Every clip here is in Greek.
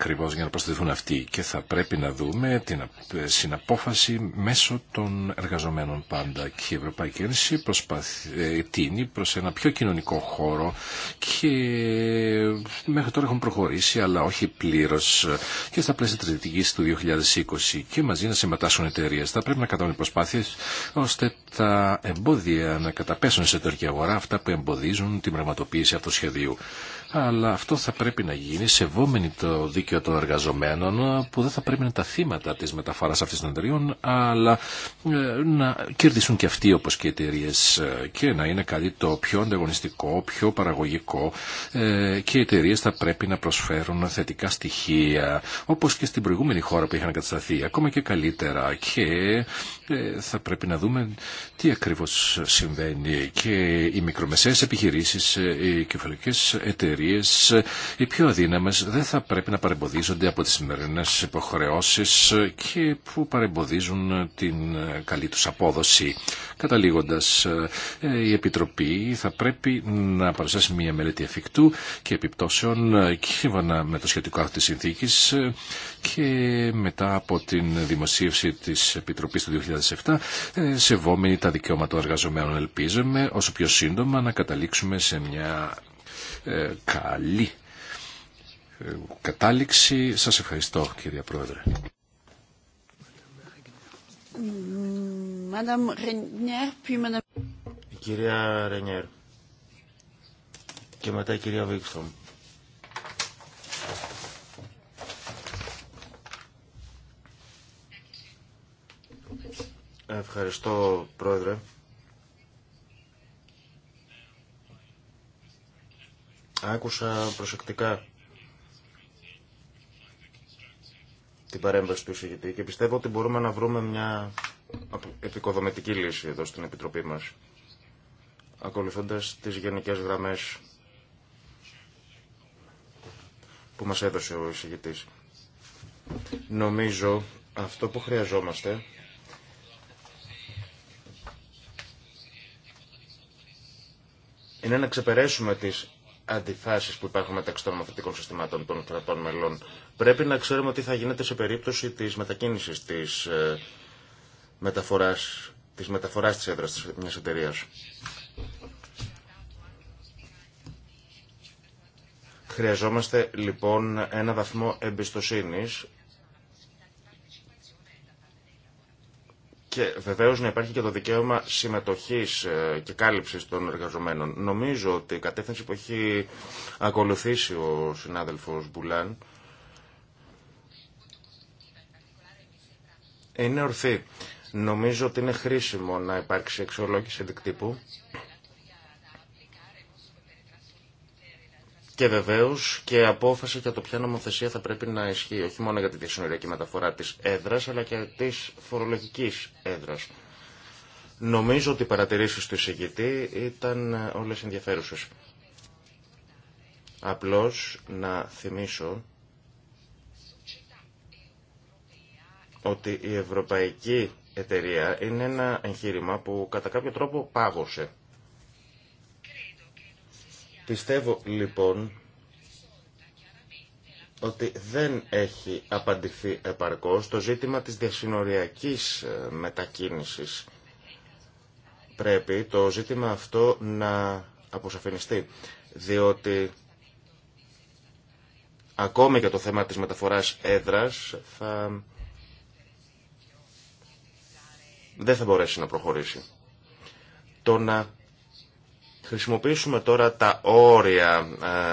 Ακριβώ για να προσθεθούν αυτοί και θα πρέπει να δούμε την συναπόφαση μέσω των εργαζομένων πάντα και η Ευρωπαϊκή Ένωση ε, τίνει προ ένα πιο κοινωνικό χώρο και μέχρι τώρα έχουν προχωρήσει αλλά όχι πλήρω ε, και στα πλαίσια της του 2020 και μαζί να συμμετάσχουν εταιρείε. Θα πρέπει να οι προσπάθειε ώστε τα εμπόδια να καταπέσουν σε εταιρική αγορά αυτά που εμποδίζουν την πραγματοποίηση αυτού του σχεδίου αλλά αυτό θα πρέπει να γίνει σεβόμενοι το δίκαιο των εργαζομένων που δεν θα πρέπει να είναι τα θύματα της μεταφοράς αυτής των εταιριών αλλά ε, να κερδίσουν και αυτοί όπως και οι εταιρείε ε, και να είναι κάτι το πιο ανταγωνιστικό, πιο παραγωγικό ε, και οι εταιρείε θα πρέπει να προσφέρουν θετικά στοιχεία όπως και στην προηγούμενη χώρα που είχαν κατασταθεί ακόμα και καλύτερα και θα πρέπει να δούμε τι ακριβώς συμβαίνει και οι μικρομεσαίες επιχειρήσεις, οι κεφαλικές εταιρείε εταιρείε, οι πιο αδύναμε δεν θα πρέπει να παρεμποδίζονται από τι σημερινέ υποχρεώσει και που παρεμποδίζουν την καλή του απόδοση. Καταλήγοντα ε, η Επιτροπή θα πρέπει να παρουσιάσει μια μελέτη εφικτού και επιπτώσεων σύμφωνα με το σχετικό τη συνθήκη και μετά από την δημοσίευση τη επιτροπή του 2007 ε, σεβόμενοι τα δικαιώματα των εργαζομένων ελπίζουμε όσο πιο σύντομα να καταλήξουμε σε μια ε, καλή ε, κατάληξη. Σας ευχαριστώ κυρία Πρόεδρε. Η κυρία Ρενιέρ και μετά η κυρία Βίξτρομ. Ευχαριστώ, Πρόεδρε. Άκουσα προσεκτικά την παρέμβαση του εισηγητή και πιστεύω ότι μπορούμε να βρούμε μια επικοδομητική λύση εδώ στην Επιτροπή μας ακολουθώντας τις γενικές γραμμές που μας έδωσε ο εισηγητής. Νομίζω αυτό που χρειαζόμαστε είναι να ξεπεράσουμε τις Αντιφάσει που υπάρχουν μεταξύ των νομοθετικών συστημάτων των κρατών μελών. Πρέπει να ξέρουμε τι θα γίνεται σε περίπτωση της μετακίνησης της ε, μεταφοράς της μεταφοράς της έδρας της μιας Χρειαζόμαστε λοιπόν ένα βαθμό εμπιστοσύνης και βεβαίω να υπάρχει και το δικαίωμα συμμετοχή ε, και κάλυψη των εργαζομένων. Νομίζω ότι η κατεύθυνση που έχει ακολουθήσει ο συνάδελφο Μπουλάν είναι ορθή. Νομίζω ότι είναι χρήσιμο να υπάρξει αξιολόγηση αντικτύπου Και βεβαίω και απόφαση για το ποια νομοθεσία θα πρέπει να ισχύει όχι μόνο για τη διασυνοριακή μεταφορά τη έδρα αλλά και τη φορολογική έδρα. Νομίζω ότι οι παρατηρήσει του εισηγητή ήταν όλε ενδιαφέρουσε. Απλώ να θυμίσω ότι η Ευρωπαϊκή Εταιρεία είναι ένα εγχείρημα που κατά κάποιο τρόπο πάγωσε Πιστεύω λοιπόν ότι δεν έχει απαντηθεί επαρκώς το ζήτημα της διασυνοριακής ε, μετακίνησης. Πρέπει το ζήτημα αυτό να αποσαφινιστεί, διότι ακόμη και το θέμα της μεταφοράς έδρας θα... δεν θα μπορέσει να προχωρήσει. Το να χρησιμοποιήσουμε τώρα τα όρια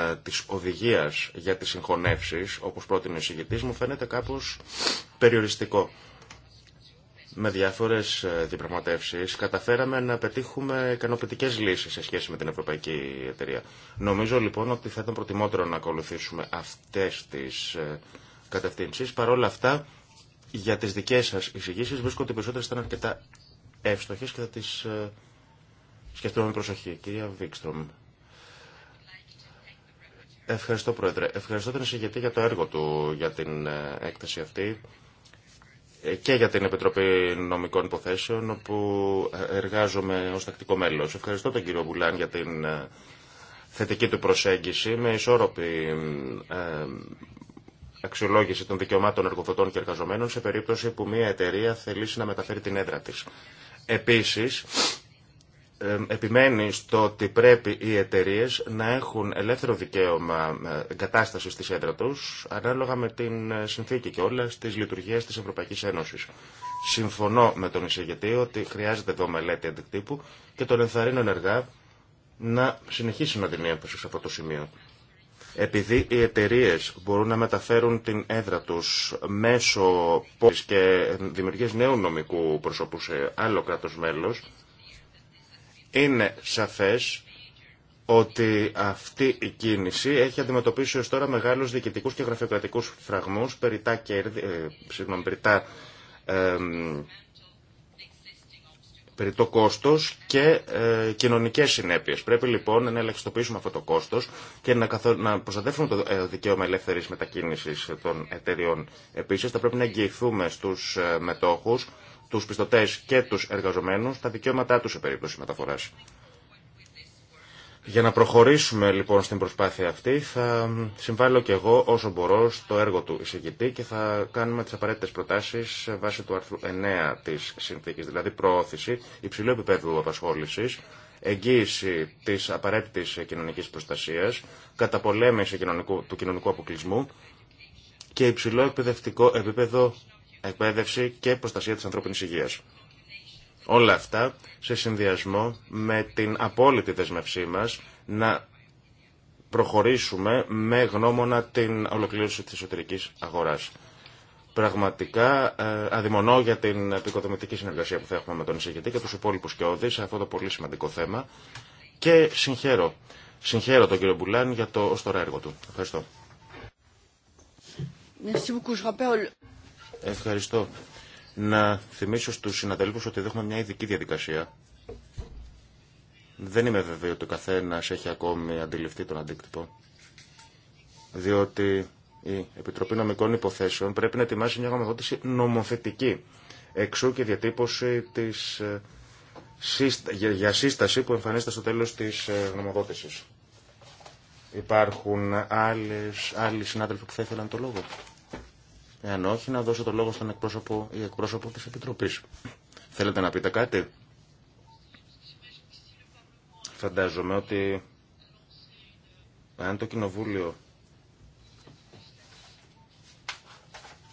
ε, της οδηγίας για τις συγχωνεύσεις, όπως πρότεινε ο εισηγητής, μου φαίνεται κάπως περιοριστικό. Με διάφορες ε, διαπραγματεύσεις καταφέραμε να πετύχουμε ικανοποιητικέ λύσεις σε σχέση με την Ευρωπαϊκή Εταιρεία. Νομίζω λοιπόν ότι θα ήταν προτιμότερο να ακολουθήσουμε αυτές τις ε, κατευθύνσεις. Παρ' όλα αυτά, για τις δικές σας εισηγήσεις βρίσκονται ότι περισσότερες ήταν αρκετά εύστοχες και θα τις ε, σκεφτούμε με προσοχή. Κυρία Βίξτρομ. Ευχαριστώ, Πρόεδρε. Ευχαριστώ τον εισηγητή για το έργο του για την ε, έκθεση αυτή και για την Επιτροπή Νομικών Υποθέσεων, όπου ε, εργάζομαι ως τακτικό μέλος. Ευχαριστώ τον κύριο Βουλάν για την ε, θετική του προσέγγιση με ισόρροπη αξιολόγηση των δικαιωμάτων εργοδοτών και εργαζομένων σε περίπτωση που μια εταιρεία θελήσει να μεταφέρει την έδρα της. Επίσης, επιμένει στο ότι πρέπει οι εταιρείε να έχουν ελεύθερο δικαίωμα ε, εγκατάσταση τη έδρα του, ανάλογα με την ε, συνθήκη και όλα στι λειτουργίε τη Ευρωπαϊκή Ένωση. Συμφωνώ με τον εισηγητή ότι χρειάζεται εδώ μελέτη αντικτύπου και τον ενθαρρύνω ενεργά να συνεχίσει να δίνει έμφαση σε αυτό το σημείο. Επειδή οι εταιρείε μπορούν να μεταφέρουν την έδρα του μέσω πόλη και δημιουργία νέου νομικού προσωπού σε άλλο κράτο μέλο, είναι σαφές ότι αυτή η κίνηση έχει αντιμετωπίσει ως τώρα μεγάλους διοικητικούς και γραφειοκρατικούς φραγμούς, περιτά, κέρδη, ε, κόστος και ε, κοινωνικές συνέπειες. Πρέπει λοιπόν να ελαχιστοποιήσουμε αυτό το κόστος και να, καθο... να προστατεύσουμε το ε, δικαίωμα ελεύθερης μετακίνησης των εταιριών. Επίσης θα πρέπει να εγγυηθούμε στους ε, μετόχους τους πιστωτέ και του εργαζομένους τα δικαιώματά τους σε περίπτωση μεταφορά. Για να προχωρήσουμε λοιπόν στην προσπάθεια αυτή θα συμβάλλω και εγώ όσο μπορώ στο έργο του εισηγητή και θα κάνουμε τις απαραίτητες προτάσεις βάσει του άρθρου 9 της συνθήκη, δηλαδή προώθηση υψηλού επίπεδου απασχόληση, εγγύηση τη απαραίτητη κοινωνική προστασία, καταπολέμηση του κοινωνικού αποκλεισμού και υψηλό εκπαιδευτικό επίπεδο εκπαίδευση και προστασία της ανθρώπινης υγείας. Όλα αυτά σε συνδυασμό με την απόλυτη δεσμευσή μας να προχωρήσουμε με γνώμονα την ολοκλήρωση της εσωτερικής αγοράς. Πραγματικά ε, αδειμονώ για την επικοδομητική συνεργασία που θα έχουμε με τον εισηγητή και τους υπόλοιπους κοιόδης σε αυτό το πολύ σημαντικό θέμα και συγχαίρω, συγχαίρω τον κύριο Μπουλάν για το ως τώρα έργο του. Ευχαριστώ. Ευχαριστώ. Να θυμίσω στους συναδέλφους ότι εδώ έχουμε μια ειδική διαδικασία. Δεν είμαι βέβαιο ότι ο καθένα έχει ακόμη αντιληφθεί τον αντίκτυπο. Διότι η Επιτροπή Νομικών Υποθέσεων πρέπει να ετοιμάσει μια γνωμοδότηση νομοθετική. Εξού και διατύπωση της, ε, για σύσταση που εμφανίζεται στο τέλος της ε, γνωμοδότησης. Υπάρχουν άλλες, άλλοι συνάδελφοι που θα ήθελαν το λόγο. Εάν όχι, να δώσω το λόγο στον εκπρόσωπο ή εκπρόσωπο της Επιτροπής. Θέλετε να πείτε κάτι? Φαντάζομαι ότι αν το Κοινοβούλιο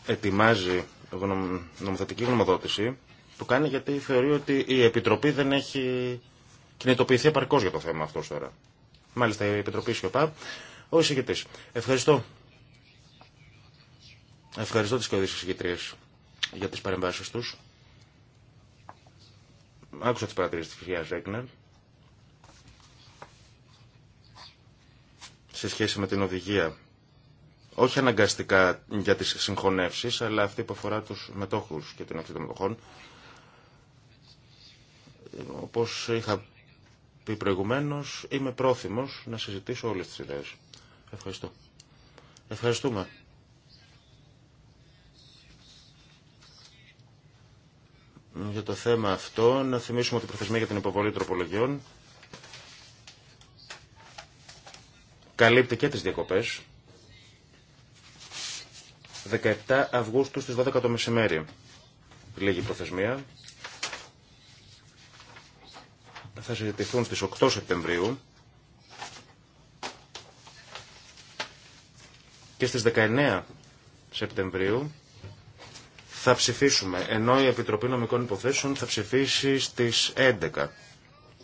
ετοιμάζει νομοθετική γνωμοδότηση, το κάνει γιατί θεωρεί ότι η Επιτροπή δεν έχει κινητοποιηθεί επαρκώ για το θέμα αυτό τώρα. Μάλιστα, η Επιτροπή Σιωπά, ο εισηγητή. Ευχαριστώ, Ευχαριστώ τις κοδίες κοιτρίες για τις παρεμβάσεις τους. Άκουσα τις παρατηρήσεις της κυρίας Ρέκνερ. Σε σχέση με την οδηγία. Όχι αναγκαστικά για τις συγχωνεύσεις, αλλά αυτή που αφορά τους μετόχους και την αξία των μετοχών. Όπως είχα πει προηγουμένως, είμαι πρόθυμος να συζητήσω όλες τις ιδέες. Ευχαριστώ. Ευχαριστούμε. για το θέμα αυτό. Να θυμίσουμε ότι η προθεσμία για την υποβολή τροπολογιών καλύπτει και τις διακοπές. 17 Αυγούστου στις 12 το μεσημέρι. Λίγη προθεσμία. Θα συζητηθούν στις 8 Σεπτεμβρίου. Και στις 19 Σεπτεμβρίου θα ψηφίσουμε, ενώ η Επιτροπή Νομικών Υποθέσεων θα ψηφίσει στις 11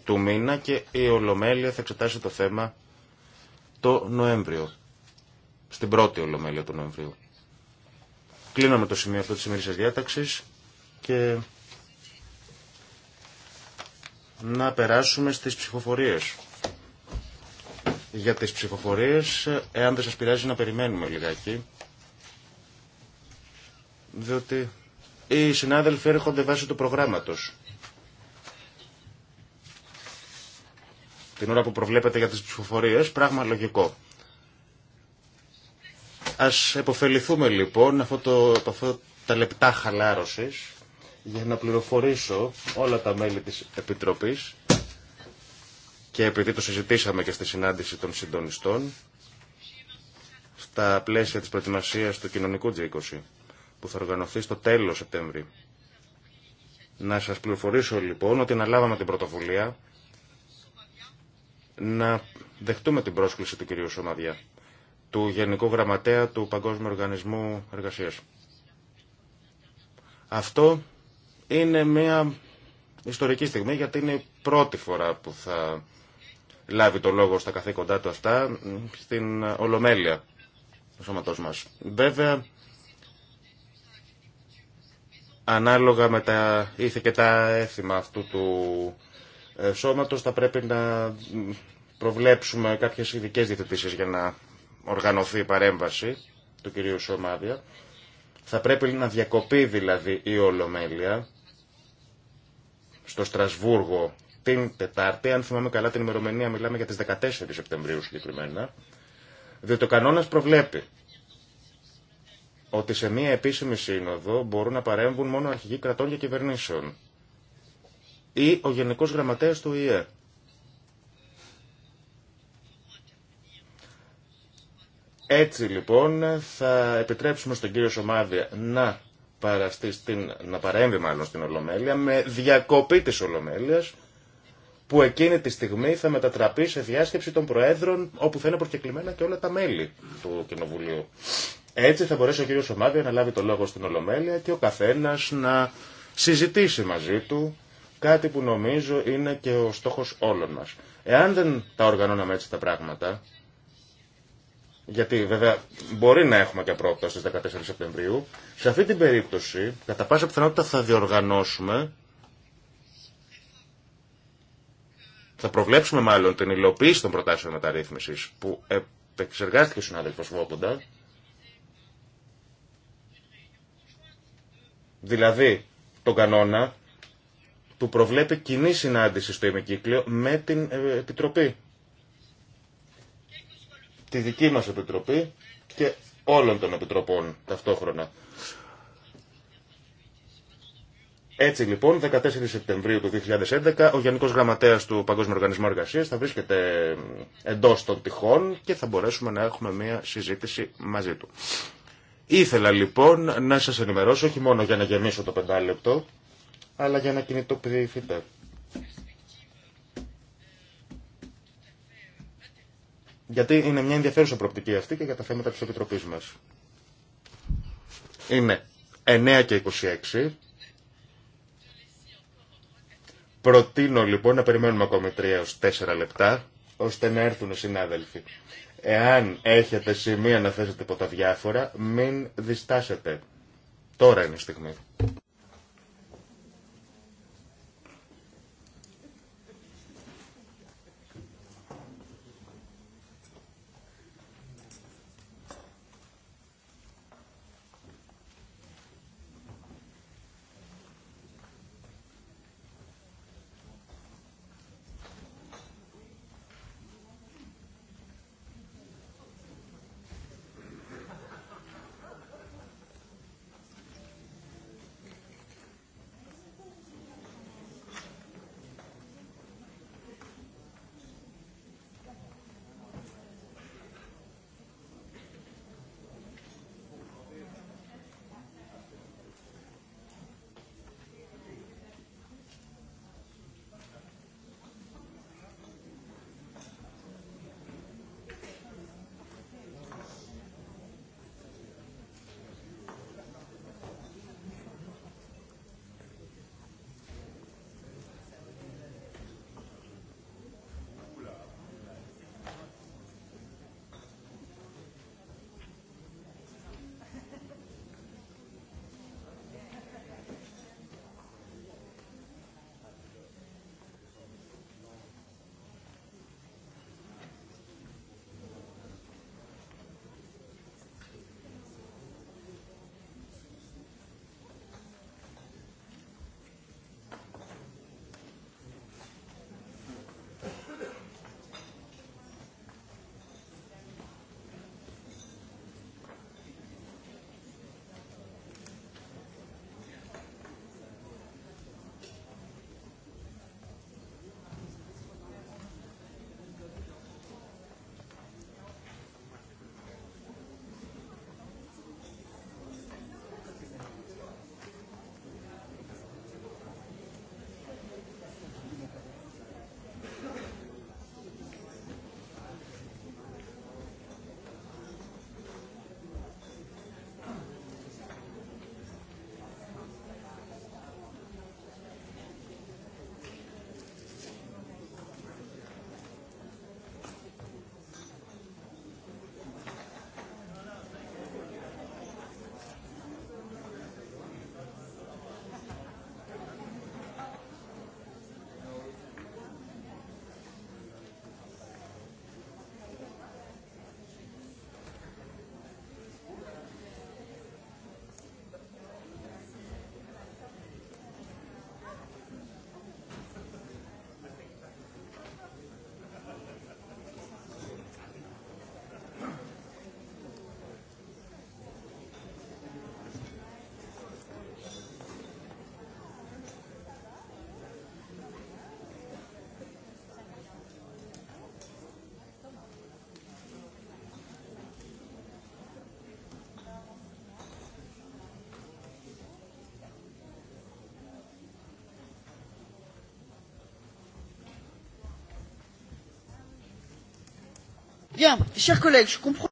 του μήνα και η Ολομέλεια θα εξετάσει το θέμα το Νοέμβριο, στην πρώτη Ολομέλεια του Νοεμβρίου. Κλείνω με το σημείο αυτό της σημερινής διάταξης και να περάσουμε στις ψηφοφορίες. Για τις ψηφοφορίες, εάν δεν σας πειράζει να περιμένουμε λιγάκι, διότι οι συνάδελφοι έρχονται βάσει του προγράμματος. Την ώρα που προβλέπετε για τις ψηφοφορίες, πράγμα λογικό. Ας επωφεληθούμε λοιπόν αυτό το, αυτό τα λεπτά χαλάρωσης για να πληροφορήσω όλα τα μέλη της Επιτροπής και επειδή το συζητήσαμε και στη συνάντηση των συντονιστών στα πλαίσια της προετοιμασίας του κοινωνικού G20 που θα οργανωθεί στο τέλος Σεπτέμβρη. Να σας πληροφορήσω λοιπόν ότι αναλάβαμε την πρωτοβουλία να δεχτούμε την πρόσκληση του κυρίου Σωμαδιά, του Γενικού Γραμματέα του Παγκόσμιου Οργανισμού Εργασίας. Αυτό είναι μια ιστορική στιγμή γιατί είναι η πρώτη φορά που θα λάβει το λόγο στα καθήκοντά του αυτά στην Ολομέλεια του σώματός μας. Βέβαια ανάλογα με τα ήθη και τα έθιμα αυτού του ε, σώματος θα πρέπει να προβλέψουμε κάποιες ειδικέ διευθυντήσεις για να οργανωθεί η παρέμβαση του κυρίου Σωμάδια. Θα πρέπει να διακοπεί δηλαδή η Ολομέλεια στο Στρασβούργο την Τετάρτη, αν θυμάμαι καλά την ημερομηνία μιλάμε για τις 14 Σεπτεμβρίου συγκεκριμένα, διότι ο κανόνας προβλέπει ότι σε μία επίσημη σύνοδο μπορούν να παρέμβουν μόνο αρχηγοί κρατών και κυβερνήσεων ή ο Γενικός Γραμματέας του ΙΕ. Έτσι λοιπόν θα επιτρέψουμε στον κύριο Σωμάδια να, παραστεί στην, να παρέμβει μάλλον στην Ολομέλεια με διακοπή της Ολομέλειας που εκείνη τη στιγμή θα μετατραπεί σε διάσκεψη των Προέδρων όπου θα είναι προκεκλημένα και όλα τα μέλη του Κοινοβουλίου. Έτσι θα μπορέσει ο κύριο Ομάδια να λάβει το λόγο στην Ολομέλεια και ο καθένα να συζητήσει μαζί του κάτι που νομίζω είναι και ο στόχο όλων μα. Εάν δεν τα οργανώναμε έτσι τα πράγματα, γιατί βέβαια μπορεί να έχουμε και πρόοπτα στις 14 Σεπτεμβρίου, σε αυτή την περίπτωση κατά πάσα πιθανότητα θα διοργανώσουμε, θα προβλέψουμε μάλλον την υλοποίηση των προτάσεων μεταρρύθμισης που επεξεργάστηκε ο συνάδελφος Βόποντα, Δηλαδή, τον κανόνα που προβλέπει κοινή συνάντηση στο ημικύκλιο με την ε, Επιτροπή. Τη δική μας Επιτροπή και όλων των Επιτροπών ταυτόχρονα. Έτσι λοιπόν, 14 Σεπτεμβρίου του 2011, ο Γενικός Γραμματέας του Παγκόσμιου Οργανισμού Εργασίας θα βρίσκεται ε, εντός των τυχών και θα μπορέσουμε να έχουμε μια συζήτηση μαζί του. Ήθελα λοιπόν να σας ενημερώσω όχι μόνο για να γεμίσω το πεντάλεπτο, αλλά για να κινητοποιηθείτε. Γιατί είναι μια ενδιαφέρουσα προοπτική αυτή και για τα θέματα της Επιτροπής μας. Είναι 9 και 26. Προτείνω λοιπόν να περιμένουμε ακόμη 3 έως 4 λεπτά, ώστε να έρθουν οι συνάδελφοι. Εάν έχετε σημεία να θέσετε ποτά διάφορα, μην διστάσετε. Τώρα είναι η στιγμή.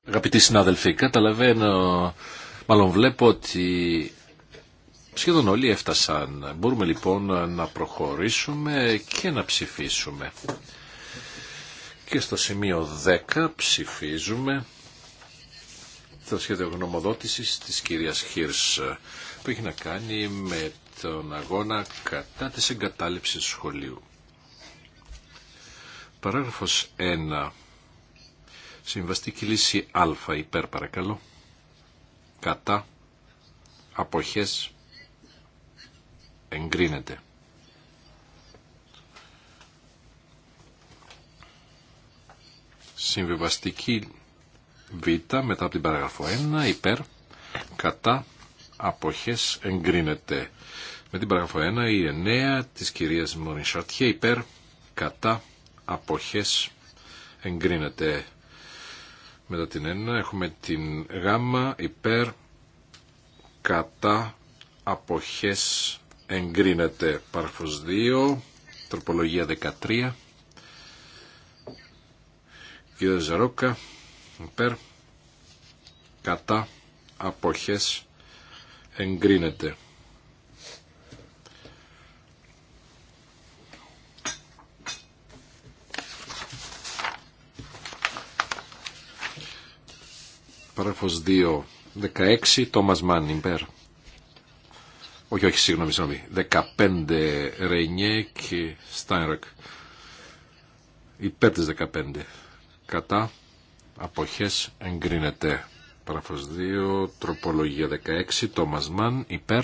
Αγαπητοί συνάδελφοι, καταλαβαίνω, μάλλον βλέπω ότι σχεδόν όλοι έφτασαν. Μπορούμε λοιπόν να προχωρήσουμε και να ψηφίσουμε. Και στο σημείο 10 ψηφίζουμε το σχέδιο γνωμοδότησης της κυρίας Χίρς που έχει να κάνει με τον αγώνα κατά της εγκατάλειψης σχολείου. Παράγραφος 1 Συμβαστική λύση α υπέρ παρακαλώ. Κατά. Αποχές. Εγκρίνεται. Συμβιβαστική β μετά από την παραγραφό 1 υπέρ. Κατά. Αποχές. Εγκρίνεται. Με την παραγραφό 1 η 9 της κυρίας Μωρινσαρτιέ υπέρ. Κατά. Αποχές. Εγκρίνεται. Μετά την 1 έχουμε την γάμα υπέρ κατά αποχές εγκρίνεται παρφος 2 τροπολογία 13 κύριε Ζαρόκα υπέρ κατά αποχές εγκρίνεται Παράγραφος 2. 16. Thomas Mann, υπέρ. Όχι, όχι, συγγνώμη, συγγνώμη. 15 Ρενιέ και Στάινρακ. Υπέρ της 15. Κατά. Αποχές εγκρίνεται. Παράγραφος 2. Τροπολογία 16. Thomas Mann, υπέρ.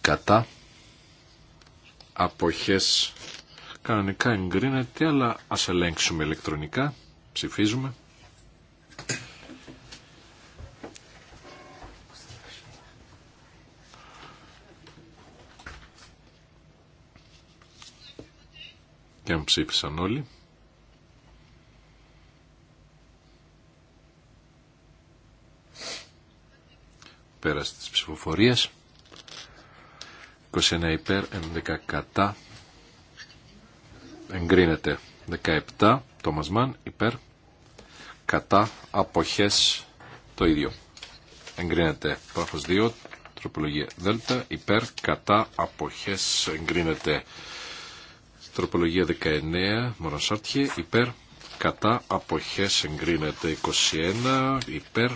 Κατά. Αποχές κανονικά εγκρίνεται, αλλά ας ελέγξουμε ηλεκτρονικά. Ψηφίζουμε. και αν ψήφισαν όλοι. Πέρασε της ψηφοφορίας. 29 υπέρ, 11 κατά. Εγκρίνεται 17, Τόμας Μαν, υπέρ. Κατά, αποχές, το ίδιο. Εγκρίνεται πράφος 2, τροπολογία Δέλτα, υπέρ, κατά, αποχές, εγκρίνεται Τροπολογία 19, μονασάρτιε, υπέρ, κατά, αποχές, εγκρίνεται. 21, υπέρ,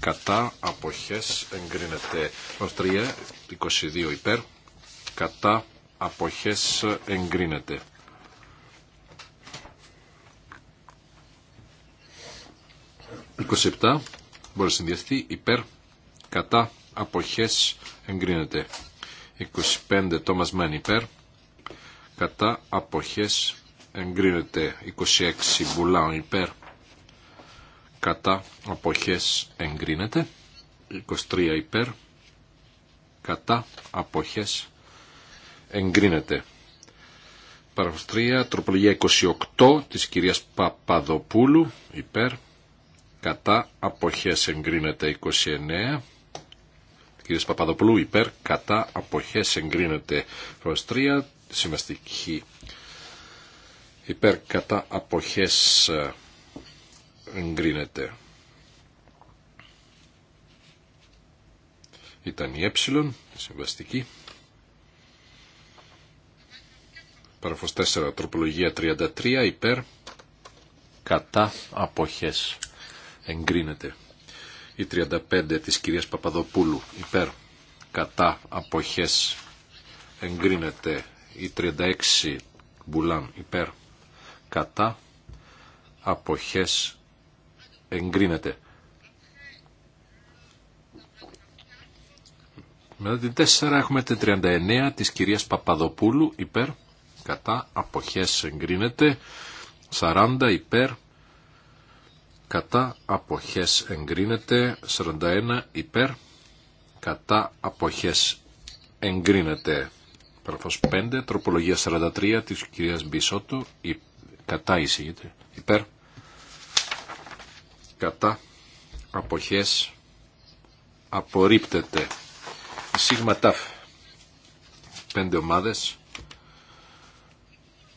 κατά, αποχές, εγκρίνεται. 3, 22, υπέρ, κατά, αποχές, εγκρίνεται. «27» μπορεί να συνδυαστεί υπέρ, κατά, αποχές, εγκρίνεται. 25 Τόμας Μάνι υπέρ, κατά αποχές εγκρίνεται 26 μπουλάων υπέρ κατά αποχές εγκρίνεται 23 υπέρ κατά αποχές εγκρίνεται Παραγωγή 3, τροπολογία 28 της κυρίας Παπαδοπούλου, υπέρ, κατά, αποχές εγκρίνεται 29, κυρίας Παπαδοπούλου, υπέρ, κατά, αποχές εγκρίνεται προστριά συμβαστική υπέρ κατά αποχές ε, εγκρίνεται. Ήταν η ε, η συμβαστική. Παραφος 4, τροπολογία 33, υπέρ, κατά αποχές. Εγκρίνεται. Η 35 της κυρίας Παπαδοπούλου, υπέρ, κατά αποχές. Εγκρίνεται η 36 μπουλάν υπέρ κατά αποχές εγκρίνεται. Μετά την 4 έχουμε την 39 της κυρίας Παπαδοπούλου υπέρ κατά αποχές εγκρίνεται. 40 υπέρ κατά αποχές εγκρίνεται. 41 υπέρ κατά αποχές εγκρίνεται. Παραγραφός 5, τροπολογία 43 της κυρίας Μπισότο, η κατά εισηγείται, υπέρ, κατά, αποχές, απορρίπτεται. Η σίγμα τάφ, πέντε ομάδες,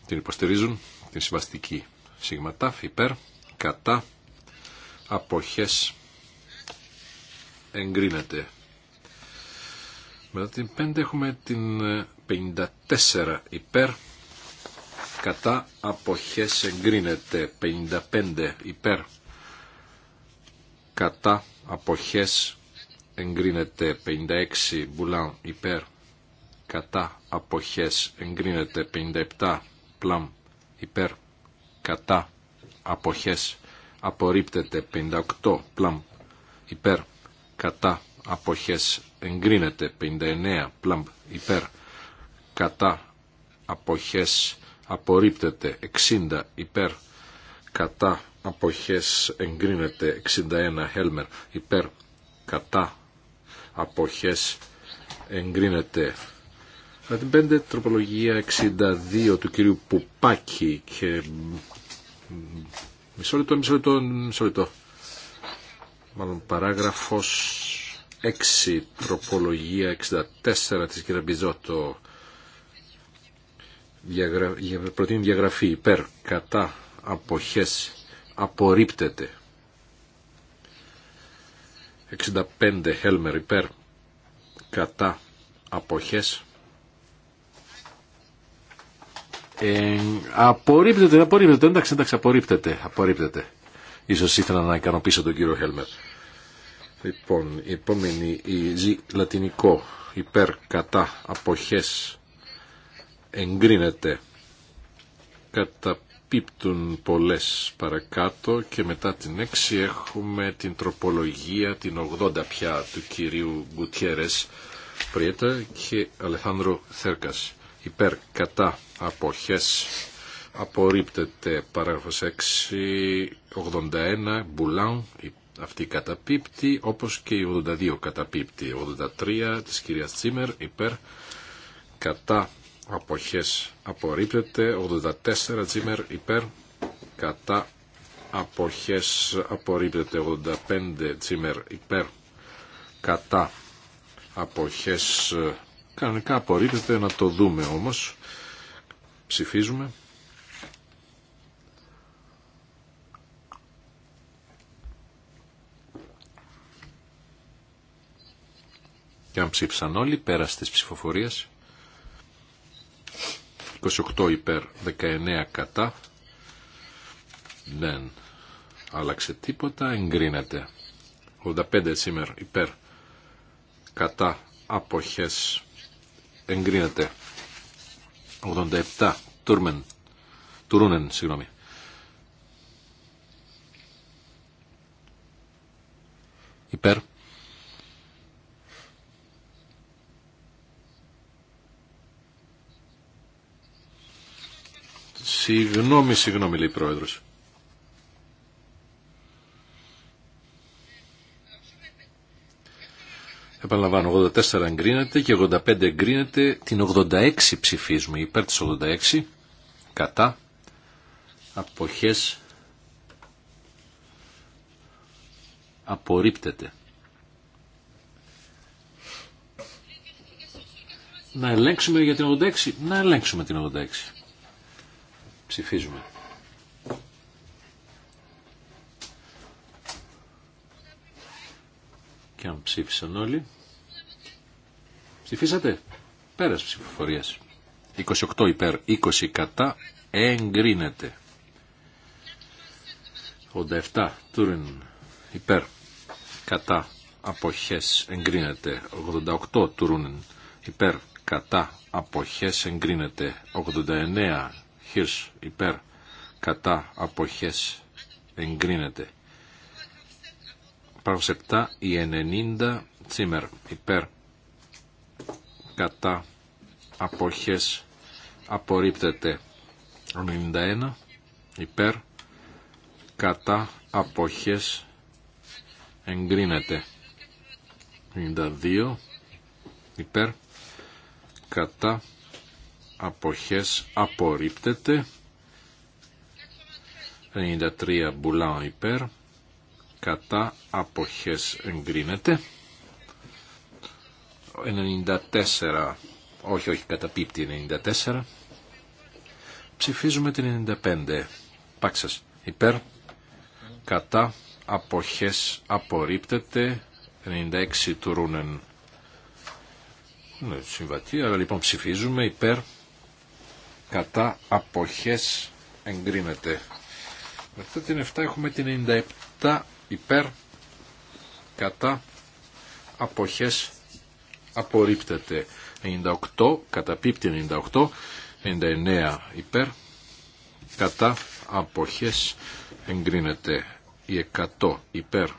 την υποστηρίζουν, την συμβαστική σίγμα τάφ, υπέρ, κατά, αποχές, εγκρίνεται. Μετά την 5 έχουμε την ε, 54 υπέρ, κατά αποχές εγκρίνεται 55 υπέρ, κατά αποχές εγκρίνεται 56 μπουλάν υπέρ, κατά αποχές εγκρίνεται 57 πλάμ υπέρ, κατά αποχές απορρίπτεται 58 πλάμ υπέρ, κατά αποχές εγκρίνεται 59 πλάμ υπέρ κατά αποχές απορρίπτεται 60 υπέρ κατά αποχές εγκρίνεται 61 Helmer. υπέρ κατά αποχές εγκρίνεται με την 5 τροπολογία 62 του κυρίου Πουπάκη και μισό λεπτό, μισό λεπτό, μισό λεπτό. Μάλλον παράγραφος 6 τροπολογία 64 της κυρία Μπιζότο προτείνει διαγραφή υπέρ κατά αποχές απορρίπτεται 65 Χέλμερ υπέρ κατά αποχές ε, απορρίπτεται, απορρίπτεται, εντάξει, εντάξει, απορρίπτεται, απορρίπτεται. Ίσως ήθελα να ικανοποιήσω τον κύριο Χέλμερ. Λοιπόν, η επόμενη, η ζη λατινικό, υπέρ, κατά, αποχές, εγκρίνεται. Καταπίπτουν πολλές παρακάτω και μετά την 6 έχουμε την τροπολογία την 80 πια του κυρίου Γκουτιέρες Πριέτα και Αλεχάνδρου Θέρκας. Υπέρ κατά αποχές απορρίπτεται παράγραφος 6, 81, Μπουλάν, αυτή καταπίπτη όπως και η 82 καταπίπτει, 83 της κυρίας Τσίμερ, υπέρ, κατά αποχές απορρίπτεται 84 Τζίμερ υπέρ κατά αποχές απορρίπτεται 85 Τζίμερ υπέρ κατά αποχές ε, κανονικά απορρίπτεται να το δούμε όμως ψηφίζουμε και αν ψήφισαν όλοι πέρα της ψηφοφορία. 28 υπέρ 19 κατά δεν άλλαξε τίποτα, εγκρίνεται. 85 σήμερα υπέρ κατά αποχές εγκρίνεται. 87 τουρμεν, τουρούνεν, συγγνώμη. Υπέρ Συγγνώμη, συγγνώμη, λέει η Πρόεδρος. Επαναλαμβάνω, 84 εγκρίνεται και 85 εγκρίνεται. Την 86 ψηφίζουμε. Υπέρ της 86. Κατά. Αποχές. Απορρίπτεται. Να ελέγξουμε για την 86. Να ελέγξουμε την 86. Ψηφίζουμε. Και αν ψήφισαν όλοι. Ψηφίσατε. Πέρας ψηφοφορίας. 28 υπέρ, 20 κατά. Εγκρίνεται. 87 τούριν υπέρ κατά αποχές εγκρίνεται 88 τουρούν υπέρ κατά αποχές εγκρίνεται 89 χείρ, υπέρ κατά απόχέ, εγκρίνεται. Παράγραφος 7 η 90 Τσίμερ υπέρ κατά απόχέ. απορρίπτεται. 91 υπέρ κατά απόχέ. εγκρίνεται. 92 υπέρ κατά αποχές απορρίπτεται 93 μπουλάω υπέρ κατά αποχές εγκρίνεται 94 όχι όχι καταπίπτει 94 ψηφίζουμε την 95 πάξας υπέρ κατά αποχές απορρίπτεται 96 του Ρούνεν ναι, συμβατή, αλλά λοιπόν ψηφίζουμε υπέρ κατά αποχές εγκρίνεται. Μετά την 7 έχουμε την 97 υπέρ κατά αποχές απορρίπτεται. 98 καταπίπτει 98 99 υπέρ κατά αποχές εγκρίνεται. Η 100 υπέρ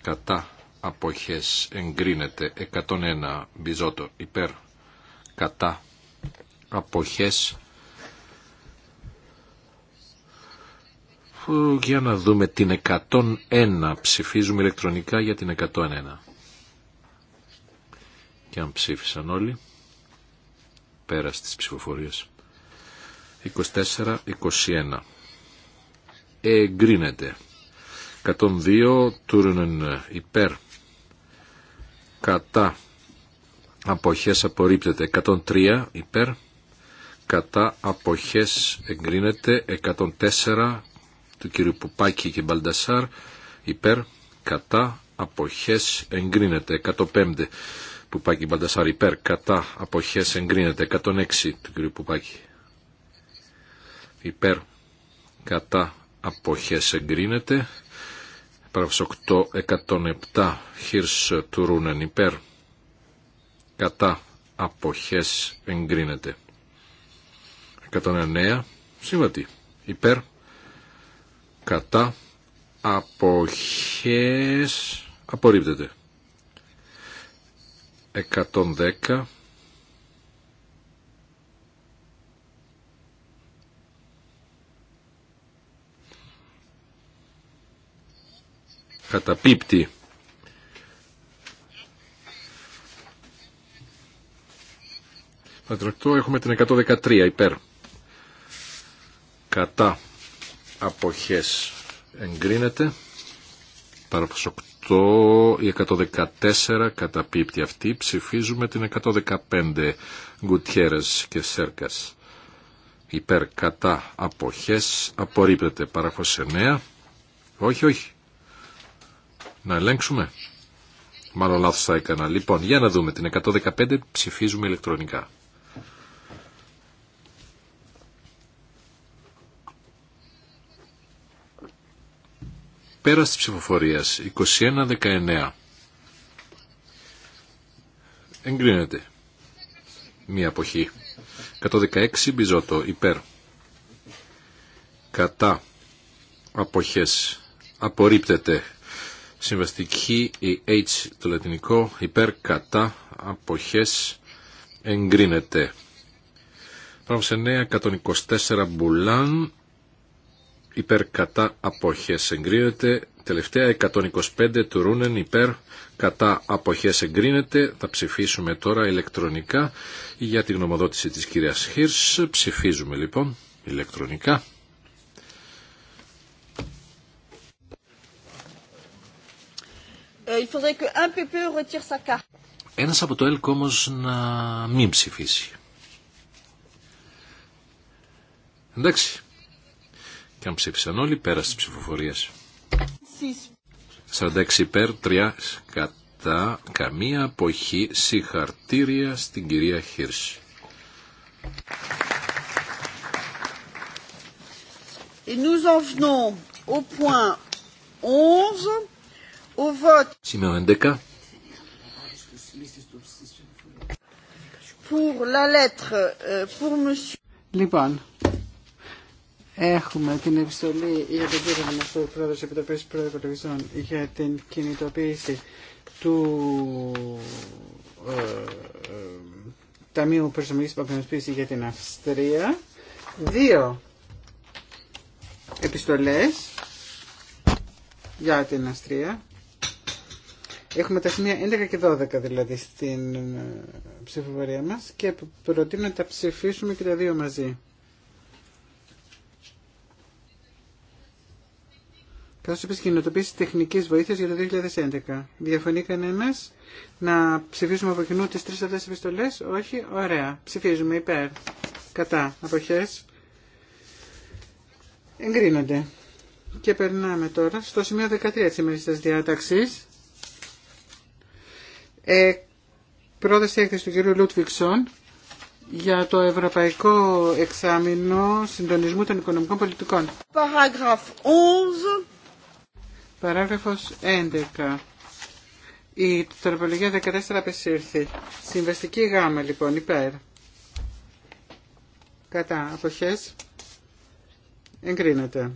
κατά αποχές εγκρίνεται. 101 μπιζότο υπέρ κατά αποχές για να δούμε την 101 ψηφίζουμε ηλεκτρονικά για την 101 και αν ψήφισαν όλοι πέρα στις ψηφοφορίες 24-21 εγκρίνεται 102 τούρνεν υπέρ κατά αποχές απορρίπτεται 103 υπέρ κατά αποχές εγκρίνεται 104 του κύριου Πουπάκη και Μπαλντασάρ υπέρ κατά αποχές εγκρίνεται 105 Πουπάκη Μπαλντασάρ υπέρ κατά αποχές εγκρίνεται 106 του κύριου Πουπάκη υπέρ κατά αποχές εγκρίνεται παράγραφος 8 107 χείρς του Ρούνεν υπέρ κατά αποχές εγκρίνεται νέα, συμβατή υπέρ κατά αποχές απορρίπτεται 110 καταπίπτει Πατρακτό έχουμε την 113 υπέρ κατά αποχές εγκρίνεται Παραφορσοκτό 8 η 114 καταπίπτει αυτή ψηφίζουμε την 115 Γκουτιέρες και Σέρκας υπέρ κατά αποχές απορρίπτεται παράγραφος 9 όχι όχι να ελέγξουμε μάλλον λάθος θα έκανα λοιπόν για να δούμε την 115 ψηφίζουμε ηλεκτρονικά Πέρας της ψηφοφορίας. 21-19. Εγκρίνεται. Μία αποχή. 116 μπιζότο. Υπέρ. Κατά. Αποχές. Απορρίπτεται. Συμβαστική η H το λατινικό. Υπέρ. Κατά. Αποχές. Εγκρίνεται. Πράγμα 9. 124 μπουλάν υπέρ κατά αποχές εγκρίνεται. Τελευταία 125 του Ρούνεν υπέρ κατά αποχές εγκρίνεται. Θα ψηφίσουμε τώρα ηλεκτρονικά για την γνωμοδότηση της κυρίας Χίρς. Ψηφίζουμε λοιπόν ηλεκτρονικά. Ε, Ένας από το ΕΛΚ όμως να μην ψηφίσει. Εντάξει. Και αν ψήφισαν όλοι, πέρα τη ψηφοφορία. 46 υπέρ, 3 κατά, καμία αποχή. Συγχαρτήρια στην κυρία Χίρση. Et nous en venons au point 11, au vote. Σημείο 11. Pour la lettre, euh, pour monsieur. Λοιπόν, Έχουμε την επιστολή για τον κύριο Δημοσίου Πρόεδρο τη Επιτροπή για την κινητοποίηση του ε, ε Ταμείου Προσωπική Παγκοσμιοποίηση για την Αυστρία. Δύο επιστολές για την Αυστρία. Έχουμε τα σημεία 11 και 12 δηλαδή στην ε, ψηφοφορία μας και προτείνω να τα ψηφίσουμε και τα δύο μαζί. Καθώ είπε κοινοτοποίηση τεχνική βοήθεια για το 2011. Διαφωνεί κανένα να ψηφίσουμε από κοινού τις τρει αυτέ επιστολέ. Όχι, ωραία. Ψηφίζουμε υπέρ. Κατά. αποχέ Εγκρίνονται. Και περνάμε τώρα στο σημείο 13 της τη διάταξη. Ε, πρόταση έκθεση του κ. Λούτβικσον για το Ευρωπαϊκό Εξάμεινο Συντονισμού των Οικονομικών Πολιτικών. Παράγραφ 11. Παράγραφος 11. Η τροπολογία 14 απεσύρθη. Συμβαστική γάμα λοιπόν υπέρ. Κατά αποχές εγκρίνεται.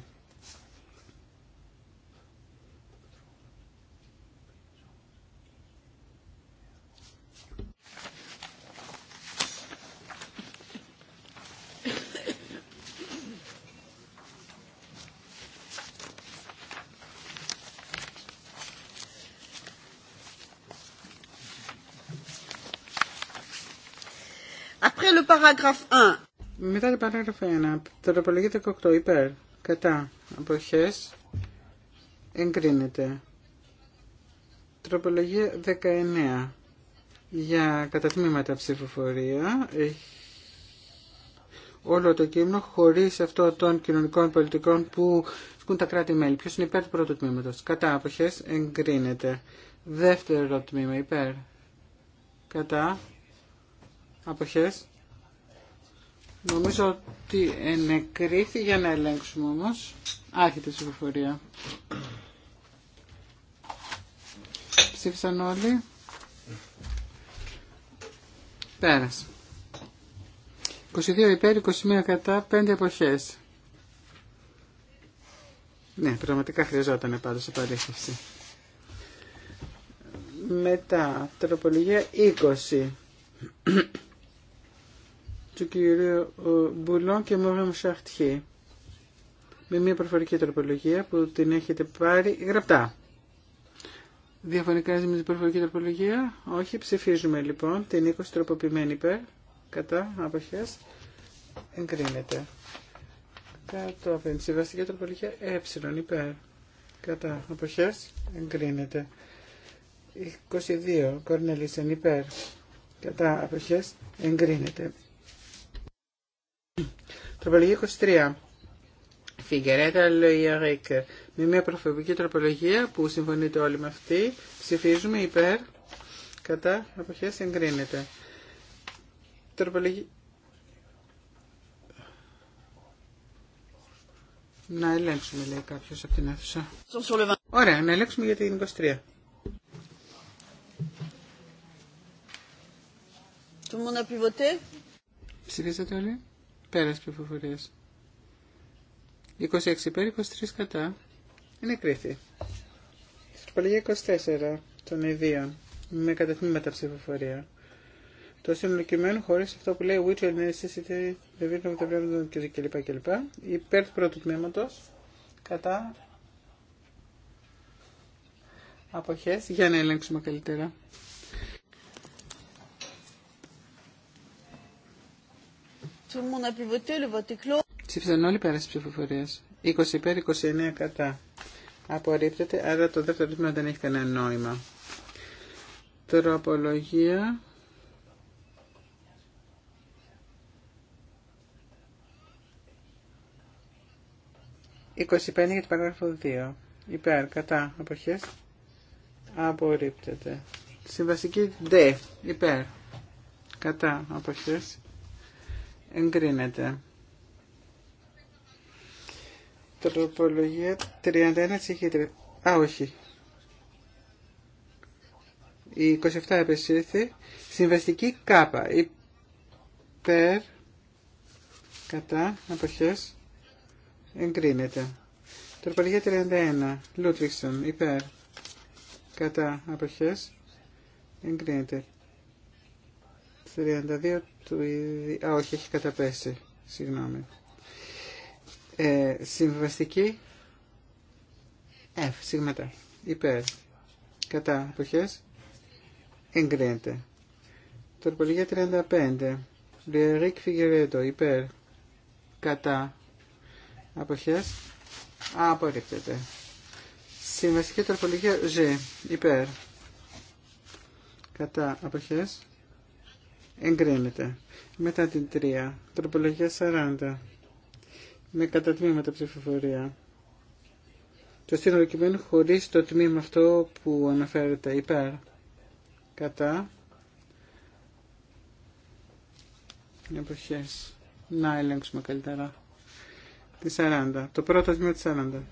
παράγραφ 1. Μετά την παράγραφο 1. Τροπολογία 18. Υπέρ. Κατά. Αποχές. Εγκρίνεται. Τροπολογία 19. Για κατατμήματα ψηφοφορία. Όλο το κείμενο χωρίς αυτό των κοινωνικών πολιτικών που σκούν τα κράτη-μέλη. Ποιος είναι υπέρ του πρώτου τμήματος. Κατά. Αποχές. Εγκρίνεται. Δεύτερο τμήμα. Υπέρ. Κατά. Αποχές Νομίζω ότι ενεκρίθη για να ελέγξουμε όμως. Άρχεται η συμφορία. Ψήφισαν όλοι. Πέρασε. 22 υπέρ, 21 κατά, 5 εποχές. Ναι, πραγματικά χρειαζόταν πάντως επαλήθευση. Μετά, τροπολογία 20 του κυρίου ε, Μπουλόν και Μόβεμ Σαχτιέ με μια προφορική τροπολογία που την έχετε πάρει γραπτά. Διαφωνικά με την προφορική τροπολογία. Όχι, ψηφίζουμε λοιπόν την 20 τροποποιημένη υπέρ. Κατά, αποχές. Εγκρίνεται. Κατόπιν, συμβαστική τροπολογία ε υπέρ. Κατά, αποχές. Εγκρίνεται. 22, κορνελίσεν υπέρ. Κατά, αποχές. Εγκρίνεται. Τροπολογία 23. Φιγκερέτα Λοϊαρίκ. Με μια προφοβική τροπολογία που συμφωνείτε όλοι με αυτή. Ψηφίζουμε υπέρ. Κατά αποχές εγκρίνεται. Να ελέγξουμε, λέει κάποιος από την αίθουσα. Ωραία, να ελέγξουμε για την 23. Tout le monde a pu voter Ψηφίσατε όλοι. Πέρας πληροφορίας. 26 υπέρ, 23 κατά. Είναι κρίθη. Παλιά 24 των ιδίων. Με κατευθύνματα ψηφοφορία. Το σύνολο κειμένου χωρί αυτό που λέει which the τα of the κλπ. κλπ. Υπέρ του πρώτου τμήματο. Κατά. Αποχές. Για να ελέγξουμε καλύτερα. Ψήφισαν όλοι πέρα στι ψηφοφορία. 20 υπέρ, 29 κατά. Απορρίπτεται, άρα το δεύτερο τμήμα δεν έχει κανένα νόημα. Τροπολογία. 25 για την παράγραφο 2. Υπέρ, κατά, αποχές. Απορρίπτεται. Συμβασική, δε. Υπέρ. Κατά, αποχές εγκρίνεται. Τροπολογία 31 ψυχήτρια. Α, όχι. Η 27 επεσήρθη. Συμβαστική κάπα. Υπέρ. Κατά. Αποχές. Εγκρίνεται. Τροπολογία 31. Λούτριξον. Υπέρ. Κατά. Αποχές. Εγκρίνεται. 32 του Α, όχι, έχει καταπέσει. Συγγνώμη. Ε, συμβαστική F, σιγματά. Υπέρ. Κατά εποχές. Εγκρίνεται. Τροπολογία 35. Λιερίκ Φιγερέτο. Υπέρ. Κατά. Αποχές. Απορρίπτεται. Συμβαστική τροπολογία G. Υπέρ. Κατά. Αποχές εγκρίνεται. Μετά την 3, τροπολογία 40, με κατατμήματα ψηφοφορία. Το σύνολο κειμένου χωρίς το τμήμα αυτό που αναφέρεται υπέρ, κατά, εποχές. Να ελέγξουμε καλύτερα. Τη 40, το πρώτο τμήμα τη 40.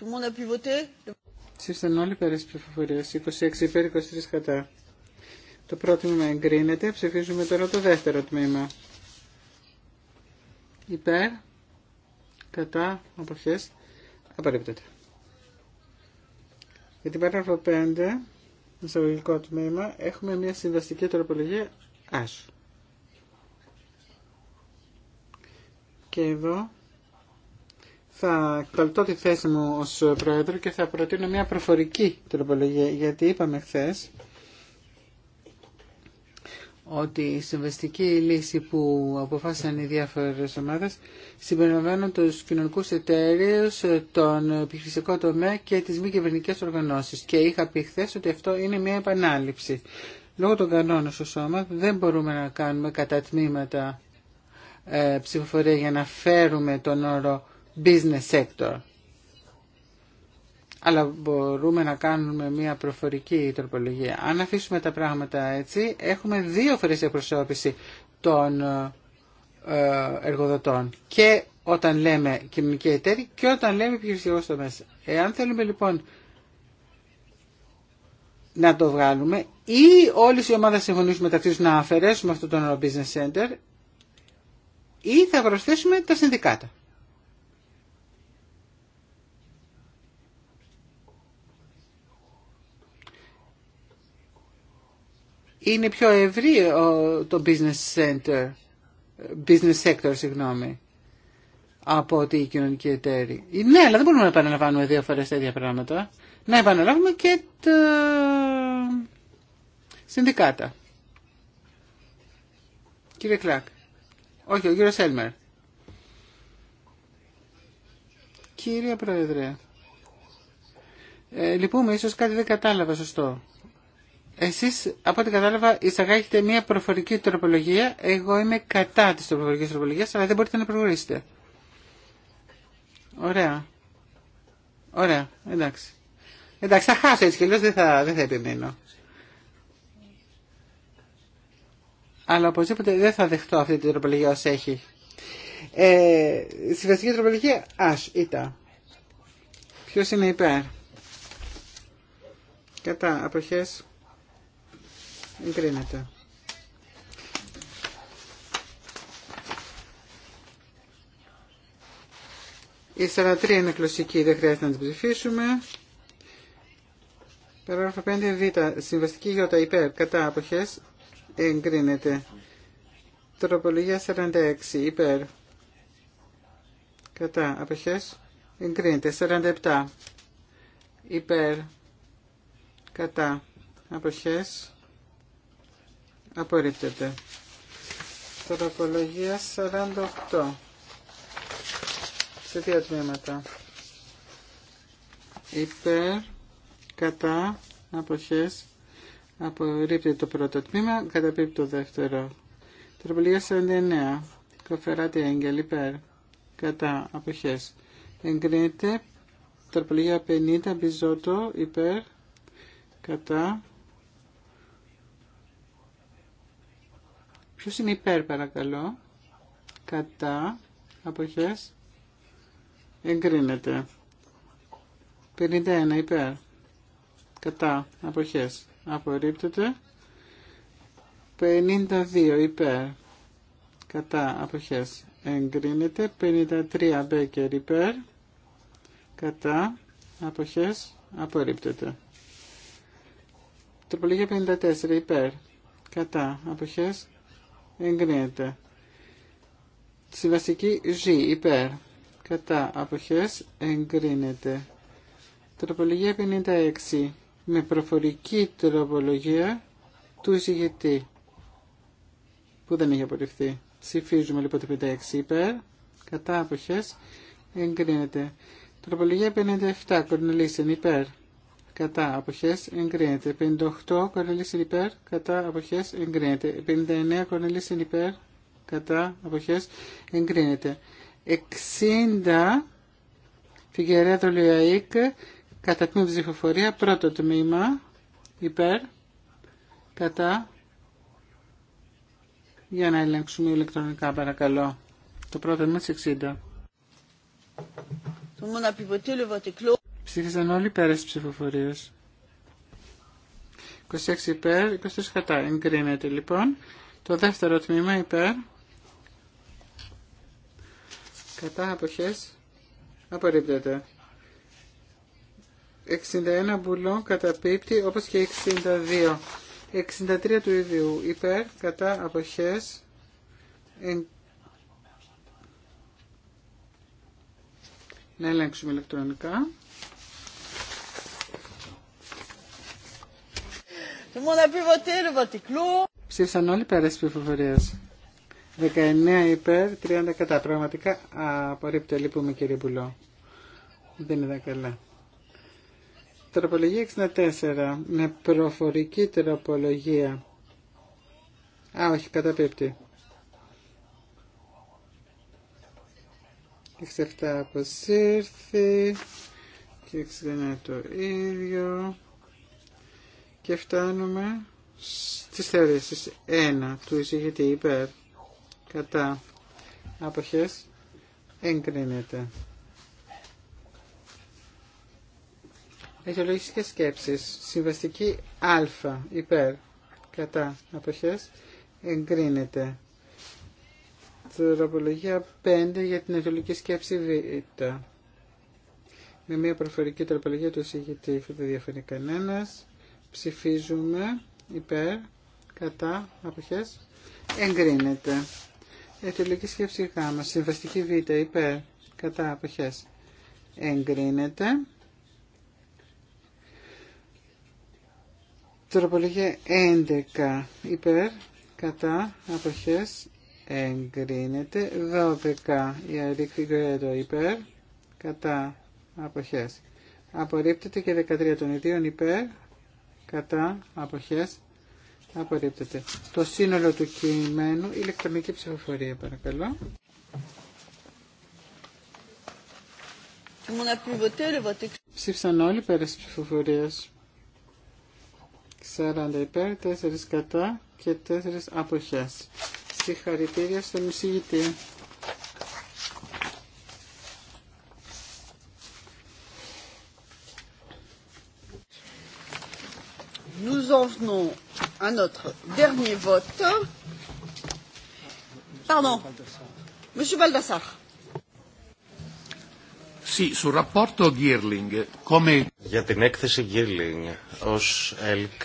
Tout le monde a Ψήφισαν όλοι οι πέρα ψηφοφορία. 26 υπέρ, 23 κατά. Το πρώτο τμήμα εγκρίνεται. Ψηφίζουμε τώρα το δεύτερο τμήμα. Υπέρ, κατά, αποχές, Απαρρίπτεται. Για την παράγραφο 5, εισαγωγικό τμήμα, έχουμε μια συνδραστική τροπολογία άσου. Και εδώ θα καλτώ τη θέση μου ως Πρόεδρο και θα προτείνω μια προφορική τροπολογία, γιατί είπαμε χθε ότι η συμβαστική λύση που αποφάσισαν οι διάφορες ομάδες συμπεριλαμβάνουν τους κοινωνικούς εταίρειους, τον επιχειρησιακό τομέα και τις μη κυβερνικέ οργανώσεις. Και είχα πει χθε ότι αυτό είναι μια επανάληψη. Λόγω των κανόνων στο σώμα δεν μπορούμε να κάνουμε κατά τμήματα ε, ψηφοφορία για να φέρουμε τον όρο business sector. Αλλά μπορούμε να κάνουμε μια προφορική τροπολογία. Αν αφήσουμε τα πράγματα έτσι, έχουμε δύο φορές εκπροσώπηση των ε, εργοδοτών. Και όταν λέμε κοινωνική εταίρη και όταν λέμε στο μέσα. Εάν θέλουμε λοιπόν να το βγάλουμε ή όλες οι ομάδες συμφωνήσουν μεταξύ τους να αφαιρέσουμε αυτό το Business Center ή θα προσθέσουμε τα συνδικάτα. είναι πιο ευρύ το business center, business sector, συγγνώμη, από ότι οι κοινωνικοί εταίροι. Ναι, αλλά δεν μπορούμε να επαναλαμβάνουμε δύο φορές τέτοια πράγματα. Να επαναλάβουμε και τα συνδικάτα. Κύριε Κλάκ. Όχι, ο κύριο Έλμερ. Κύριε Πρόεδρε. Ε, λυπούμε, ίσως κάτι δεν κατάλαβα σωστό. Εσείς, από ό,τι κατάλαβα, εισαγάγετε μια προφορική τροπολογία. Εγώ είμαι κατά της προφορικής τροπολογίας, αλλά δεν μπορείτε να προχωρήσετε. Ωραία. Ωραία, εντάξει. Εντάξει, θα χάσω έτσι και δεν θα, δεν θα επιμείνω. Αλλά οπωσδήποτε δεν θα δεχτώ αυτή την τροπολογία ως έχει. Ε, συμβαστική τροπολογία, ας, ήταν. Ποιος είναι υπέρ. Κατά, αποχές. Εγκρίνεται. Η 43 είναι κλωσική, δεν χρειάζεται να την ψηφίσουμε. Παράγραφα 5 Β. Συμβαστική Ι υπέρ κατά αποχές εγκρίνεται. Τροπολογία 46 υπέρ κατά αποχές εγκρίνεται. 47 υπέρ κατά αποχές Απορρίπτεται. Τροπολογία 48. Σε δύο τμήματα. Υπέρ, κατά, αποχές. Απορρίπτεται το πρώτο τμήμα, καταπίπτει το δεύτερο. Τροπολογία 49. Κοφεράτη έγκελ, υπέρ, κατά, αποχές. Εγκρίνεται. Τροπολογία 50, μπιζότο, υπέρ, κατά, Ποιος είναι υπέρ παρακαλώ. Κατά. Αποχές. Εγκρίνεται. 51 υπέρ. Κατά. Αποχές. Απορρίπτεται. 52 υπέρ. Κατά. Αποχές. Εγκρίνεται. 53 μπέκερ υπέρ. Κατά. Αποχές. Απορρίπτεται. Τροπολογία 54 υπέρ. Κατά. Αποχές εγκρίνεται. Συμβαστική G υπέρ κατά αποχές εγκρίνεται. Τροπολογία 56 με προφορική τροπολογία του εισηγητή που δεν έχει απορριφθεί. Ψηφίζουμε λοιπόν το 56 υπέρ κατά αποχές εγκρίνεται. Τροπολογία 57 κορνελίσεν υπέρ κατά αποχές εγκρίνεται. 58 είναι υπέρ κατά αποχές εγκρίνεται. 59 είναι υπέρ κατά αποχές εγκρίνεται. 60 το Λιουαΐκ κατά τμήμα ψηφοφορία πρώτο τμήμα υπέρ κατά για να ελέγξουμε ηλεκτρονικά παρακαλώ. Το πρώτο τμήμα 60. Ψήφισαν όλοι πέρα τη ψηφοφορία. 26 υπέρ, 23 κατά. Εγκρίνεται λοιπόν. Το δεύτερο τμήμα υπέρ. Κατά αποχές. Απορρίπτεται. 61 μπουλόν καταπίπτει όπως και 62. 63 του ίδιου υπέρ, κατά αποχές. Εν... Να ελέγξουμε ηλεκτρονικά. Ψήφισαν όλοι πέρα τη πληροφορία. 19 υπέρ, 30 κατά. Πραγματικά απορρίπτω, λείπουμε κύριε Μπουλό. Δεν είδα καλά. Τροπολογία 64 με προφορική τροπολογία. Α, όχι, καταπίπτει. 67 αποσύρθη και 69 το ίδιο. Και φτάνουμε στις θεωρήσεις 1 του εισηγητή υπέρ κατά αποχές εγκρίνεται. Αιτιολογικές σκέψεις. Συμβαστική α υπέρ κατά αποχές εγκρίνεται. Τροπολογία 5 για την αιτιολογική σκέψη β. Με μια προφορική τροπολογία του εισηγητή δεν διαφέρει κανένας. Ψηφίζουμε υπέρ, κατά, αποχές, εγκρίνεται. Αιτιολογική σκέψη γ. Συμβαστική β. Υπέρ, κατά, αποχές, εγκρίνεται. Τροπολογία 11. Υπέρ, κατά, αποχές, εγκρίνεται. 12. Η αρήκτη υπέρ, κατά, αποχές. Απορρίπτεται και 13 των ιδίων υπέρ, κατά αποχές απορρίπτεται. Το σύνολο του κειμένου ηλεκτρονική ψηφοφορία παρακαλώ. Ψήφισαν όλοι πέρα ψηφοφορία. 40 υπέρ, 4 κατά και 4 αποχές. Συγχαρητήρια στον εισηγητή. nous en venons à notre dernier vote. Pardon, Monsieur Baldassar. Για την έκθεση Γκίρλινγκ ω ΕΛΚ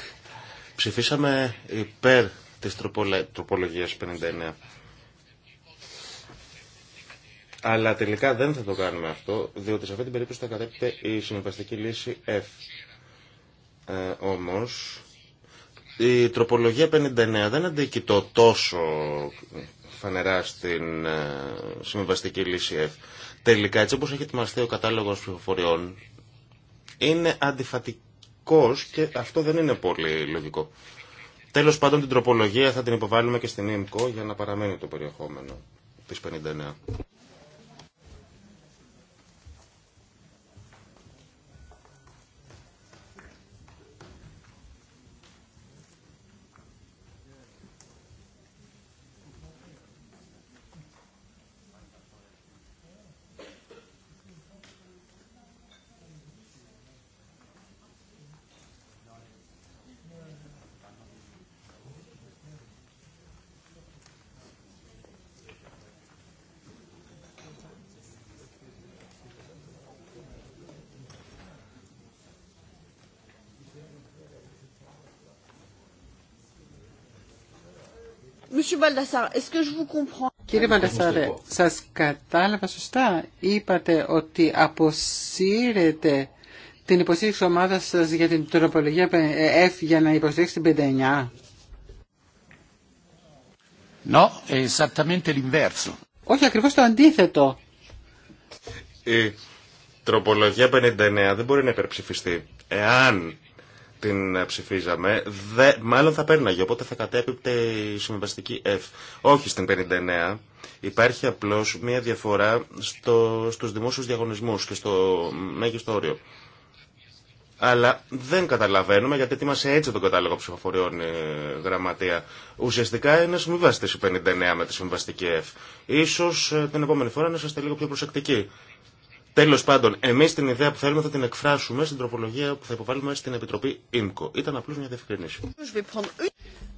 ψηφίσαμε υπέρ της τροπολογία 59. Αλλά τελικά δεν θα το κάνουμε αυτό, διότι σε αυτή την περίπτωση θα κατέπτε η συμβαστική λύση F. Ε, όμως, η τροπολογία 59 δεν αντικειτώ το τόσο φανερά στην ε, συμβαστική λύση ΕΦ. Τελικά, έτσι όπως έχει ετοιμαστεί ο κατάλογος πληροφοριών, είναι αντιφατικός και αυτό δεν είναι πολύ λογικό. Τέλος πάντων, την τροπολογία θα την υποβάλουμε και στην ΕΜΚΟ για να παραμένει το περιεχόμενο της 59. Κύριε Βαλτασάρε, σας κατάλαβα σωστά. Είπατε ότι αποσύρετε την υποστήριξη ομάδα σας για την τροπολογία ε, F για να υποστηρίξει την 59. No, Όχι, ακριβώς το αντίθετο. Η τροπολογία 59 δεν μπορεί να υπερψηφιστεί. Εάν την ε, ψηφίζαμε, δε, μάλλον θα πέρναγε οπότε θα κατέπιπτε η συμβαστική F. Όχι στην 59. Υπάρχει απλώ μια διαφορά στο, στους δημόσιους διαγωνισμούς και στο μέγιστο όριο. Αλλά δεν καταλαβαίνουμε γιατί ετοίμασε έτσι τον κατάλογο ψηφοφοριών η ε, γραμματεία. Ουσιαστικά είναι συμβαστή η 59 με τη συμβαστική F. σω ε, την επόμενη φορά να είστε λίγο πιο προσεκτικοί Τέλο πάντων, εμεί την ιδέα που θέλουμε θα την εκφράσουμε στην τροπολογία που θα υποβάλουμε στην Επιτροπή ΙΜΚΟ. Ήταν απλώ μια διευκρινήση.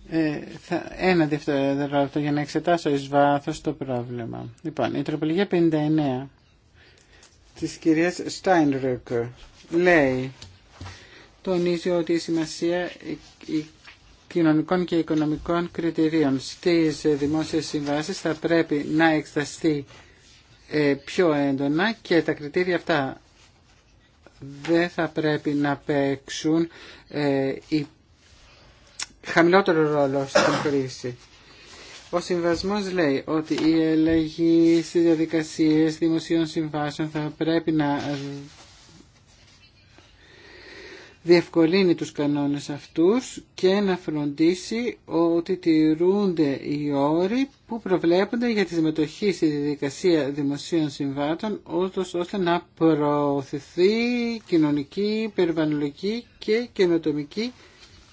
Ε, θα, ένα δευτερόλεπτο για να εξετάσω ει βάθο το πρόβλημα. Λοιπόν, η τροπολογία 59 της κυρίας Στάινρουκ λέει τονίζει ότι η σημασία ε, ε, κοινωνικών και οικονομικών κριτηρίων στις δημόσιες συμβάσεις θα πρέπει να εξεταστεί ε, πιο έντονα και τα κριτήρια αυτά δεν θα πρέπει να παίξουν η ε, χαμηλότερο ρόλο στην χρήση. Ο συμβασμός λέει ότι η έλεγχη στις διαδικασίες δημοσίων συμβάσεων θα πρέπει να διευκολύνει τους κανόνες αυτούς και να φροντίσει ότι τηρούνται οι όροι που προβλέπονται για τη συμμετοχή στη διαδικασία δημοσίων συμβάτων ώστε να προωθηθεί κοινωνική, περιβαλλοντική και καινοτομική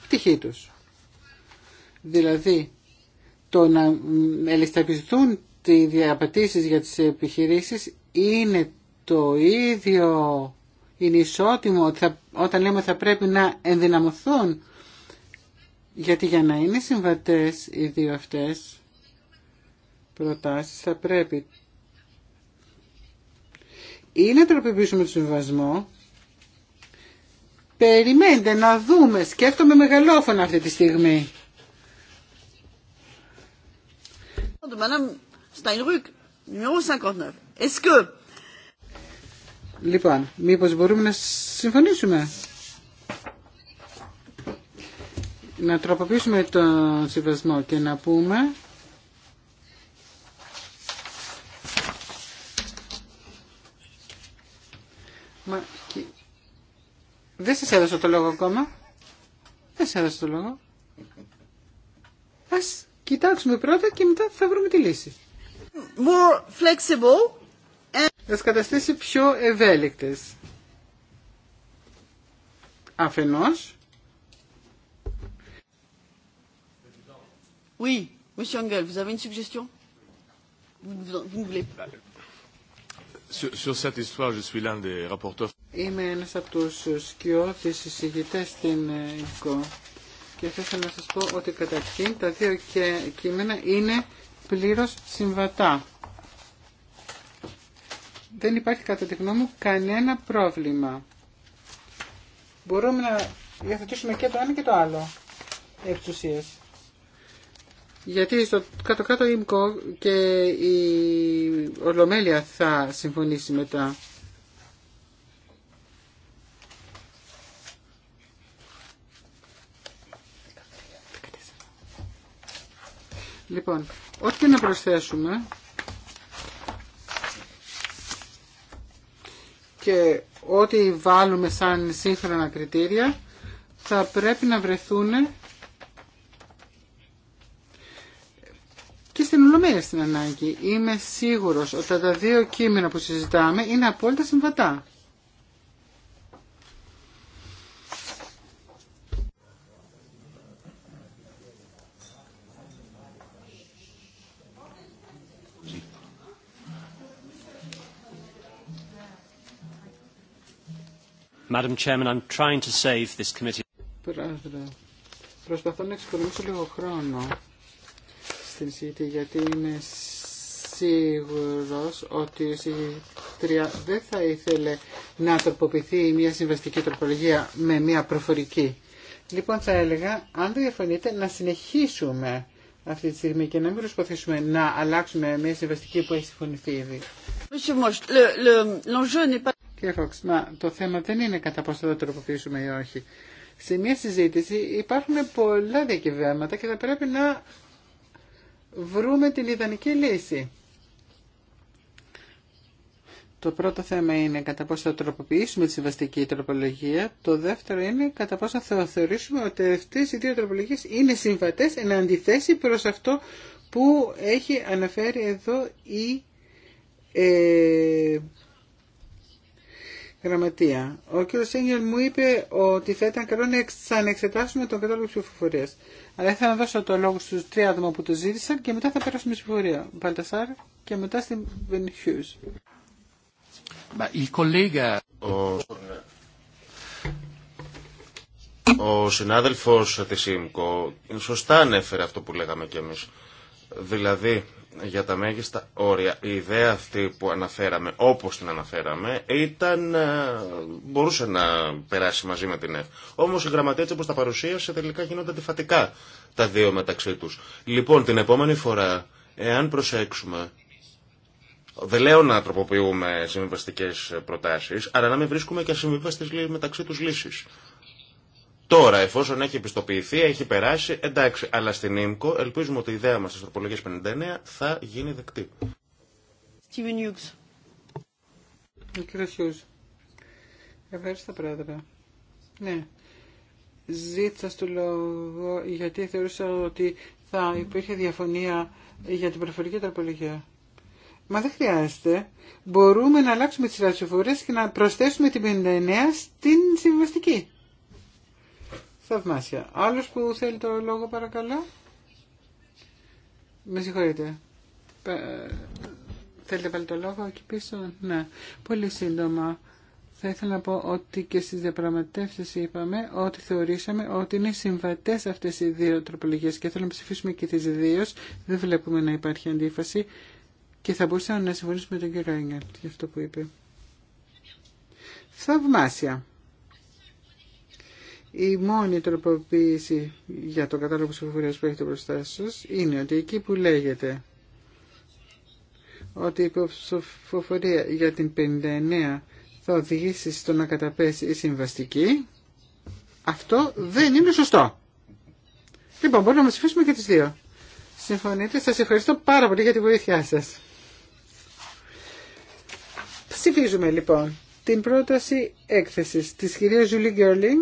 πτυχή τους. Δηλαδή, το να ελισταπιστούν οι διαπατήσεις για τις επιχειρήσεις είναι το ίδιο είναι ισότιμο ότι όταν λέμε θα πρέπει να ενδυναμωθούν γιατί για να είναι συμβατές οι δύο αυτές προτάσεις θα πρέπει ή να τροποποιήσουμε το συμβασμό περιμένετε να δούμε σκέφτομαι μεγαλόφωνα αυτή τη στιγμή Madame 59. Λοιπόν, μήπως μπορούμε να συμφωνήσουμε. Να τροποποιήσουμε τον συμβασμό και να πούμε Μα... Δεν σας έδωσα το λόγο ακόμα. Δεν σας έδωσα το λόγο. Ας κοιτάξουμε πρώτα και μετά θα βρούμε τη λύση. More flexible θα τις πιο ευέλικτες. Αφενός. Είμαι ένα από τους σκιώδεις συζητητέ στην ΕΚΟ και θα να σα πω ότι καταρχήν τα δύο κείμενα είναι πλήρως συμβατά δεν υπάρχει κατά τη γνώμη μου κανένα πρόβλημα. Μπορούμε να διαθετήσουμε και το ένα και το άλλο εξουσίες. Γιατί στο κάτω-κάτω ήμκο και η Ολομέλεια θα συμφωνήσει μετά. Λοιπόν, ό,τι να προσθέσουμε, και ό,τι βάλουμε σαν σύγχρονα κριτήρια θα πρέπει να βρεθούν και στην ολομέλεια στην ανάγκη. Είμαι σίγουρος ότι τα δύο κείμενα που συζητάμε είναι απόλυτα συμβατά. Madam Πρόεδρε, προσπαθώ να εξοικονομήσω λίγο χρόνο στην συζήτηση γιατί είμαι σίγουρος ότι η συζήτρια δεν θα ήθελε να τροποποιηθεί μια συμβαστική τροπολογία με μια προφορική. Λοιπόν, θα έλεγα, αν δεν διαφωνείτε, να συνεχίσουμε αυτή τη στιγμή και να μην προσπαθήσουμε να αλλάξουμε μια συμβαστική που έχει συμφωνηθεί ήδη. Κύριε το θέμα δεν είναι κατά πόσο θα το τροποποιήσουμε ή όχι. Σε μια συζήτηση υπάρχουν πολλά διακυβέρματα και θα πρέπει να βρούμε την ιδανική λύση. Το πρώτο θέμα είναι κατά πόσο θα τροποποιήσουμε τη συμβαστική τροπολογία. Το δεύτερο είναι κατά πόσο θα θεωρήσουμε ότι αυτέ οι δύο τροπολογίε είναι συμβατέ εν αντιθέσει προ αυτό που έχει αναφέρει εδώ η ε, γραμματεία. Ο κ. Σέγγελ μου είπε ότι θα ήταν καλό να εξετάσουμε τον κατάλογο ψηφοφορία. Αλλά ήθελα να δώσω το λόγο στους τρία άτομα που το ζήτησαν και μετά θα περάσουμε στην ψηφοφορία. Μπαλτασάρ και μετά στην Βεν Ο... Ο συνάδελφος της σωστά ανέφερε αυτό που λέγαμε κι εμείς. Δηλαδή για τα μέγιστα όρια. Η ιδέα αυτή που αναφέραμε, όπως την αναφέραμε, ήταν, ε, μπορούσε να περάσει μαζί με την ΕΦ. Όμως η γραμματεία έτσι όπως τα παρουσίασε τελικά γίνονται αντιφατικά τα δύο μεταξύ τους. Λοιπόν, την επόμενη φορά, εάν προσέξουμε, δεν λέω να τροποποιούμε συμβιβαστικές προτάσεις, αλλά να μην βρίσκουμε και συμβιβαστικές μεταξύ τους λύσεις. Τώρα, εφόσον έχει επιστοποιηθεί, έχει περάσει, εντάξει. Αλλά στην ΙΜΚΟ ελπίζουμε ότι η ιδέα μας στις τροπολογίες 59 θα γίνει δεκτή. Steven Hughes. Κύριε κύριος Χιούς. Ευχαριστώ, πρόεδρε. Ναι. Ζήτησα στο λόγο γιατί θεωρούσα ότι θα υπήρχε διαφωνία για την προφορική τροπολογία. Μα δεν χρειάζεται. Μπορούμε να αλλάξουμε τις ρασιοφορές και να προσθέσουμε την 59 στην συμβαστική. Θαυμάσια. Άλλος που θέλει το λόγο παρακαλώ. Με συγχωρείτε. Θέλετε πάλι το λόγο εκεί πίσω. Ναι. Πολύ σύντομα. Θα ήθελα να πω ότι και στις διαπραγματεύσεις είπαμε ότι θεωρήσαμε ότι είναι συμβατές αυτές οι δύο τροπολογίες και θέλω να ψηφίσουμε και τις δύο. Δεν βλέπουμε να υπάρχει αντίφαση και θα μπορούσαμε να συμφωνήσουμε με τον κύριο για αυτό που είπε. Θαυμάσια. Η μόνη τροποποίηση για το κατάλογο ψηφοφορίας που έχετε μπροστά σα είναι ότι εκεί που λέγεται ότι η ψηφοφορία για την 59 θα οδηγήσει στο να καταπέσει η συμβαστική, αυτό δεν είναι σωστό. Λοιπόν, μπορούμε να ψηφίσουμε και τις δύο. Συμφωνείτε. Σας ευχαριστώ πάρα πολύ για τη βοήθειά σας. Ψηφίζουμε λοιπόν την πρόταση έκθεσης της κυρία Ζουλή Γκέρλινγκ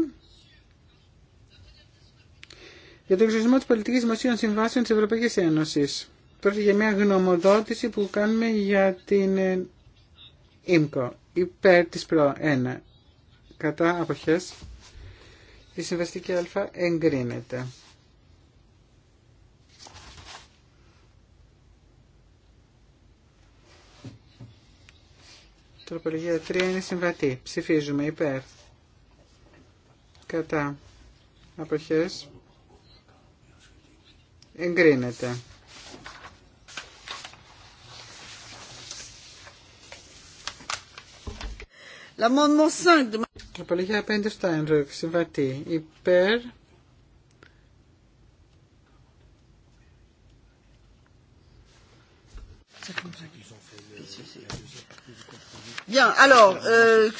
για τον εξορισμό τη πολιτική δημοσίων συμβάσεων τη Ευρωπαϊκή Ένωση. Πρόκειται για μια γνωμοδότηση που κάνουμε για την ε, ΙΜΚΟ. Υπέρ τη ΠΡΟ 1. Κατά αποχέ. Η συμβαστική Α εγκρίνεται. Τροπολογία 3 είναι συμβατή. Ψηφίζουμε υπέρ. Κατά. Αποχές εγκρίνεται. Τροπολογία 5 Στάινρουκ, συμβατή, υπέρ, Bien, alors, euh,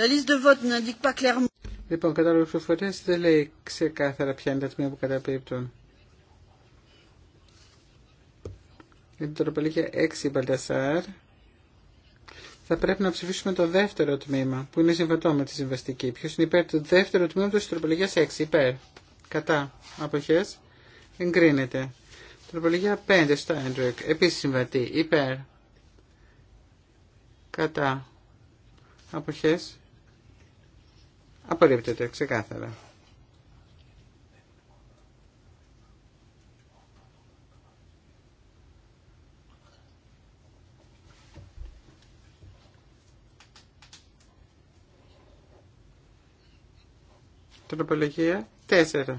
la liste de vote n'indique pas clairement. Λοιπόν, κατάλογο ψηφοφορία δεν λέει ξεκάθαρα ποια είναι τα τμήματα που καταπίπτουν. Με την τροπολογία 6 Μπαλτασάρ, θα πρέπει να ψηφίσουμε το δεύτερο τμήμα, που είναι συμβατό με τη συμβαστική. Ποιο είναι υπέρ του δεύτερου τμήματο τη τροπολογία 6, υπέρ. Κατά. Αποχέ. Εγκρίνεται. Τροπολογία 5, Έντρουεκ. επίση συμβατή, υπέρ. Κατά. Αποχέ. Απορρίπτεται, ξεκάθαρα. Τροπολογία 4.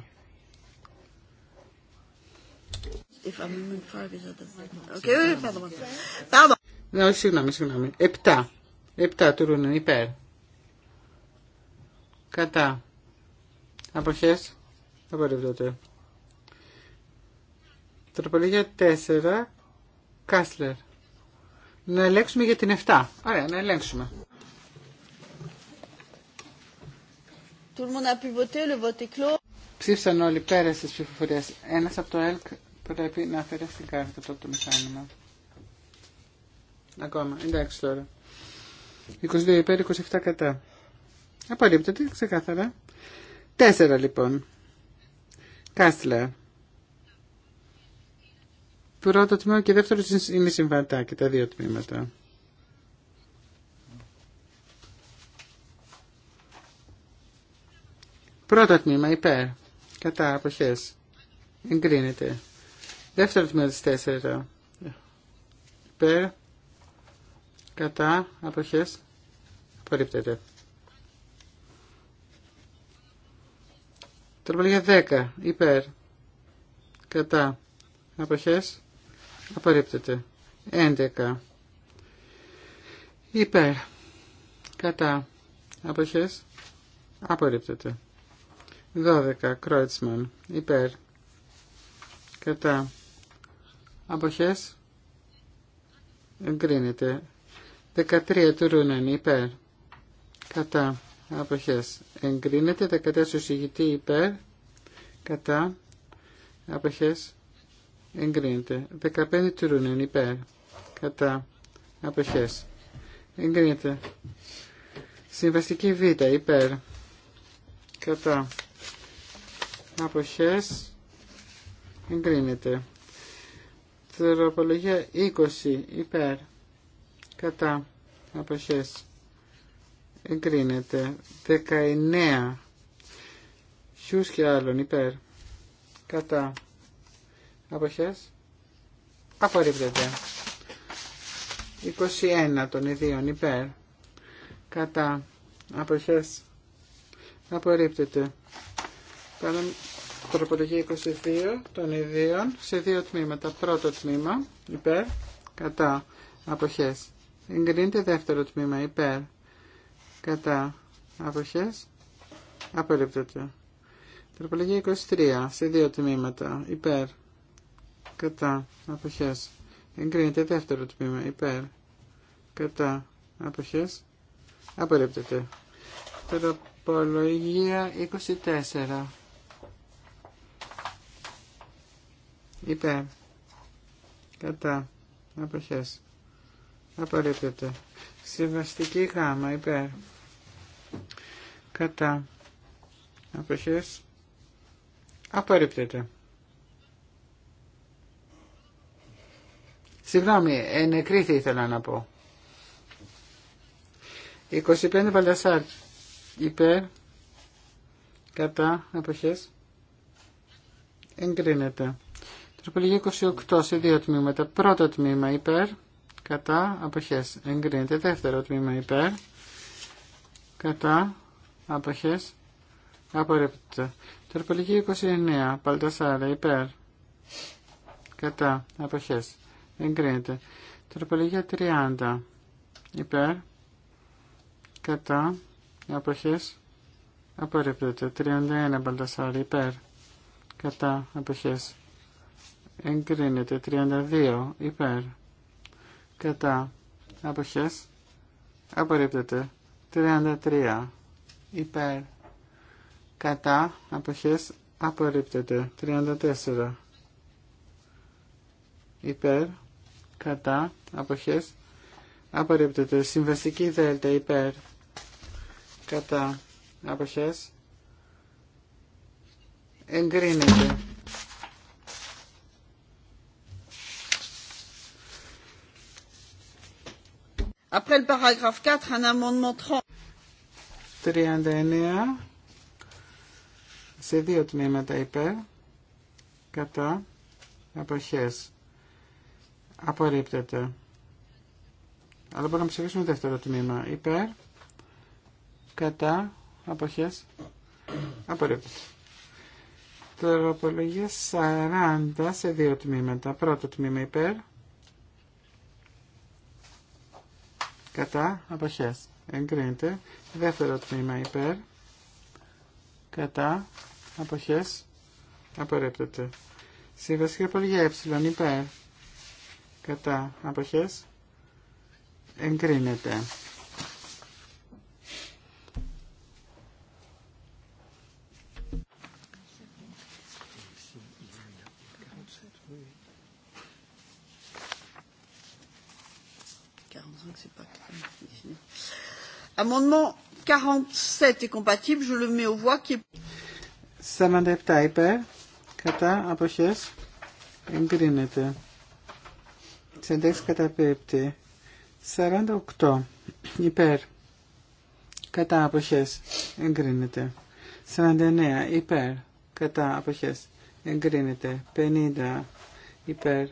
όχι, συγγνώμη, συγγνώμη. 7. 7 του Ρούνου, υπέρ. Κατά. Αποχές. Απορριβδόται. Τροπολογία 4. Κάσλερ. Να ελέγξουμε για την 7. Ωραία, να ελέγξουμε. Ψήφισαν όλοι πέρα στι ψηφοφορίε. Ένα από το ΕΛΚ πρέπει να φέρει στην κάρτα από το μηχάνημα. Ακόμα. Εντάξει τώρα. 22 υπέρ, 27 κατά. Απορρίπτεται, ξεκάθαρα. Τέσσερα λοιπόν. Κάστλερ. Πρώτο τμήμα και δεύτερο είναι συμβατά και τα δύο τμήματα. Πρώτο τμήμα υπέρ. Κατά αποχέ. Εγκρίνεται. Δεύτερο τμήμα της 4. Υπέρ. Κατά άποχε. Απορρίπτεται. Τροπολογία 10. Υπέρ. Κατά. Αποχέ. Απορρίπτεται. 11. Υπέρ. Κατά. Αποχές. Απορρίπτεται. 12. Κρόιτσμαν. Υπέρ. Κατά. Αποχές. Εγκρίνεται. 13. Του Υπέρ. Κατά. Αποχές. Εγκρίνεται. 14. Του Υπέρ. Κατά. Αποχές. Εγκρίνεται. 15. Του Υπέρ. Κατά. Αποχές. Εγκρίνεται. Συμβαστική Β. Υπέρ. Κατά αποχές εγκρίνεται. Τροπολογία 20 υπέρ κατά αποχές εγκρίνεται. 19 χιούς και άλλων υπέρ κατά αποχές απορρίπτεται. 21 των ιδίων υπέρ κατά αποχές απορρίπτεται. Κάναμε τροπολογία 22 των ιδίων σε δύο τμήματα. Πρώτο τμήμα υπέρ, κατά, αποχές. Εγκρίνεται δεύτερο τμήμα υπέρ, κατά, αποχές. Απορρίπτεται. Τροπολογία 23 σε δύο τμήματα υπέρ, κατά, αποχές. Εγκρίνεται δεύτερο τμήμα υπέρ, κατά, αποχές. Απορρίπτεται. Τροπολογία 24 Είπε. κατά αποχές απορρίπτεται συμβαστική γάμα υπέρ κατά αποχές απορρίπτεται Συγγνώμη, ενεκρίθη ήθελα να πω. 25 Βαλτασάρ υπέρ κατά αποχές εγκρίνεται. Τροπολογία 28 σε δύο τμήματα. Πρώτο τμήμα υπέρ, κατά, αποχές, εγκρίνεται. Δεύτερο τμήμα υπέρ, κατά, αποχές, απορρίπτεται. Τροπολογία 29, Παλτασάρα, υπέρ, κατά, αποχές, εγκρίνεται. Τροπολογία 30, υπέρ, κατά, αποχές, απορρίπτεται. 31, Παλτασάρα, υπέρ, κατά, αποχές, εγκρίνεται 32 υπέρ κατά αποχές απορρίπτεται 33 υπέρ κατά αποχές απορρίπτεται 34 υπέρ κατά αποχές απορρίπτεται συμβαστική δέλτα υπέρ κατά αποχές εγκρίνεται 4, 39 σε δύο τμήματα υπέρ, κατά, αποχές. Απορρίπτεται. Αλλά μπορούμε να ψηφίσουμε δεύτερο τμήμα. Υπέρ, κατά, αποχές. Απορρίπτεται. Τροπολογία 40 σε δύο τμήματα. Πρώτο τμήμα υπέρ, κατά αποχές εγκρίνεται δεύτερο τμήμα υπέρ κατά αποχές απορρέπτεται Σύμβαση απολογία ε υπέρ κατά αποχές εγκρίνεται Amendement 47 est compatible, je le mets aux voix qui est... 47 υπέρ, κατά, αποχές, εγκρίνεται. 46 καταπίπτει. 48 υπέρ, κατά, αποχές, εγκρίνεται. 49 υπέρ, κατά, αποχές, εγκρίνεται. 50 υπέρ,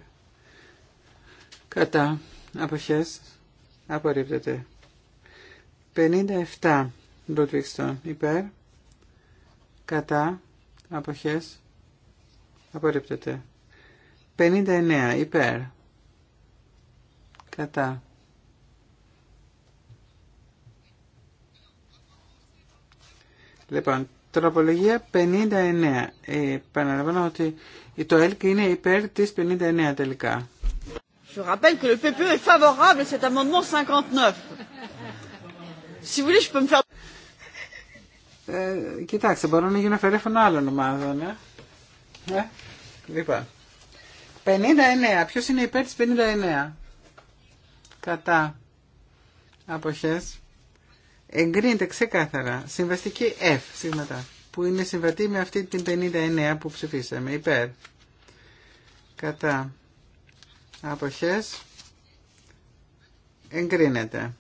κατά, αποχές, απορρίπτεται. 57 Λούτβιξτον υπέρ κατά αποχές απορρίπτεται 59 υπέρ κατά Λοιπόν, τροπολογία 59. Ε, επαναλαμβάνω ότι το ΕΛΚ είναι υπέρ τη 59 τελικά. Je rappelle que le PPE est favorable à cet amendement 59. Si vous voulez, je ε, κοιτάξτε, μπορώ να γίνω φερέφωνο άλλων ομάδων. Ε. ε λοιπόν. 59. Ποιος είναι υπέρ τη 59. Κατά. Αποχές. Εγκρίνεται ξεκάθαρα. Συμβαστική F. σύγματα. Που είναι συμβατή με αυτή την 59 που ψηφίσαμε. Υπέρ. Κατά. Αποχές. Εγκρίνεται.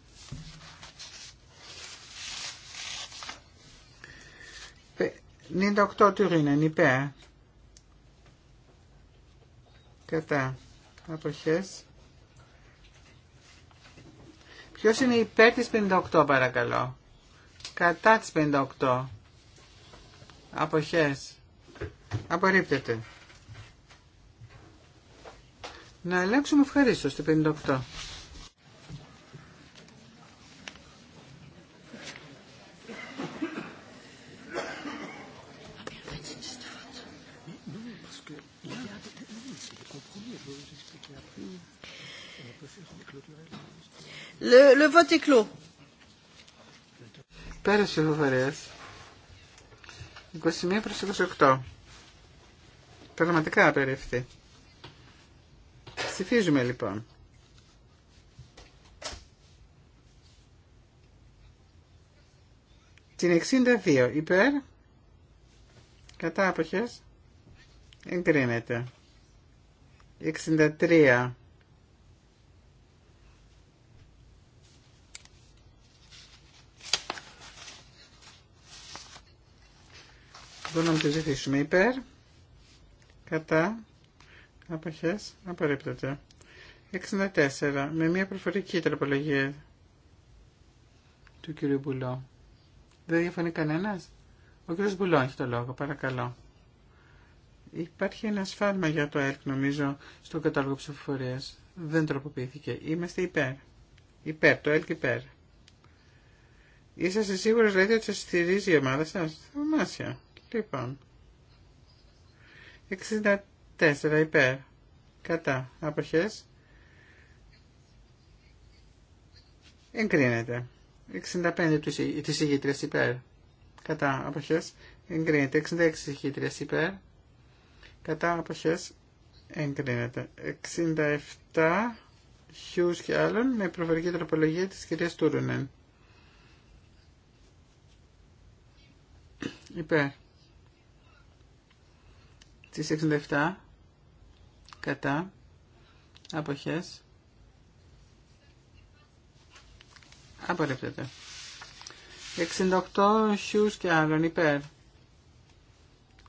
98 του Ρήναν υπέρ. Κατά. Αποχές. Ποιος είναι υπέρ της 58 παρακαλώ. Κατά της 58. Αποχές. Απορρίπτεται. Να αλλάξουμε ευχαρίστω στο 58. Le, le Πέρασε ο 21 προς 28. Πραγματικά απεριφθεί. Ψηφίζουμε λοιπόν. Την 62 υπέρ. Κατά αποχές. Εγκρίνεται. 63 Μπορούμε να το ζητήσουμε υπέρ, κατά, απαχές απορρίπτεται. 64. Με μια προφορική τροπολογία του κύριου Μπουλό. Δεν διαφωνεί κανένας. Ο κύριος Μπουλό έχει το λόγο, παρακαλώ. Υπάρχει ένα σφάλμα για το ΕΡΚ, νομίζω, στο κατάλογο ψηφοφορία. Δεν τροποποιήθηκε. Είμαστε υπέρ. Υπέρ, το ΕΡΚ υπέρ. Είσαστε σίγουρος, λέτε, ότι σα στηρίζει η ομάδα σα. Θαυμάσια. Λοιπόν. 64 υπέρ. Κατά. Αποχές. Εγκρίνεται. 65 της ηγήτριας υπέρ. Κατά. Αποχές. Εγκρίνεται. 66 της ηγήτριας υπέρ. Κατά. Αποχές. Εγκρίνεται. 67 Χιούς και άλλων με προφορική τροπολογία της κυρίας Τούρουνεν. Υπέρ της 67 κατά αποχές απορρίπτεται 68 χιούς και άλλων υπέρ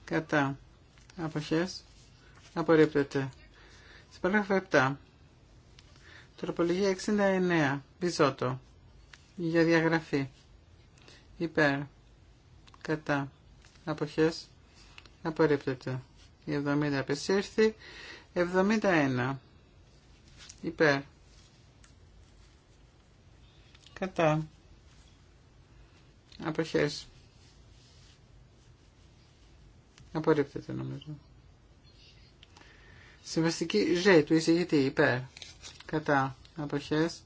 κατά αποχές απορρίπτεται στην παράγραφο 7 τροπολογία 69 Βυζότο για διαγραφή υπέρ κατά αποχές απορρίπτεται η 70 απεσύρθη. 71. Υπέρ. Κατά. Αποχές. Απορρίπτεται νομίζω. Συμβαστική Ζ του εισηγητή υπέρ. Κατά. Αποχές.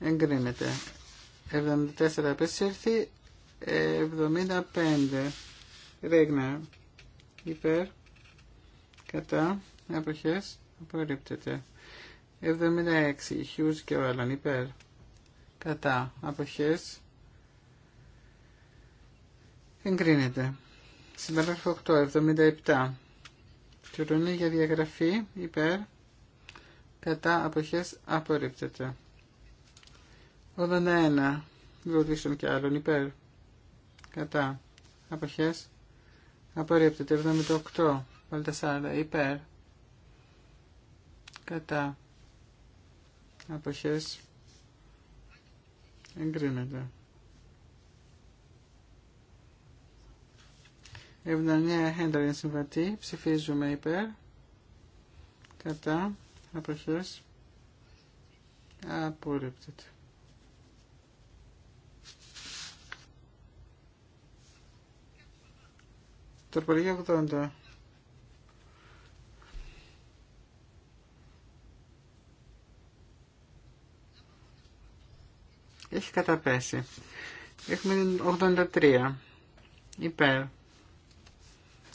Εγκρίνεται. 74 απεσύρθη. 75. Ρέγνα. Υπέρ κατά εποχές απορρίπτεται 76 χιούς και ο Άλλαν υπέρ κατά αποχές εγκρίνεται συμπαράγραφο 8 77 Τουρνή για διαγραφή υπέρ κατά αποχές απορρίπτεται 81 Λουδίσον και άλλων υπέρ κατά αποχές απορρίπτεται 78 Βαλτασάρδα υπέρ κατά αποχές εγκρίνεται 79 χέντρα είναι συμβατή ψηφίζουμε υπέρ κατά αποχές απορρίπτεται Τροπολογία 80 Έχει καταπέσει. Έχουμε 83. Υπέρ.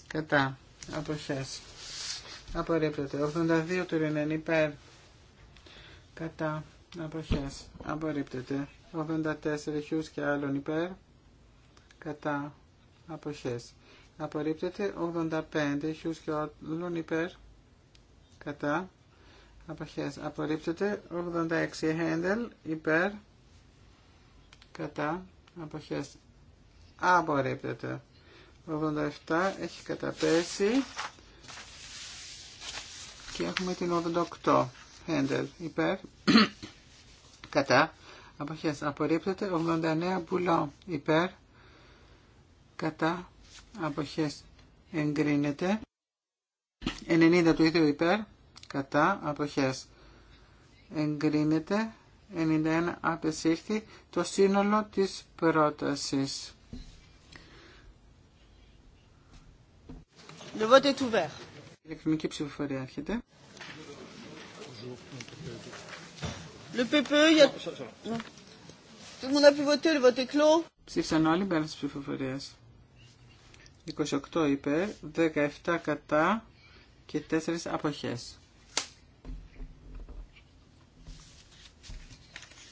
Κατά. Αποχές. Απορρίπτεται. 82 του Ρινέν. Υπέρ. Κατά. Αποχές. Απορρίπτεται. 84 χιούς και άλλων υπέρ. Κατά. Αποχές. Απορρίπτεται. 85 χιούς και άλλων υπέρ. Κατά. Αποχές. Απορρίπτεται. 86 Χέντελ. Υπέρ κατά αποχές απορρίπτεται 87 έχει καταπέσει και έχουμε την 88 Handel υπέρ κατά αποχές απορρίπτεται 89 πουλό, υπέρ κατά αποχές εγκρίνεται 90 του ίδιου υπέρ κατά αποχές εγκρίνεται 91 απεσύρθη το σύνολο της πρότασης. Le vote est ouvert. Η ηλεκτρονική ψηφοφορία έρχεται. Le PPE, il y a... Tout le monde a pu voter, le vote est clos. Ψήφισαν όλοι πέρα της ψηφοφορίας. 28 υπέρ, 17 κατά και 4 αποχές.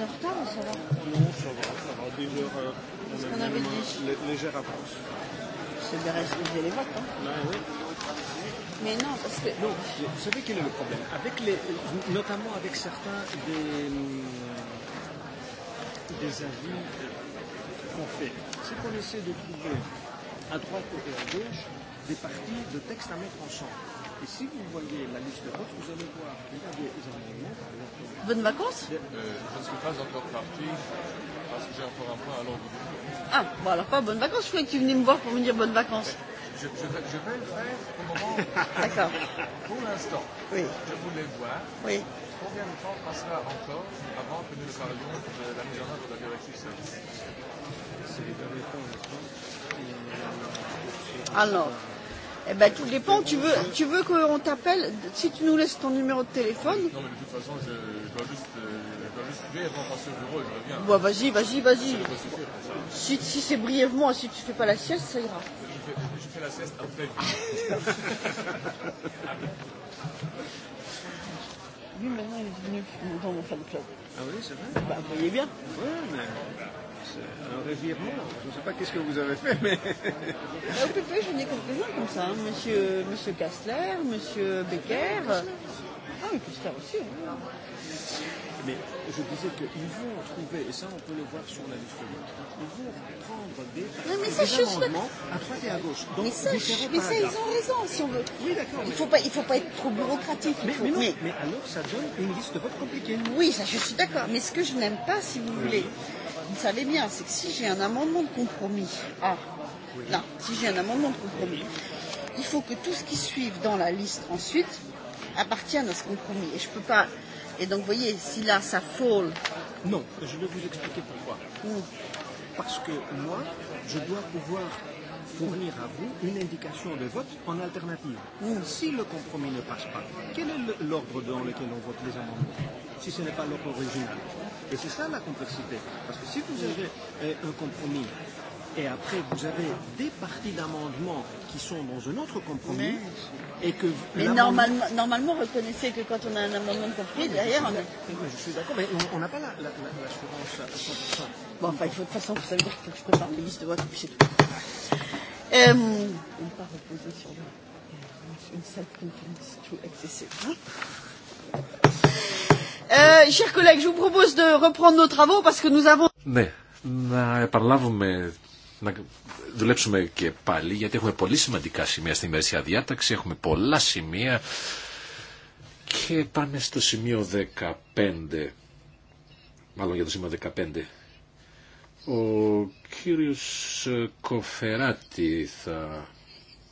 en retard ou ça va Non, ça va, ça va. Deux heures, on a avait une légère avance. C'est bien respecter les votes. Hein. Ben, oui. Mais non, parce que... Non, vous savez quel est le problème avec les, Notamment avec certains des, des avis qu'on fait. C'est qu'on essaie de trouver à droite et à gauche des parties de textes à mettre ensemble. Ici, vous voyez la liste de votes, vous allez voir. Regardez Bonnes vacances Je ne suis pas encore parti parce que j'ai encore un point à l'ordre du jour. Ah, bon alors pas bonnes vacances, je croyais que tu venais me voir pour me dire bonnes vacances. Je, je, vais, je vais le faire au moment. D'accord. Pour l'instant, oui. je voulais voir. Oui. Combien de temps passera encore avant que nous parlions de la mise en œuvre de la directive service C'est les derniers temps, je pense. Alors. Eh ben, tout dépend. Tu veux, tu veux qu'on t'appelle Si tu nous laisses ton numéro de téléphone. Non, mais de toute façon, je, je dois juste, je dois juste vais passer au bureau et je reviens. Bon, vas-y, vas-y, vas-y. Si, si c'est brièvement, si tu fais pas la sieste, ça ira. Je fais, je fais la sieste après. Lui, maintenant, il est venu dans mon fan club. Ah oui, c'est vrai Bah, vous voyez bien. Ouais, mais... Alors, revirement, je ne sais pas qu'est-ce que vous avez fait, mais... Au PP, j'en ai quelques comme ça. Monsieur, monsieur Kastler, Monsieur Becker. Ah, mais Kastler aussi. Mais je disais qu'ils vont trouver, et ça on peut le voir sur la liste, ils vont prendre des, non, mais ça, des amendements à droite et à gauche. Donc, mais ça, mais ça ils ont raison, si on veut. Oui, d'accord. Il ne faut, pas, faut pas être trop bureaucratique. Mais, mais, non, mais alors ça donne une liste de votes compliquée. Oui, ça je suis d'accord. Mais ce que je n'aime pas, si vous voulez, ça savez bien, c'est que si j'ai un amendement de compromis, ah, là, si j'ai un amendement de compromis, il faut que tout ce qui suive dans la liste ensuite appartienne à ce compromis. Et je peux pas. Et donc, vous voyez, si là, ça fall. Non, je vais vous expliquer pourquoi. Parce que moi, je dois pouvoir fournir à vous une indication de vote en alternative. Ou si le compromis ne passe pas, quel est l'ordre dans lequel on vote les amendements si ce n'est pas l'ordre original Et c'est ça la complexité. Parce que si vous avez un compromis et après vous avez des parties d'amendements qui sont dans un autre compromis et que mais normalement, normalement reconnaissez que quand on a un amendement de compromis derrière on je suis d'accord mais on n'a pas l'assurance la, la, à 100% bon enfin il faut de toute façon vous savez que je prépare mes listes de vote et puis c'est tout ναι, να επαναλάβουμε, να δουλέψουμε και πάλι, γιατί έχουμε πολύ σημαντικά σημεία στην ημερησία διάταξη, έχουμε πολλά σημεία και πάμε στο σημείο 15, μάλλον για το σημείο 15. Ο κύριος Κοφεράτη θα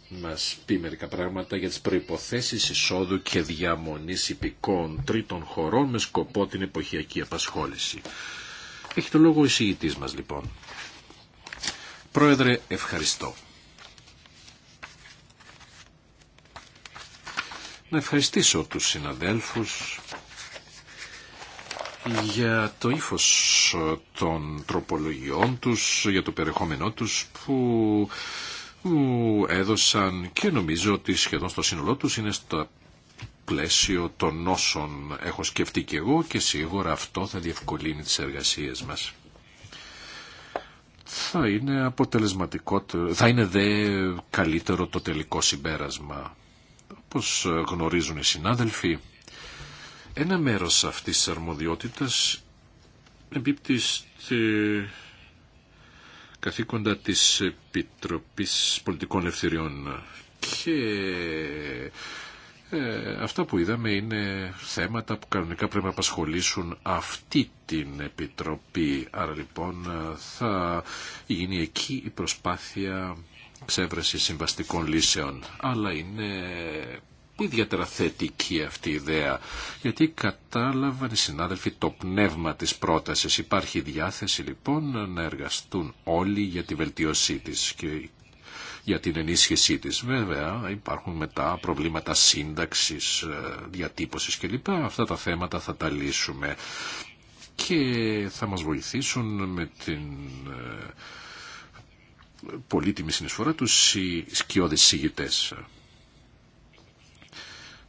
μας πει μερικά πράγματα για τις προϋποθέσεις εισόδου και διαμονής υπηκών τρίτων χωρών με σκοπό την εποχιακή απασχόληση. Έχει το λόγο ο εισηγητής μας λοιπόν. Πρόεδρε, ευχαριστώ. Να ευχαριστήσω τους συναδέλφους για το ύφος των τροπολογιών τους, για το περιεχόμενό τους που έδωσαν και νομίζω ότι σχεδόν στο σύνολό τους είναι στο πλαίσιο των όσων έχω σκεφτεί και εγώ και σίγουρα αυτό θα διευκολύνει τις εργασίες μας. Θα είναι αποτελεσματικότερο, θα είναι δε καλύτερο το τελικό συμπέρασμα. Όπως γνωρίζουν οι συνάδελφοι, ένα μέρος αυτής της αρμοδιότητας εμπίπτει στη καθήκοντα της Επιτροπής Πολιτικών Ευθυριών και ε, αυτά που είδαμε είναι θέματα που κανονικά πρέπει να απασχολήσουν αυτή την Επιτροπή. Άρα λοιπόν θα γίνει εκεί η προσπάθεια ξέβρεση συμβαστικών λύσεων. Αλλά είναι ιδιαίτερα θετική αυτή η ιδέα, γιατί κατάλαβαν οι συνάδελφοι το πνεύμα της πρότασης. Υπάρχει διάθεση λοιπόν να εργαστούν όλοι για τη βελτίωσή της και για την ενίσχυσή της. Βέβαια υπάρχουν μετά προβλήματα σύνταξης, ε, διατύπωσης κλπ. Αυτά τα θέματα θα τα λύσουμε και θα μας βοηθήσουν με την ε, πολύτιμη συνεισφορά τους οι σκιώδεις συγητές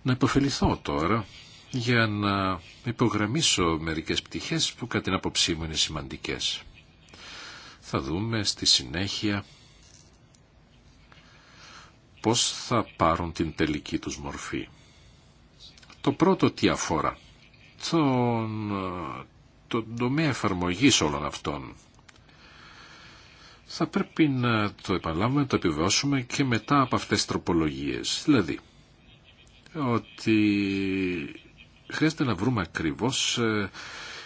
να υποφεληθώ τώρα για να υπογραμμίσω μερικές πτυχές που κατά την άποψή μου είναι σημαντικές. Θα δούμε στη συνέχεια πώς θα πάρουν την τελική τους μορφή. Το πρώτο τι αφορά τον, τον τομέα εφαρμογής όλων αυτών. Θα πρέπει να το επαναλάβουμε να το επιβεβαιώσουμε και μετά από αυτές τις τροπολογίες. Δηλαδή, ότι χρειάζεται να βρούμε ακριβώς ε,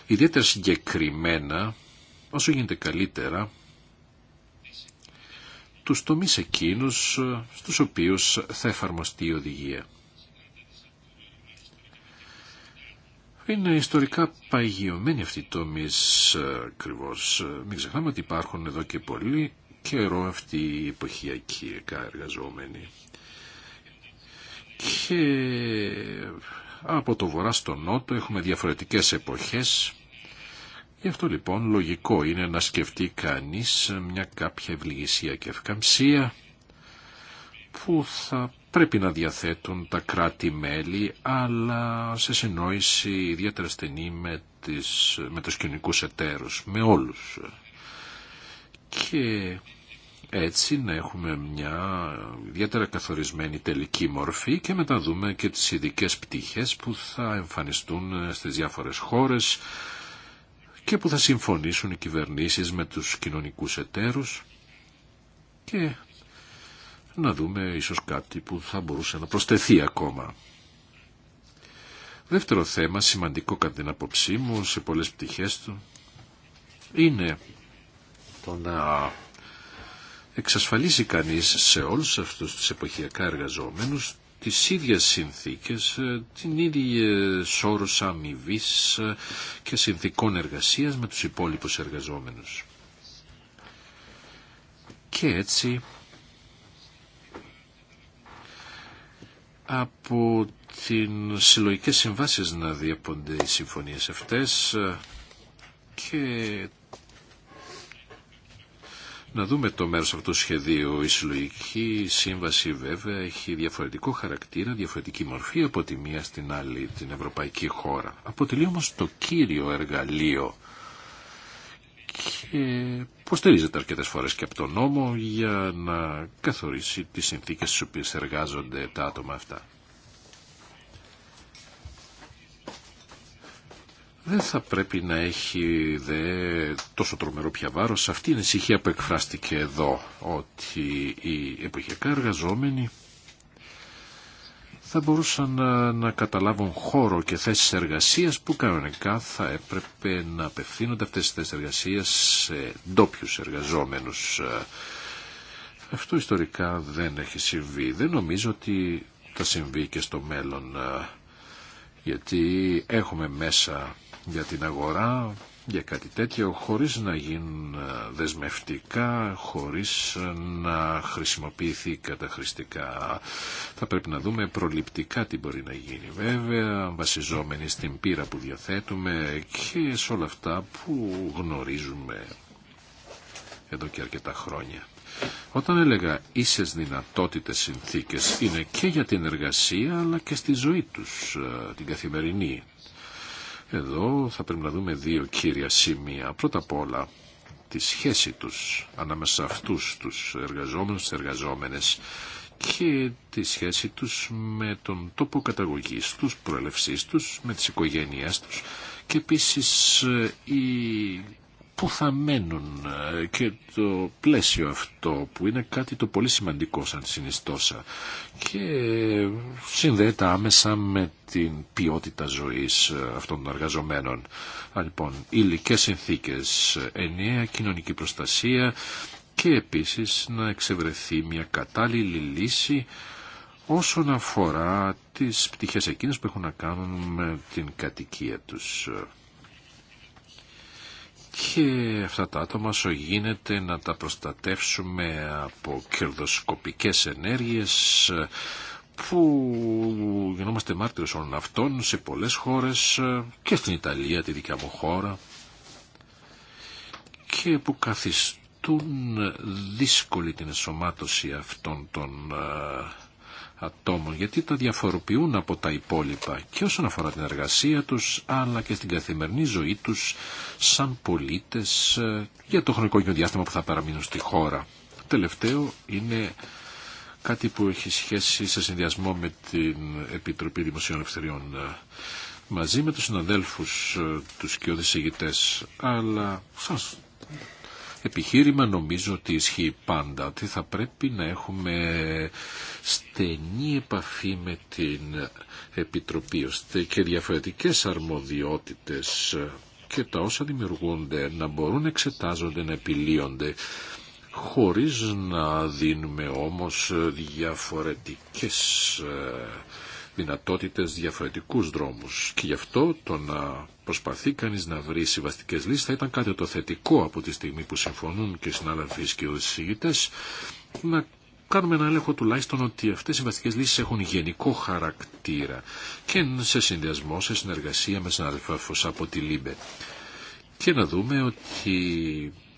ιδιαίτερα συγκεκριμένα όσο γίνεται καλύτερα τους τομείς εκείνους ε, στους οποίους θα εφαρμοστεί η οδηγία. Είναι ιστορικά παγιωμένοι αυτοί οι τομείς ε, ακριβώ. Μην ξεχνάμε ότι υπάρχουν εδώ και πολύ καιρό αυτοί οι εποχιακοί εργαζόμενοι και από το βορρά στο νότο έχουμε διαφορετικές εποχές. Γι' αυτό λοιπόν λογικό είναι να σκεφτεί κανείς μια κάποια ευληγησία και ευκαμψία που θα πρέπει να διαθέτουν τα κράτη-μέλη αλλά σε συνόηση ιδιαίτερα στενή με, τις, με τους εταίρους, με όλους. Και έτσι να έχουμε μια ιδιαίτερα καθορισμένη τελική μορφή και μετά δούμε και τις ειδικέ πτυχές που θα εμφανιστούν ε, στις διάφορες χώρες και που θα συμφωνήσουν οι κυβερνήσεις με τους κοινωνικούς εταίρους και να δούμε ίσως κάτι που θα μπορούσε να προσθεθεί ακόμα. Δεύτερο θέμα, σημαντικό κατά την άποψή μου σε πολλές πτυχές του, είναι το να εξασφαλίσει κανείς σε όλους αυτούς τους εποχιακά εργαζόμενους τις ίδιες συνθήκες, ε, την ίδια σώρος αμοιβή ε, και συνθήκων εργασίας με τους υπόλοιπους εργαζόμενους. Και έτσι από την συλλογικές συμβάσεις να διαπονται οι συμφωνίες αυτές ε, και να δούμε το μέρος αυτού του σχεδίου. Η συλλογική σύμβαση βέβαια έχει διαφορετικό χαρακτήρα, διαφορετική μορφή από τη μία στην άλλη την ευρωπαϊκή χώρα. Αποτελεί όμως το κύριο εργαλείο και υποστηρίζεται αρκετές φορές και από τον νόμο για να καθορίσει τις συνθήκες στις οποίες εργάζονται τα άτομα αυτά. δεν θα πρέπει να έχει δε, τόσο τρομερό πια βάρος. Αυτή είναι η ανησυχία που εκφράστηκε εδώ, ότι οι εποχιακά εργαζόμενοι θα μπορούσαν να, καταλάβουν χώρο και θέσεις εργασίας που κανονικά θα έπρεπε να απευθύνονται αυτές τις θέσεις εργασίας σε ντόπιου εργαζόμενους. Αυτό ιστορικά δεν έχει συμβεί. Δεν νομίζω ότι θα συμβεί και στο μέλλον γιατί έχουμε μέσα για την αγορά, για κάτι τέτοιο, χωρίς να γίνουν ε, δεσμευτικά, χωρίς ε, να χρησιμοποιηθεί καταχρηστικά. Θα πρέπει να δούμε προληπτικά τι μπορεί να γίνει βέβαια, βασιζόμενοι στην πείρα που διαθέτουμε και σε όλα αυτά που γνωρίζουμε εδώ και αρκετά χρόνια. Όταν έλεγα ίσες δυνατότητες συνθήκες είναι και για την εργασία αλλά και στη ζωή τους, ε, την καθημερινή. Εδώ θα πρέπει να δούμε δύο κύρια σημεία. Πρώτα απ' όλα τη σχέση τους ανάμεσα αυτούς τους εργαζόμενους, εργαζόμενες και τη σχέση τους με τον τόπο καταγωγής τους, προελευσής τους, με τις οικογένειές τους και επίσης ε, η που θα μένουν ε, και το πλαίσιο αυτό που είναι κάτι το πολύ σημαντικό σαν συνιστόσα και συνδέεται άμεσα με την ποιότητα ζωής ε, αυτών των εργαζομένων. Λοιπόν, υλικές συνθήκες, ενιαία κοινωνική προστασία και επίσης να εξευρεθεί μια κατάλληλη λύση όσον αφορά τις πτυχές εκείνες που έχουν να κάνουν με την κατοικία τους και αυτά τα άτομα όσο γίνεται να τα προστατεύσουμε από κερδοσκοπικές ενέργειες που γινόμαστε μάρτυρες όλων αυτών σε πολλές χώρες και στην Ιταλία, τη δικιά μου χώρα και που καθιστούν δύσκολη την ενσωμάτωση αυτών των ε, ατόμων γιατί τα διαφοροποιούν από τα υπόλοιπα και όσον αφορά την εργασία τους αλλά και στην καθημερινή ζωή τους σαν πολίτες ε, για το χρονικό και διάστημα που θα παραμείνουν στη χώρα. Τελευταίο είναι κάτι που έχει σχέση σε συνδυασμό με την Επιτροπή Δημοσίων Ευθεριών ε, μαζί με τους συναδέλφους ε, τους και οδησηγητές αλλά σαν επιχείρημα νομίζω ότι ισχύει πάντα, ότι θα πρέπει να έχουμε στενή επαφή με την Επιτροπή ώστε και διαφορετικές αρμοδιότητες και τα όσα δημιουργούνται να μπορούν να εξετάζονται, να επιλύονται χωρίς να δίνουμε όμως διαφορετικές ε, δυνατότητες, διαφορετικούς δρόμους. Και γι' αυτό το να προσπαθεί κανείς να βρει συμβαστικές λύσεις θα ήταν κάτι το θετικό από τη στιγμή που συμφωνούν και οι συνάδελφοι και οι συζητητές να κάνουμε ένα έλεγχο τουλάχιστον ότι αυτές οι βασικές λύσεις έχουν γενικό χαρακτήρα και σε συνδυασμό, σε συνεργασία με συναδελφούς από τη ΛΥΜΠΕ. Και να δούμε ότι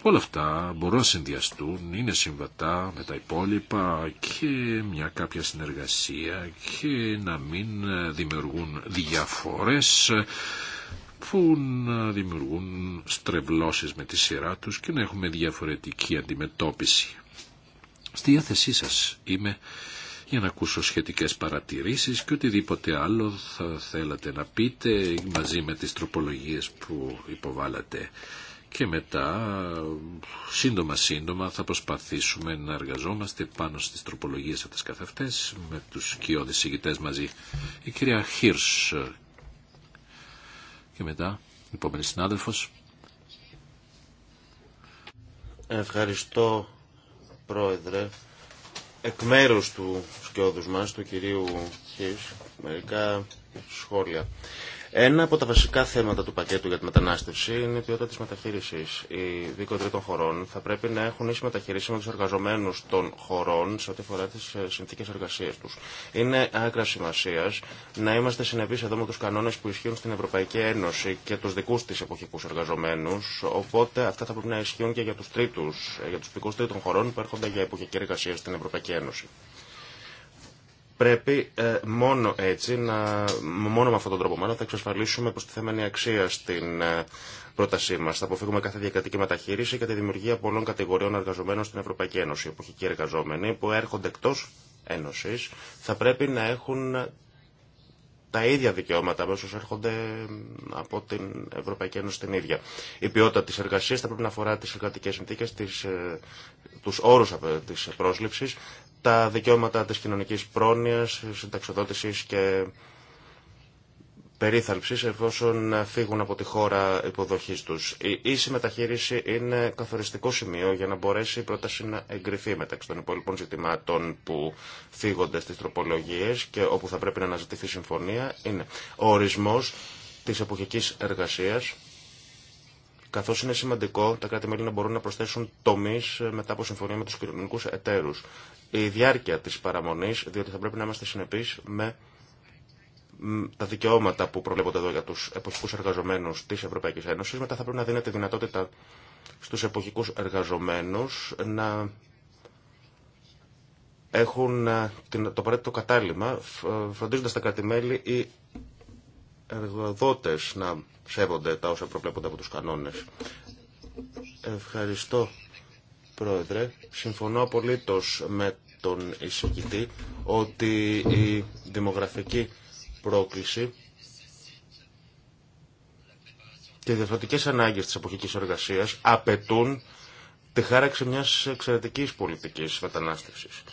Όλα αυτά μπορούν να συνδυαστούν, είναι συμβατά με τα υπόλοιπα και μια κάποια συνεργασία και να μην δημιουργούν διαφορές που να δημιουργούν στρεβλώσεις με τη σειρά τους και να έχουμε διαφορετική αντιμετώπιση. Στη διάθεσή σας είμαι για να ακούσω σχετικές παρατηρήσεις και οτιδήποτε άλλο θα θέλατε να πείτε μαζί με τις τροπολογίες που υποβάλλατε και μετά σύντομα σύντομα θα προσπαθήσουμε να εργαζόμαστε πάνω στις τροπολογίες αυτές καθευτές με τους κοιόδες ηγητές μαζί. Η κυρία Χίρς και μετά η επόμενη συνάδελφος. Ευχαριστώ πρόεδρε. Εκ μέρους του σκιώδους μας, του κυρίου Χίρς, μερικά σχόλια. Ένα από τα βασικά θέματα του πακέτου για τη μετανάστευση είναι η ποιότητα τη μεταχείριση. Οι δίκοοι τρίτων χωρών θα πρέπει να έχουν ίση μεταχείριση με του εργαζομένου των χωρών σε ό,τι αφορά τι ε, συνθήκε εργασία του. Είναι άκρα σημασία να είμαστε συνεπεί εδώ με του κανόνε που ισχύουν στην Ευρωπαϊκή Ένωση και του δικού τη εποχικού εργαζομένου. Οπότε αυτά θα πρέπει να ισχύουν και για του τρίτου, ε, για του πικού τρίτων χωρών που έρχονται για εποχική εργασία στην Ευρωπαϊκή Ένωση. Πρέπει ε, μόνο έτσι, να, μόνο με αυτόν τον τρόπο μάλλον, θα εξασφαλίσουμε προστιθέμενη αξία στην ε, πρότασή μα. Θα αποφύγουμε κάθε διακρατική μεταχείριση και τη δημιουργία πολλών κατηγοριών εργαζομένων στην Ευρωπαϊκή Ένωση. Εποχικοί εργαζόμενοι που έρχονται εκτό Ένωση θα πρέπει να έχουν τα ίδια δικαιώματα με όσου έρχονται από την Ευρωπαϊκή Ένωση την ίδια. Η ποιότητα τη εργασία θα πρέπει να αφορά τι εργατικέ συνθήκε, ε, του όρου ε, τη πρόσληψη, τα δικαιώματα της κοινωνικής πρόνοιας, συνταξιοδότησης και περίθαλψης εφόσον φύγουν από τη χώρα υποδοχής τους. Η ίση μεταχείριση είναι καθοριστικό σημείο για να μπορέσει η πρόταση να εγκριθεί μεταξύ των υπόλοιπων ζητημάτων που φύγονται στις τροπολογίες και όπου θα πρέπει να αναζητηθεί συμφωνία είναι ο ορισμός της εποχικής εργασίας καθώς είναι σημαντικό τα κράτη-μέλη να μπορούν να προσθέσουν τομείς μετά από συμφωνία με τους κοινωνικούς εταίρους η διάρκεια της παραμονής, διότι θα πρέπει να είμαστε συνεπείς με τα δικαιώματα που προβλέπονται εδώ για τους εποχικούς εργαζομένους της Ευρωπαϊκής Ένωσης. Μετά θα πρέπει να δίνεται δυνατότητα στους εποχικούς εργαζομένους να έχουν ε, το απαραίτητο κατάλημα, ε, φροντίζοντας τα κρατημέλη ή εργοδότες να σέβονται τα όσα προβλέπονται από τους κανόνες. Ευχαριστώ, Πρόεδρε. Συμφωνώ απολύτως με τον εισηγητή ότι η δημογραφική πρόκληση και οι διαφορετικές ανάγκες της εποχικής εργασίας απαιτούν τη χάραξη μιας εξαιρετικής πολιτικής μετανάστευσης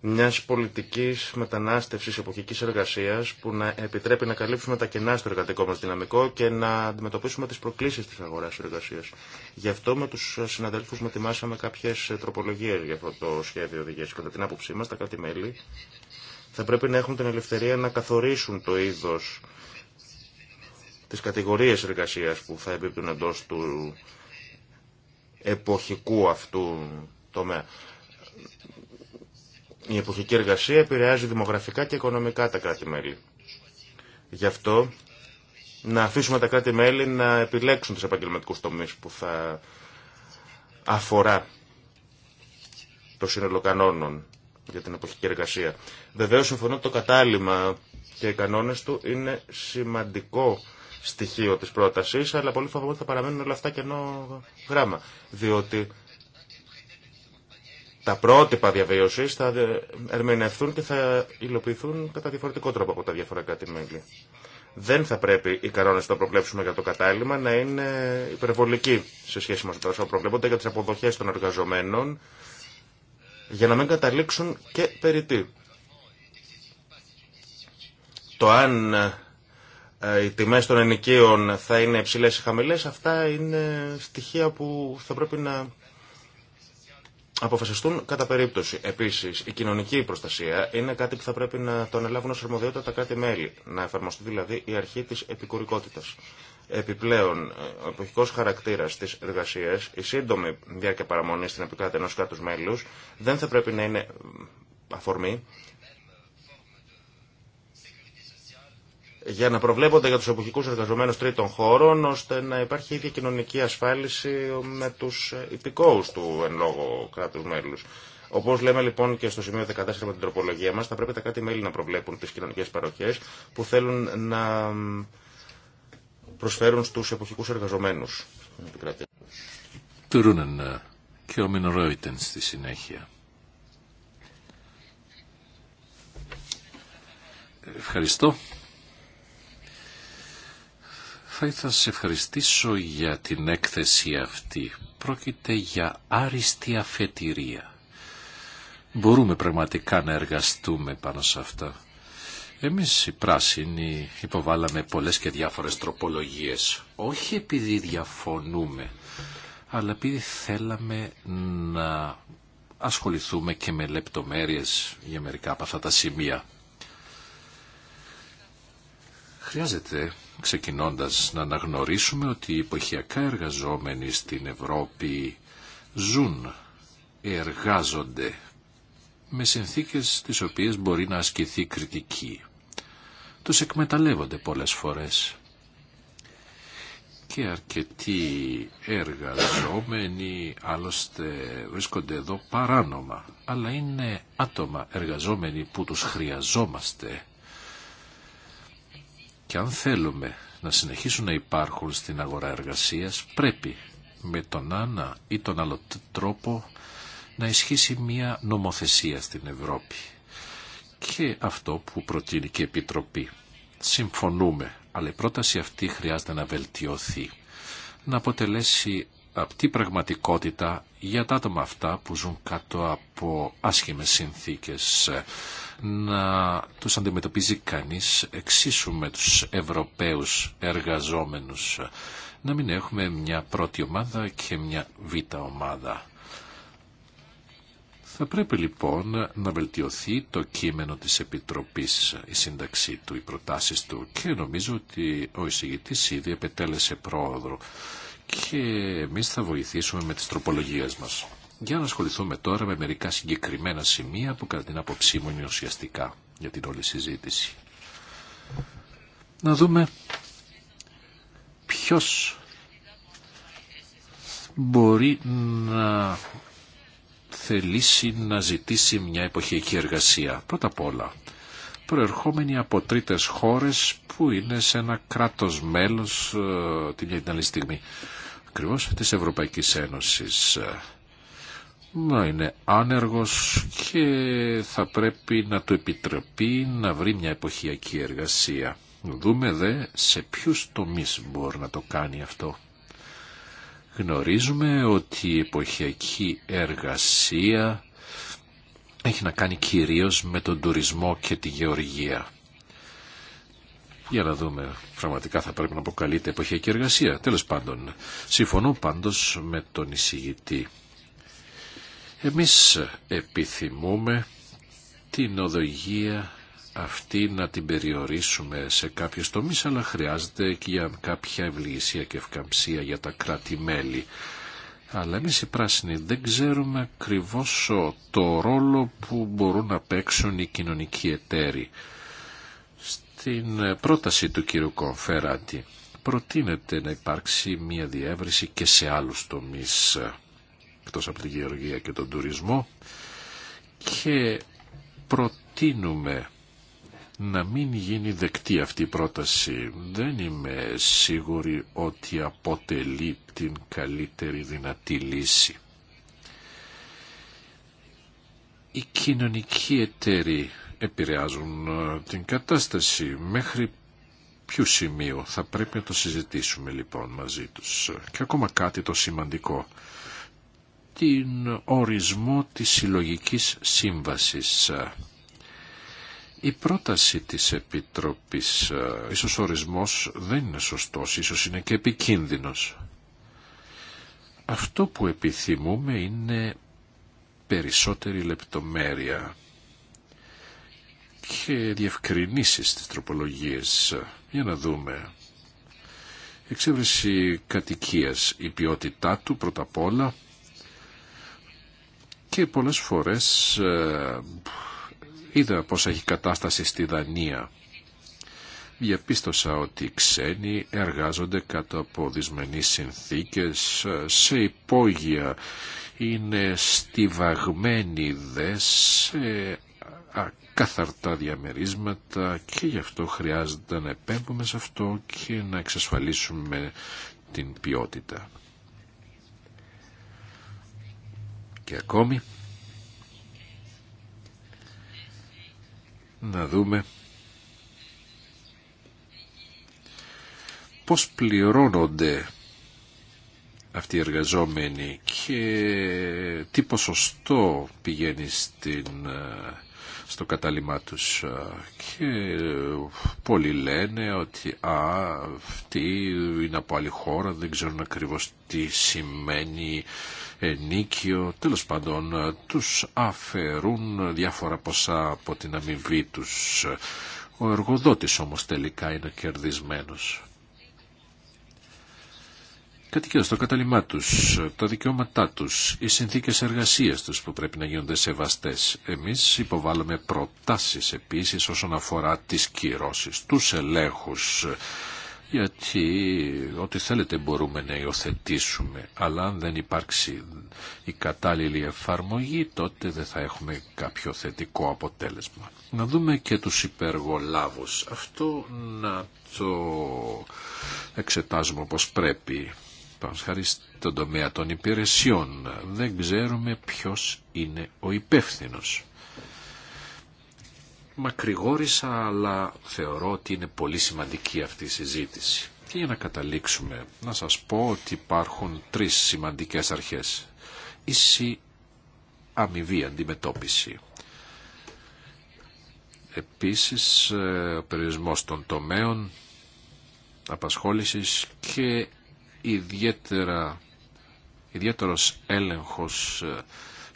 μιας πολιτικής μετανάστευσης εποχικής εργασίας που να επιτρέπει να καλύψουμε τα κενά στο εργατικό μας δυναμικό και να αντιμετωπίσουμε τις προκλήσεις της αγοράς εργασίας. Γι' αυτό με τους συναδέλφους ετοιμάσαμε κάποιες τροπολογίες για αυτό το σχέδιο οδηγίας. Κατά την άποψή μας τα κράτη-μέλη θα πρέπει να έχουν την ελευθερία να καθορίσουν το είδος τις κατηγορίες εργασίας που θα επίπτουν εντός του εποχικού αυτού τομέα. Η εποχική εργασία επηρεάζει δημογραφικά και οικονομικά τα κράτη-μέλη. Γι' αυτό να αφήσουμε τα κράτη-μέλη να επιλέξουν τους επαγγελματικούς τομείς που θα αφορά το σύνολο κανόνων για την εποχική εργασία. Βεβαίως συμφωνώ ότι το κατάλημα και οι κανόνες του είναι σημαντικό στοιχείο της πρότασης, αλλά πολύ φοβάμαι ότι θα παραμένουν όλα αυτά κενό γράμμα, διότι τα πρότυπα διαβίωση θα ερμηνευθούν και θα υλοποιηθούν κατά διαφορετικό τρόπο από τα διαφορετικά τη κράτη-μέλη. Δεν θα πρέπει οι κανόνε που θα προβλέψουμε για το κατάλημα να είναι υπερβολικοί σε σχέση με τα που προβλέπονται για τι αποδοχέ των εργαζομένων, για να μην καταλήξουν και περί τι. Το αν ε, οι τιμές των ενοικίων θα είναι υψηλές ή χαμηλές, αυτά είναι στοιχεία που θα πρέπει να αποφασιστούν κατά περίπτωση. Επίση, η κοινωνική προστασία είναι κάτι που θα πρέπει να το ανελάβουν ω αρμοδιότητα τα κράτη-μέλη. Να εφαρμοστεί δηλαδή η αρχή τη επικουρικότητα. Επιπλέον, ε, ο εποχικό χαρακτήρα τη εργασία, η σύντομη διάρκεια παραμονή στην επικράτεια ενό κράτου μέλου δεν θα πρέπει να είναι ε, αφορμή για να προβλέπονται για τους εποχικούς εργαζομένους τρίτων χώρων, ώστε να υπάρχει ίδια κοινωνική ασφάλιση με τους υπηκόους του εν λόγω κράτους μέλους. Όπω λέμε λοιπόν και στο σημείο 14 με την τροπολογία μας θα πρέπει τα κράτη-μέλη να προβλέπουν τις κοινωνικές παροχές που θέλουν να προσφέρουν στους εποχικού εργαζομένους. Ε, Ευχαριστώ. Θα ήθελα να σε ευχαριστήσω για την έκθεση αυτή. Πρόκειται για άριστη αφετηρία. Μπορούμε πραγματικά να εργαστούμε πάνω σε αυτά. Εμείς οι πράσινοι υποβάλαμε πολλές και διάφορες τροπολογίες. Όχι επειδή διαφωνούμε, αλλά επειδή θέλαμε να ασχοληθούμε και με λεπτομέρειες για μερικά από αυτά τα σημεία. Χρειάζεται ξεκινώντας να αναγνωρίσουμε ότι οι εποχιακά εργαζόμενοι στην Ευρώπη ζουν, εργάζονται με συνθήκες τις οποίες μπορεί να ασκηθεί κριτική. Τους εκμεταλλεύονται πολλές φορές και αρκετοί εργαζόμενοι άλλωστε βρίσκονται εδώ παράνομα αλλά είναι άτομα εργαζόμενοι που τους χρειαζόμαστε και αν θέλουμε να συνεχίσουν να υπάρχουν στην αγορά εργασίας, πρέπει με τον άνα ή τον άλλο τρόπο να ισχύσει μια νομοθεσία στην Ευρώπη. Και αυτό που προτείνει και η Επιτροπή. Συμφωνούμε, αλλά η πρόταση αυτή χρειάζεται να βελτιωθεί, να αποτελέσει τη πραγματικότητα για τα άτομα αυτά που ζουν κάτω από άσχημες συνθήκες ε, να τους αντιμετωπίζει κανείς εξίσου με τους Ευρωπαίους εργαζόμενους να μην έχουμε μια πρώτη ομάδα και μια β' ομάδα. Θα πρέπει λοιπόν να βελτιωθεί το κείμενο της Επιτροπής, η σύνταξή του, οι προτάσεις του και νομίζω ότι ο εισηγητής ήδη επετέλεσε πρόοδο και εμείς θα βοηθήσουμε με τις τροπολογίες μας. Για να ασχοληθούμε τώρα με μερικά συγκεκριμένα σημεία που κατά την άποψή μου είναι ουσιαστικά για την όλη συζήτηση. Να δούμε ποιος μπορεί να θελήσει να ζητήσει μια εποχική εργασία. Πρώτα απ' όλα, προερχόμενοι από τρίτες χώρες που είναι σε ένα κράτος μέλος ε, την άλλη στιγμή ακριβώ της Ευρωπαϊκής Ένωσης. να είναι άνεργος και θα πρέπει να το επιτρεπεί να βρει μια εποχιακή εργασία. Δούμε δε σε ποιους τομείς μπορεί να το κάνει αυτό. Γνωρίζουμε ότι η εποχιακή εργασία έχει να κάνει κυρίως με τον τουρισμό και τη γεωργία για να δούμε πραγματικά θα πρέπει να αποκαλείται εποχιακή εργασία. Τέλος πάντων, συμφωνώ πάντως με τον εισηγητή. Εμείς επιθυμούμε την οδογία αυτή να την περιορίσουμε σε κάποιες τομείς, αλλά χρειάζεται και για κάποια ευληγησία και ευκαμψία για τα κράτη-μέλη. Αλλά εμεί οι πράσινοι δεν ξέρουμε ακριβώ το ρόλο που μπορούν να παίξουν οι κοινωνικοί εταίροι στην ε, πρόταση του κύριου Κομφεράτη προτείνεται να υπάρξει μια διεύρυνση και σε άλλους τομείς ε, εκτός από τη γεωργία και τον τουρισμό και προτείνουμε να μην γίνει δεκτή αυτή η πρόταση. Δεν είμαι σίγουρη ότι αποτελεί την καλύτερη δυνατή λύση. Οι κοινωνικοί εταίροι επηρεάζουν ε, την κατάσταση. Μέχρι ποιο σημείο θα πρέπει να το συζητήσουμε λοιπόν μαζί τους. Και ακόμα κάτι το σημαντικό. Την ορισμό της συλλογικής σύμβασης. Η πρόταση της Επιτροπής, ε, ίσως ο ορισμός δεν είναι σωστός, ίσως είναι και επικίνδυνος. Αυτό που επιθυμούμε είναι περισσότερη λεπτομέρεια και διευκρινήσεις της τροπολογίες. Για να δούμε. Εξέβρεση κατοικίας, η ποιότητά του πρώτα απ' όλα και πολλές φορές ε, είδα πως έχει κατάσταση στη Δανία. Διαπίστωσα ότι οι ξένοι εργάζονται κατά από δυσμενείς συνθήκες, ε, σε υπόγεια, είναι στιβαγμένοι δε σε καθαρτά διαμερίσματα και γι' αυτό χρειάζεται να επέμπουμε σε αυτό και να εξασφαλίσουμε την ποιότητα. Και ακόμη να δούμε πώς πληρώνονται αυτοί οι εργαζόμενοι και τι ποσοστό πηγαίνει στην ε, στο κατάλημά τους. Ε, και πολλοί λένε ότι α, αυτοί είναι από άλλη χώρα, δεν ξέρουν ακριβώς τι σημαίνει ενίκιο. Τέλος πάντων, τους αφαιρούν διάφορα ποσά από την αμοιβή τους. Ο εργοδότης όμως τελικά είναι κερδισμένος κατοικία στο κατάλημά τους, τα δικαιώματά τους, οι συνθήκες εργασίας τους που πρέπει να γίνονται σεβαστές. Εμείς υποβάλλουμε προτάσεις επίσης όσον αφορά τις κυρώσεις, τους ελέγχους, γιατί ό,τι θέλετε μπορούμε να υιοθετήσουμε, αλλά αν δεν υπάρξει η κατάλληλη εφαρμογή, τότε δεν θα έχουμε κάποιο θετικό αποτέλεσμα. Να δούμε και τους υπεργολάβους. Αυτό να το εξετάζουμε όπως πρέπει πάνω χάρη στον τομέα των υπηρεσιών. Δεν ξέρουμε ποιος είναι ο υπεύθυνος. Μακρηγόρησα, αλλά θεωρώ ότι είναι πολύ σημαντική αυτή η συζήτηση. Και για να καταλήξουμε, να σας πω ότι υπάρχουν τρεις σημαντικές αρχές. συ αμοιβή αντιμετώπιση. Επίσης, ε, ο περιορισμός των τομέων απασχόλησης και ιδιαίτερα, ιδιαίτερος έλεγχος ε,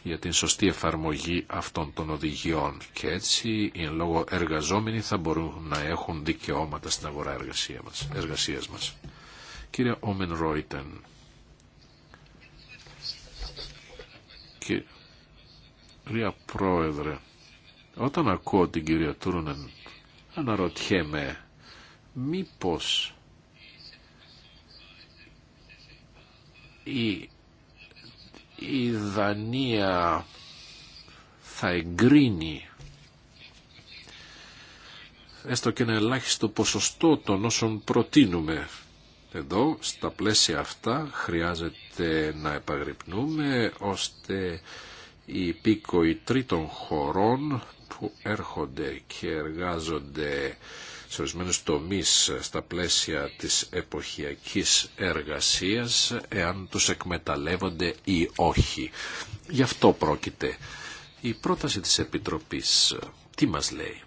για την σωστή εφαρμογή αυτών των οδηγιών και έτσι οι λόγω εργαζόμενοι θα μπορούν να έχουν δικαιώματα στην αγορά εργασία μας, εργασίας μας. Κύριε Όμεν Ρόιτεν και κυρία Πρόεδρε όταν ακούω την κυρία Τούρνεν αναρωτιέμαι μήπως η, η Δανία θα εγκρίνει έστω και ένα ελάχιστο ποσοστό των όσων προτείνουμε. Εδώ, στα πλαίσια αυτά, χρειάζεται να επαγρυπνούμε ώστε οι υπήκοοι τρίτων χωρών που έρχονται και εργάζονται σε ορισμένους τομείς στα πλαίσια της εποχιακής εργασίας εάν τους εκμεταλλεύονται ή όχι. Γι' αυτό πρόκειται. Η πρόταση της Επιτροπής τι μας λέει.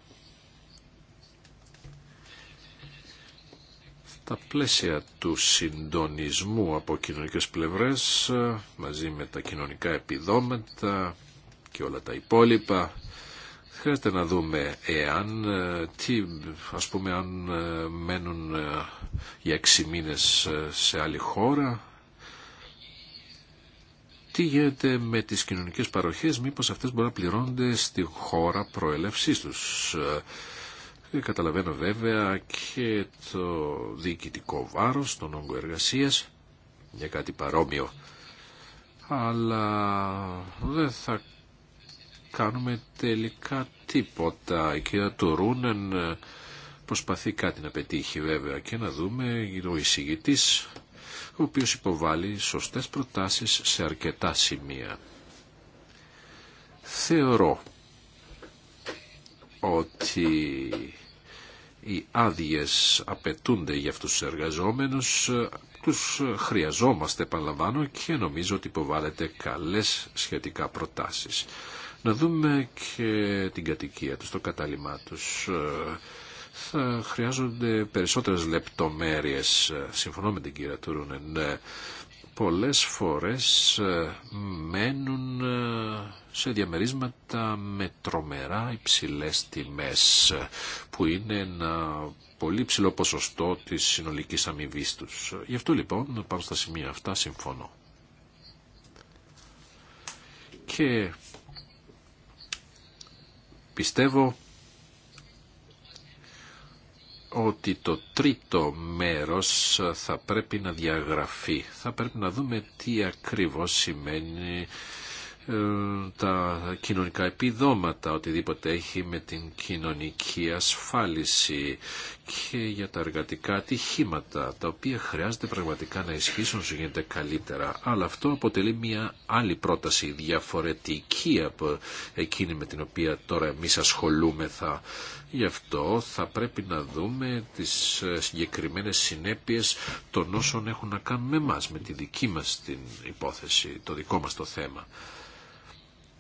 Στα πλαίσια του συντονισμού από κοινωνικές πλευρές μαζί με τα κοινωνικά επιδόματα και όλα τα υπόλοιπα χρειάζεται να δούμε εάν, ε, τι, ας πούμε, αν ε, μένουν ε, για έξι μήνες σε άλλη χώρα, τι γίνεται με τις κοινωνικές παροχές, μήπως αυτές μπορούν να πληρώνονται στη χώρα προέλευσής τους. Καταλαβαίνω βέβαια και το διοικητικό βάρος, των όγκο εργασίας, για κάτι παρόμοιο αλλά δεν θα κάνουμε τελικά τίποτα. Η κυρία Τουρούνεν ε, προσπαθεί κάτι να πετύχει βέβαια και να δούμε ο εισηγητής ο οποίος υποβάλλει σωστές προτάσεις σε αρκετά σημεία. Θεωρώ ότι οι άδειε απαιτούνται για αυτούς τους εργαζόμενους, τους χρειαζόμαστε επαναλαμβάνω και νομίζω ότι υποβάλλεται καλές σχετικά προτάσεις να δούμε και την κατοικία τους, το κατάλημά τους. Ε, θα χρειάζονται περισσότερες λεπτομέρειες, ε, συμφωνώ με την κυρία Τούρουνεν, ε, πολλές φορές μένουν σε διαμερίσματα με τρομερά υψηλές τιμές που είναι ένα πολύ ψηλό ποσοστό της συνολικής αμοιβή του. Γι' αυτό λοιπόν πάνω στα σημεία αυτά συμφωνώ. Και Πιστεύω ότι το τρίτο μέρος θα πρέπει να διαγραφεί. Θα πρέπει να δούμε τι ακριβώς σημαίνει ε, τα κοινωνικά επιδόματα, οτιδήποτε έχει με την κοινωνική ασφάλιση και για τα εργατικά ατυχήματα, τα οποία χρειάζεται πραγματικά να ισχύσουν όσο γίνεται καλύτερα. Αλλά αυτό αποτελεί μια άλλη πρόταση διαφορετική από εκείνη με την οποία τώρα εμείς ασχολούμεθα. Γι' αυτό θα πρέπει να δούμε τις ε, συγκεκριμένες συνέπειες των όσων έχουν να κάνουν με εμάς, με τη δική μας την υπόθεση, το δικό μας το θέμα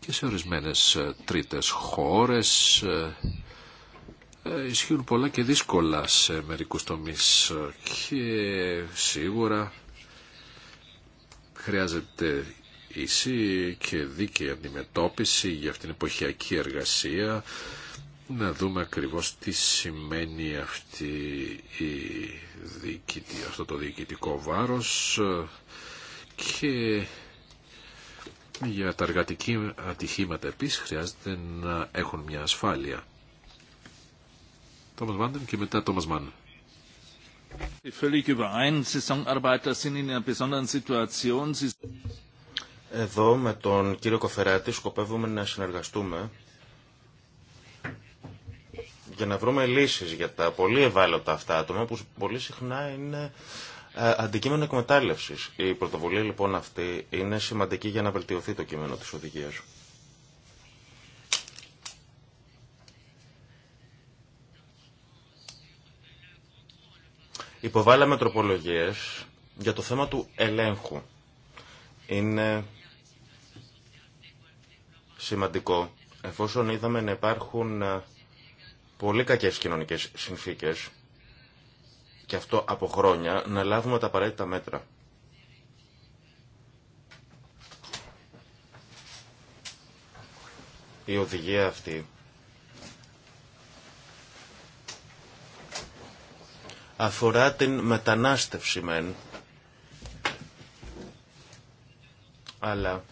και σε ορισμένες ε, τρίτες χώρες ε, ε, ισχύουν πολλά και δύσκολα σε μερικούς τομείς και σίγουρα χρειάζεται ίση και δίκαιη αντιμετώπιση για αυτήν την εποχιακή εργασία να δούμε ακριβώς τι σημαίνει αυτή η αυτό το διοικητικό βάρος και για τα εργατική ατυχήματα επίσης χρειάζεται να έχουν μια ασφάλεια. Τόμας και μετά Τόμας Μάν. Εδώ με τον κύριο Κοφεράτη σκοπεύουμε να συνεργαστούμε για να βρούμε λύσεις για τα πολύ ευάλωτα αυτά άτομα που πολύ συχνά είναι ε, αντικείμενο εκμετάλλευση. Η πρωτοβουλία λοιπόν αυτή είναι σημαντική για να βελτιωθεί το κείμενο τη οδηγία. Υποβάλαμε τροπολογίες για το θέμα του ελέγχου. Είναι σημαντικό, εφόσον είδαμε να υπάρχουν ε, πολύ κακές κοινωνικές συνθήκες και αυτό από χρόνια, να λάβουμε τα απαραίτητα μέτρα. Η οδηγία αυτή αφορά την μετανάστευση μεν, αλλά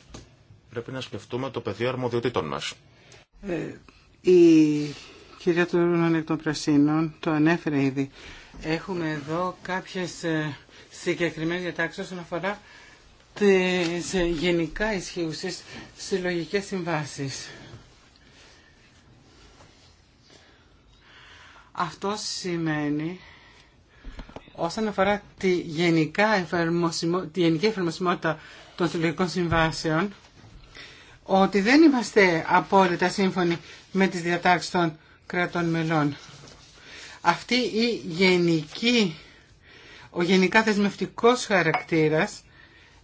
πρέπει να σκεφτούμε το πεδίο αρμοδιοτήτων μας. Ε, η κυρία του των Πρασίνων το ανέφερε ήδη. Έχουμε εδώ κάποιες ε, συγκεκριμένες διατάξεις όσον αφορά τις ε, γενικά ισχύουσες συλλογικές συμβάσεις. Αυτό σημαίνει όσον αφορά τη, γενικά τη γενική εφαρμοσιμότητα των συλλογικών συμβάσεων ότι δεν είμαστε απόλυτα σύμφωνοι με τις διατάξεις των κρατών μελών αυτή η γενική, ο γενικά θεσμευτικός χαρακτήρας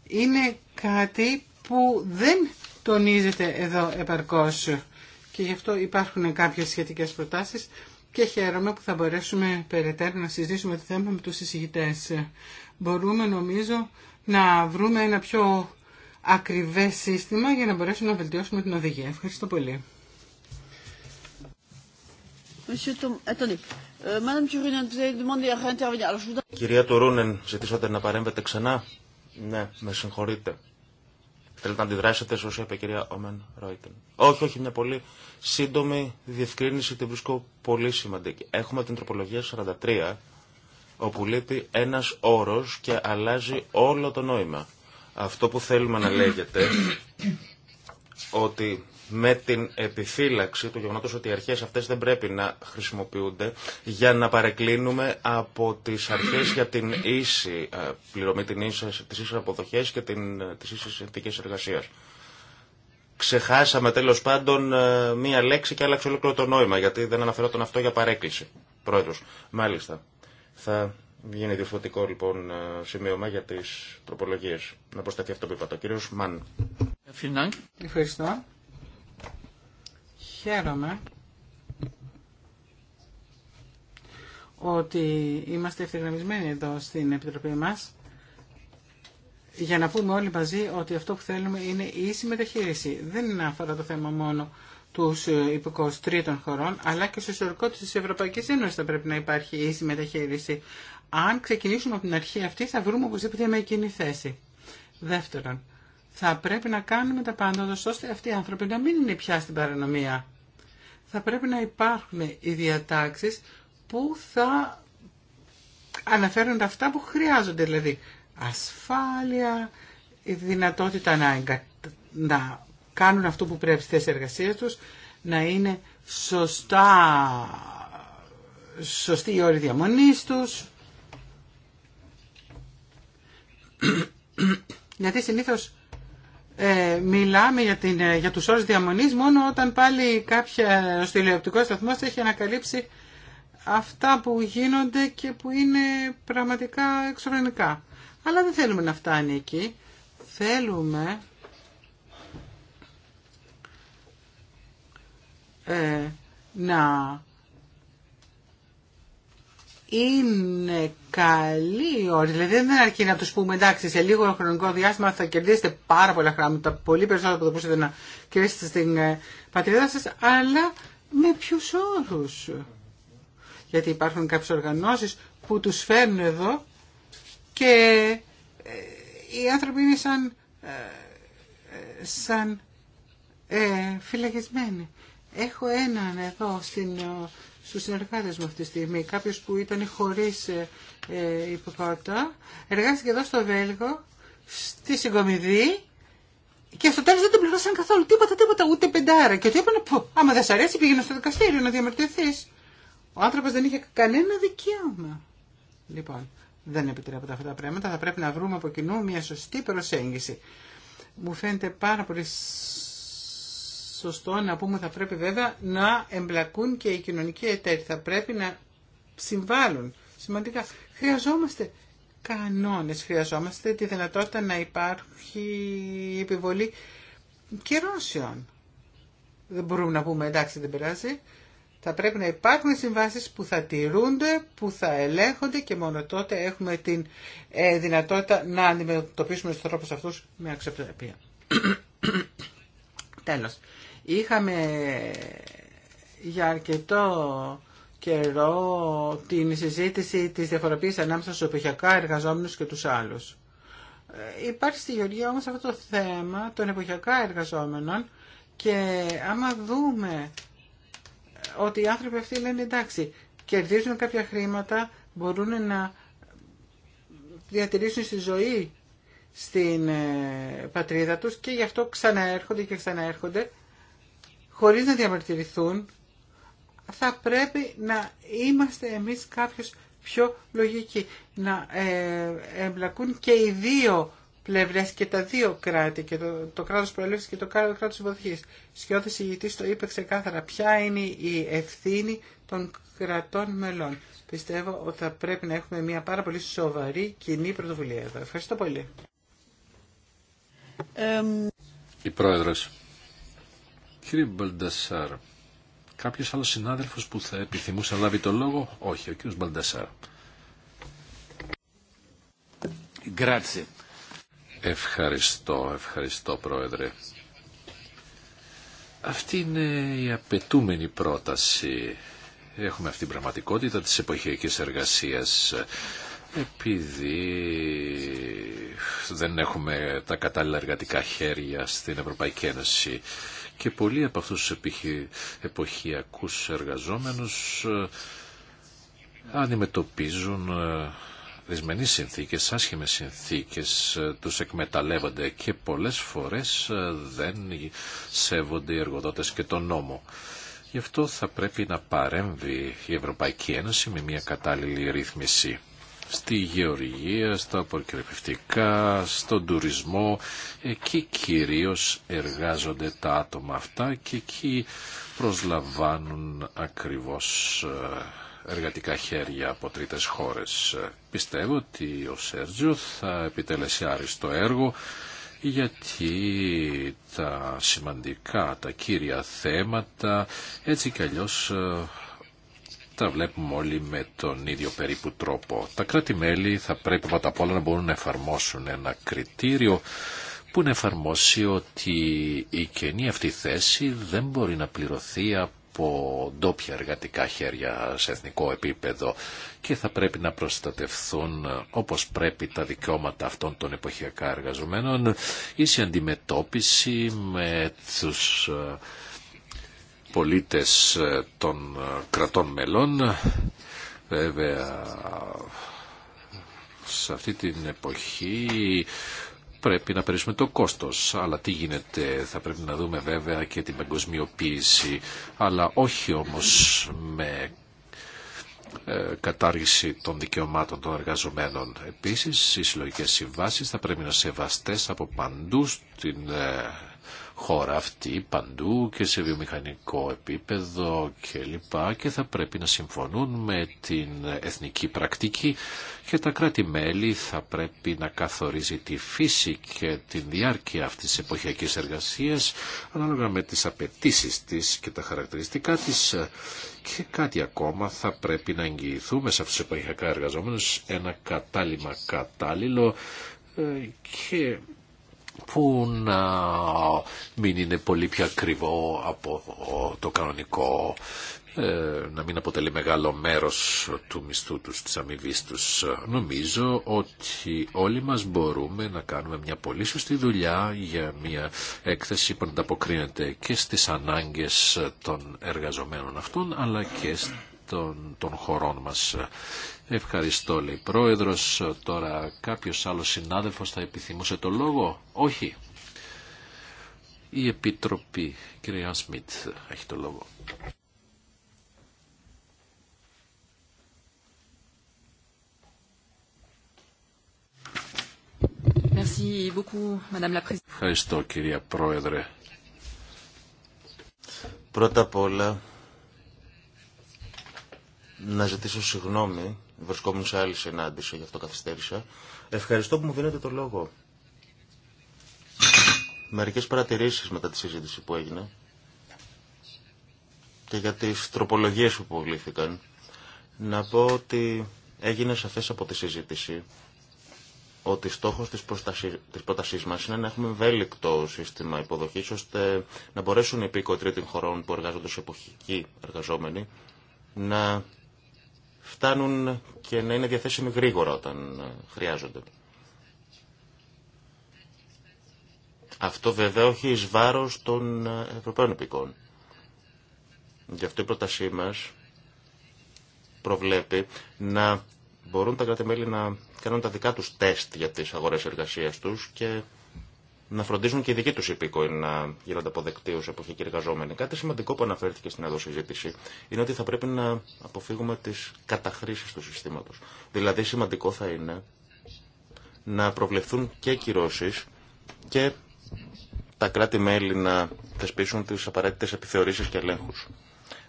είναι κάτι που δεν τονίζεται εδώ επαρκώς και γι' αυτό υπάρχουν κάποιες σχετικές προτάσεις και χαίρομαι που θα μπορέσουμε περαιτέρω να συζητήσουμε το θέμα με τους συζητητές. Μπορούμε νομίζω να βρούμε ένα πιο ακριβές σύστημα για να μπορέσουμε να βελτιώσουμε την οδηγία. Ευχαριστώ πολύ. Κυρία Τουρούνεν, ζητήσατε να παρέμβετε ξανά. Ναι, με συγχωρείτε. Θέλετε να αντιδράσετε σε όσα είπε η κυρία Όμεν Ρόιτεν. Όχι, όχι, μια πολύ σύντομη διευκρίνηση την βρίσκω πολύ σημαντική. Έχουμε την τροπολογία 43, όπου λείπει ένας όρο και αλλάζει όλο το νόημα. Αυτό που θέλουμε να λέγεται ότι με την επιφύλαξη του γεγονότο ότι οι αρχέ αυτέ δεν πρέπει να χρησιμοποιούνται για να παρεκκλίνουμε από τι αρχέ για την ίση ε, πληρωμή, τι ίσε αποδοχέ και ε, τι ίσε συνθήκε εργασία. Ξεχάσαμε τέλο πάντων ε, μία λέξη και άλλαξε ολόκληρο το νόημα γιατί δεν αναφερόταν αυτό για παρέκκληση. προέδρο. μάλιστα. Θα γίνει διαφορετικό λοιπόν σημείωμα για τι τροπολογίε. Να προσταθεί αυτό που είπα. Το κύριος Μαν. Ευχαριστώ. Χαίρομαι ότι είμαστε ευθυγραμμισμένοι εδώ στην Επιτροπή μας για να πούμε όλοι μαζί ότι αυτό που θέλουμε είναι η ίση μεταχείριση. Δεν αφορά το θέμα μόνο τους υπηκός τρίτων χωρών, αλλά και στο ιστορικό της Ευρωπαϊκής Ένωσης θα πρέπει να υπάρχει η ίση μεταχείριση. Αν ξεκινήσουμε από την αρχή αυτή θα βρούμε οπωσδήποτε με εκείνη θέση. Δεύτερον, θα πρέπει να κάνουμε τα πάντα ώστε αυτοί οι άνθρωποι να μην είναι πια στην παρανομία. Θα πρέπει να υπάρχουν οι διατάξεις που θα αναφέρουν αυτά που χρειάζονται, δηλαδή ασφάλεια, η δυνατότητα να, κάνουν αυτό που πρέπει στις εργασίες τους, να είναι σωστά, σωστή η όρη διαμονής τους. Γιατί συνήθως ε, μιλάμε για, την, ε, για τους όρους διαμονής μόνο όταν πάλι κάποια τηλεοπτικό σταθμό έχει ανακαλύψει αυτά που γίνονται και που είναι πραγματικά εξωφρενικά. Αλλά δεν θέλουμε να φτάνει εκεί. Θέλουμε ε, να είναι καλή όρη. Δηλαδή δεν αρκεί να του πούμε εντάξει σε λίγο χρονικό διάστημα θα κερδίσετε πάρα πολλά χρήματα, πολύ περισσότερο από το μπορούσατε να κερδίσετε στην ε, πατρίδα σα, αλλά με ποιου όρου. Γιατί υπάρχουν κάποιε οργανώσεις που του φέρνουν εδώ και ε, οι άνθρωποι είναι σαν, ε, σαν ε, φυλακισμένοι. Έχω έναν εδώ στην στους συνεργάτες μου αυτή τη στιγμή. Κάποιος που ήταν χωρίς ε, ε, υποκότα, εργάστηκε εδώ στο Βέλγο, στη συγκομιδή και στο τέλος δεν τον πληρώσαν καθόλου τίποτα, τίποτα, ούτε πεντάρα. Και του είπαν, πω, άμα δεν σ' αρέσει πήγαινε στο δικαστήριο να διαμαρτυρηθείς. Ο άνθρωπος δεν είχε κανένα δικαίωμα. Λοιπόν, δεν επιτρέπονται αυτά τα πράγματα, θα πρέπει να βρούμε από κοινού μια σωστή προσέγγιση. Μου φαίνεται πάρα πολύ σωστό να πούμε θα πρέπει βέβαια να εμπλακούν και οι κοινωνικοί εταίροι. Θα πρέπει να συμβάλλουν σημαντικά. Χρειαζόμαστε κανόνες, χρειαζόμαστε τη δυνατότητα να υπάρχει επιβολή κυρώσεων. Δεν μπορούμε να πούμε εντάξει δεν περάζει. Θα πρέπει να υπάρχουν συμβάσεις που θα τηρούνται, που θα ελέγχονται και μόνο τότε έχουμε τη ε, δυνατότητα να αντιμετωπίσουμε τους τρόπους αυτούς με αξιοπρέπεια. Τέλος. Είχαμε για αρκετό καιρό την συζήτηση της διαφοροποίησης ανάμεσα στους εποχιακά εργαζόμενους και τους άλλους. Ε, υπάρχει στη Γεωργία όμως αυτό το θέμα των εποχιακά εργαζόμενων και άμα δούμε ε, ότι οι άνθρωποι αυτοί λένε εντάξει, κερδίζουν κάποια χρήματα, μπορούν να διατηρήσουν στη ζωή στην ε, πατρίδα τους και γι' αυτό ξαναέρχονται και ξαναέρχονται χωρίς να διαμαρτυρηθούν, θα πρέπει να είμαστε εμείς κάποιος πιο λογικοί. Να ε, εμπλακούν και οι δύο πλευρές και τα δύο κράτη, και το, το κράτος προέλευσης και το κράτος υποδοχής. Σκιώδης ηγητής το είπε ξεκάθαρα ποια είναι η ευθύνη των κρατών μελών. Πιστεύω ότι θα πρέπει να έχουμε μια πάρα πολύ σοβαρή κοινή πρωτοβουλία εδώ. Ευχαριστώ πολύ. Η Πρόεδρος. Κύριε Μπαλντασάρ, κάποιο άλλο συνάδελφος που θα επιθυμούσε να λάβει το λόγο. Όχι, ο κύριο Μπαλντασάρ. Ευχαριστώ, ευχαριστώ πρόεδρε. Αυτή είναι η απαιτούμενη πρόταση. Έχουμε αυτή την πραγματικότητα της εποχιακής εργασίας επειδή δεν έχουμε τα κατάλληλα εργατικά χέρια στην Ευρωπαϊκή Ένωση και πολλοί από αυτούς τους εποχιακούς εργαζόμενους ε, αντιμετωπίζουν ε, δυσμενείς συνθήκες, άσχημες συνθήκες, ε, τους εκμεταλλεύονται και πολλές φορές δεν σέβονται οι εργοδότες και τον νόμο. Γι' αυτό θα πρέπει να παρέμβει η Ευρωπαϊκή Ένωση με μια κατάλληλη ρύθμιση στη γεωργία, στα αποκρεπευτικά, στον τουρισμό. Εκεί κυρίως εργάζονται τα άτομα αυτά και εκεί προσλαμβάνουν ακριβώς ε, εργατικά χέρια από τρίτες χώρες. Πιστεύω ότι ο Σέρτζιο θα επιτελέσει άριστο έργο γιατί τα σημαντικά, τα κύρια θέματα έτσι κι αλλιώς ε, τα βλέπουμε όλοι με τον ίδιο περίπου τρόπο. Τα κράτη-μέλη θα πρέπει πρώτα απ' όλα να μπορούν να εφαρμόσουν ένα κριτήριο που να εφαρμόσει ότι η κενή αυτή θέση δεν μπορεί να πληρωθεί από ντόπια εργατικά χέρια σε εθνικό επίπεδο και θα πρέπει να προστατευθούν όπως πρέπει τα δικαιώματα αυτών των εποχιακά εργαζομένων ή σε αντιμετώπιση με τους ε, πολίτες ε, των ε, κρατών μελών. Βέβαια, σε αυτή την εποχή πρέπει να περισσουμε το κόστος. Αλλά τι γίνεται, θα πρέπει να δούμε βέβαια και την παγκοσμιοποίηση, αλλά όχι όμως με ε, κατάργηση των δικαιωμάτων των εργαζομένων. Επίσης, οι συλλογικέ συμβάσει θα πρέπει να σεβαστές από παντού στην χώρα αυτή παντού και σε βιομηχανικό επίπεδο κλπ. Και θα πρέπει να συμφωνούν με την εθνική πρακτική και τα κράτη-μέλη θα πρέπει να καθορίζει τη φύση και τη διάρκεια αυτής της εποχιακής εργασίας ανάλογα με τις απαιτήσει της και τα χαρακτηριστικά της και κάτι ακόμα θα πρέπει να εγγυηθούμε σε αυτούς τους εποχιακά εργαζόμενους ένα κατάλημα κατάλληλο ε, που να μην είναι πολύ πιο ακριβό από το κανονικό, ε, να μην αποτελεί μεγάλο μέρος του μισθού τους, της αμοιβή τους. Νομίζω ότι όλοι μας μπορούμε να κάνουμε μια πολύ σωστή δουλειά για μια έκθεση που ανταποκρίνεται και στις ανάγκες των εργαζομένων αυτών, αλλά και των, των χωρών μας. Ευχαριστώ, λέει πρόεδρος. Τώρα κάποιος άλλος συνάδελφος θα επιθυμούσε το λόγο. Όχι. Η Επιτροπή, κυρία Σμιτ, έχει το λόγο. Ευχαριστώ, κυρία Πρόεδρε. Πρώτα απ' όλα, να ζητήσω συγγνώμη Βρισκόμουν σε άλλη συνάντηση, γι' αυτό καθυστέρησα. Ευχαριστώ που μου δίνετε το λόγο. Μερικές παρατηρήσεις μετά τη συζήτηση που έγινε και για τις τροπολογίες που αποβλήθηκαν. Να πω ότι έγινε σαφές από τη συζήτηση ότι στόχος της, προστασί... της πρότασής μας είναι να έχουμε ευέλικτο σύστημα υποδοχής ώστε να μπορέσουν οι επίκοτροι των χωρών που εργάζονται σε εποχικοί εργαζόμενοι να φτάνουν και να είναι διαθέσιμοι γρήγορα όταν χρειάζονται. Αυτό βέβαια όχι εις βάρος των Ευρωπαίων Επικών. Γι' αυτό η πρότασή μας προβλέπει να μπορούν τα κράτη-μέλη να κάνουν τα δικά τους τεστ για τις αγορές εργασίας τους και να φροντίζουν και οι δικοί του υπήκοοι να γίνονται αποδεκτοί ω εποχικοί εργαζόμενοι. Κάτι σημαντικό που αναφέρθηκε στην εδώ συζήτηση είναι ότι θα πρέπει να αποφύγουμε τι καταχρήσει του συστήματο. Δηλαδή, σημαντικό θα είναι να προβλεφθούν και κυρώσει και τα κράτη-μέλη να θεσπίσουν τι απαραίτητε επιθεωρήσει και ελέγχου.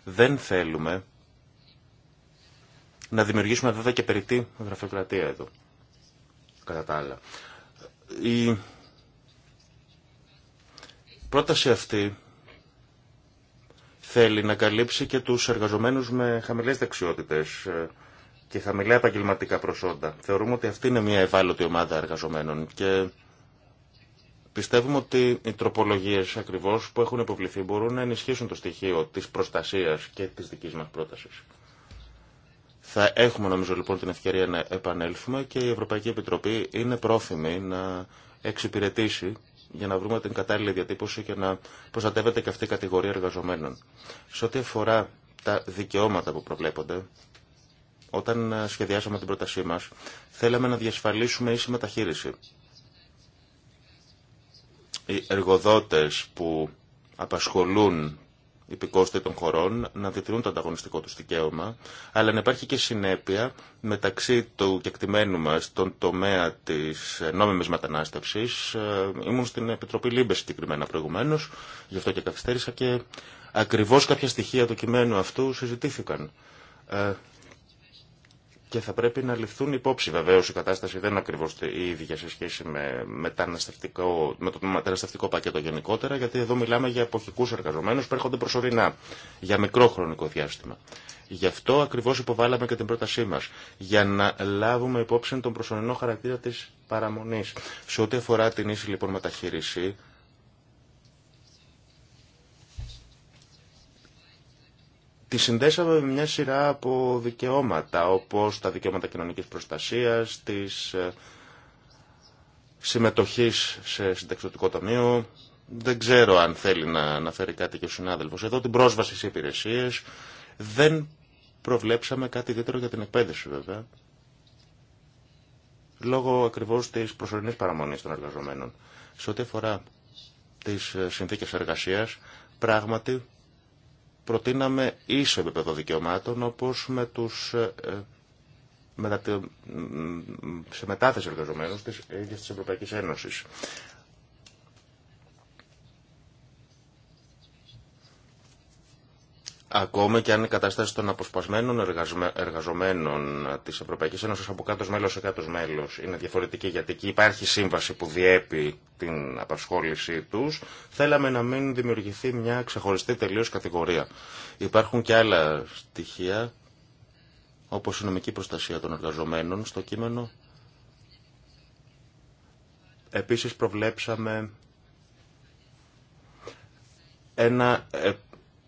Δεν θέλουμε να δημιουργήσουμε βέβαια και περιττή γραφειοκρατία εδώ. Κατά τα άλλα πρόταση αυτή θέλει να καλύψει και τους εργαζομένους με χαμηλές δεξιότητες ε, και χαμηλά επαγγελματικά προσόντα. Θεωρούμε ότι αυτή είναι μια ευάλωτη ομάδα εργαζομένων και πιστεύουμε ότι οι τροπολογίες ακριβώς που έχουν υποβληθεί μπορούν να ενισχύσουν το στοιχείο της προστασίας και της δικής μας πρότασης. Θα έχουμε νομίζω λοιπόν την ευκαιρία να επανέλθουμε και η Ευρωπαϊκή Επιτροπή είναι πρόθυμη να εξυπηρετήσει για να βρούμε την κατάλληλη διατύπωση και να προστατεύεται και αυτή η κατηγορία εργαζομένων. Σε ό,τι αφορά τα δικαιώματα που προβλέπονται, όταν σχεδιάσαμε την πρότασή μας, θέλαμε να διασφαλίσουμε ίση μεταχείριση. Οι εργοδότες που απασχολούν υπηκόστοι των χωρών να διατηρούν το ανταγωνιστικό του δικαίωμα, αλλά να υπάρχει και συνέπεια μεταξύ του κεκτημένου μα στον τομέα τη νόμιμη μετανάστευση. Ε, ήμουν στην Επιτροπή Λίμπε συγκεκριμένα προηγουμένω, γι' αυτό και καθυστέρησα και ακριβώ κάποια στοιχεία του κειμένου αυτού συζητήθηκαν. Ε, και θα πρέπει να ληφθούν υπόψη. Βεβαίω η κατάσταση δεν είναι ακριβώς η ίδια σε σχέση με, με το μεταναστευτικό πακέτο γενικότερα, γιατί εδώ μιλάμε για εποχικού εργαζομένου, που έρχονται προσωρινά, για μικρό χρονικό διάστημα. Γι' αυτό ακριβώς υποβάλαμε και την πρότασή μα. για να λάβουμε υπόψη τον προσωρινό χαρακτήρα τη παραμονή. Σε ό,τι αφορά την ίση λοιπόν μεταχείριση, Τη συνδέσαμε με μια σειρά από δικαιώματα, όπως τα δικαιώματα κοινωνικής προστασίας, της ε, συμμετοχής σε συντεξιωτικό ταμείο. Δεν ξέρω αν θέλει να αναφέρει κάτι και ο συνάδελφος. Εδώ την πρόσβαση σε υπηρεσίες. Δεν προβλέψαμε κάτι ιδιαίτερο για την εκπαίδευση βέβαια. Λόγω ακριβώς της προσωρινής παραμονής των εργαζομένων. Σε ό,τι αφορά τις ε, συνθήκες εργασίας, πράγματι προτείναμε ίσο επίπεδο δικαιωμάτων όπως με τους ε, ε, σε μετάθεση εργαζομένων τη ίδια ε, τη Ευρωπαϊκή Ακόμα και αν η κατάσταση των αποσπασμένων εργαζομένων της Ευρωπαϊκής Ένωσης από κάτω μέλος σε κάτω μέλος είναι διαφορετική γιατί εκεί υπάρχει σύμβαση που διέπει την απασχόλησή τους, θέλαμε να μην δημιουργηθεί μια ξεχωριστή τελείως κατηγορία. Υπάρχουν και άλλα στοιχεία όπως η νομική προστασία των εργαζομένων στο κείμενο. Επίσης προβλέψαμε ένα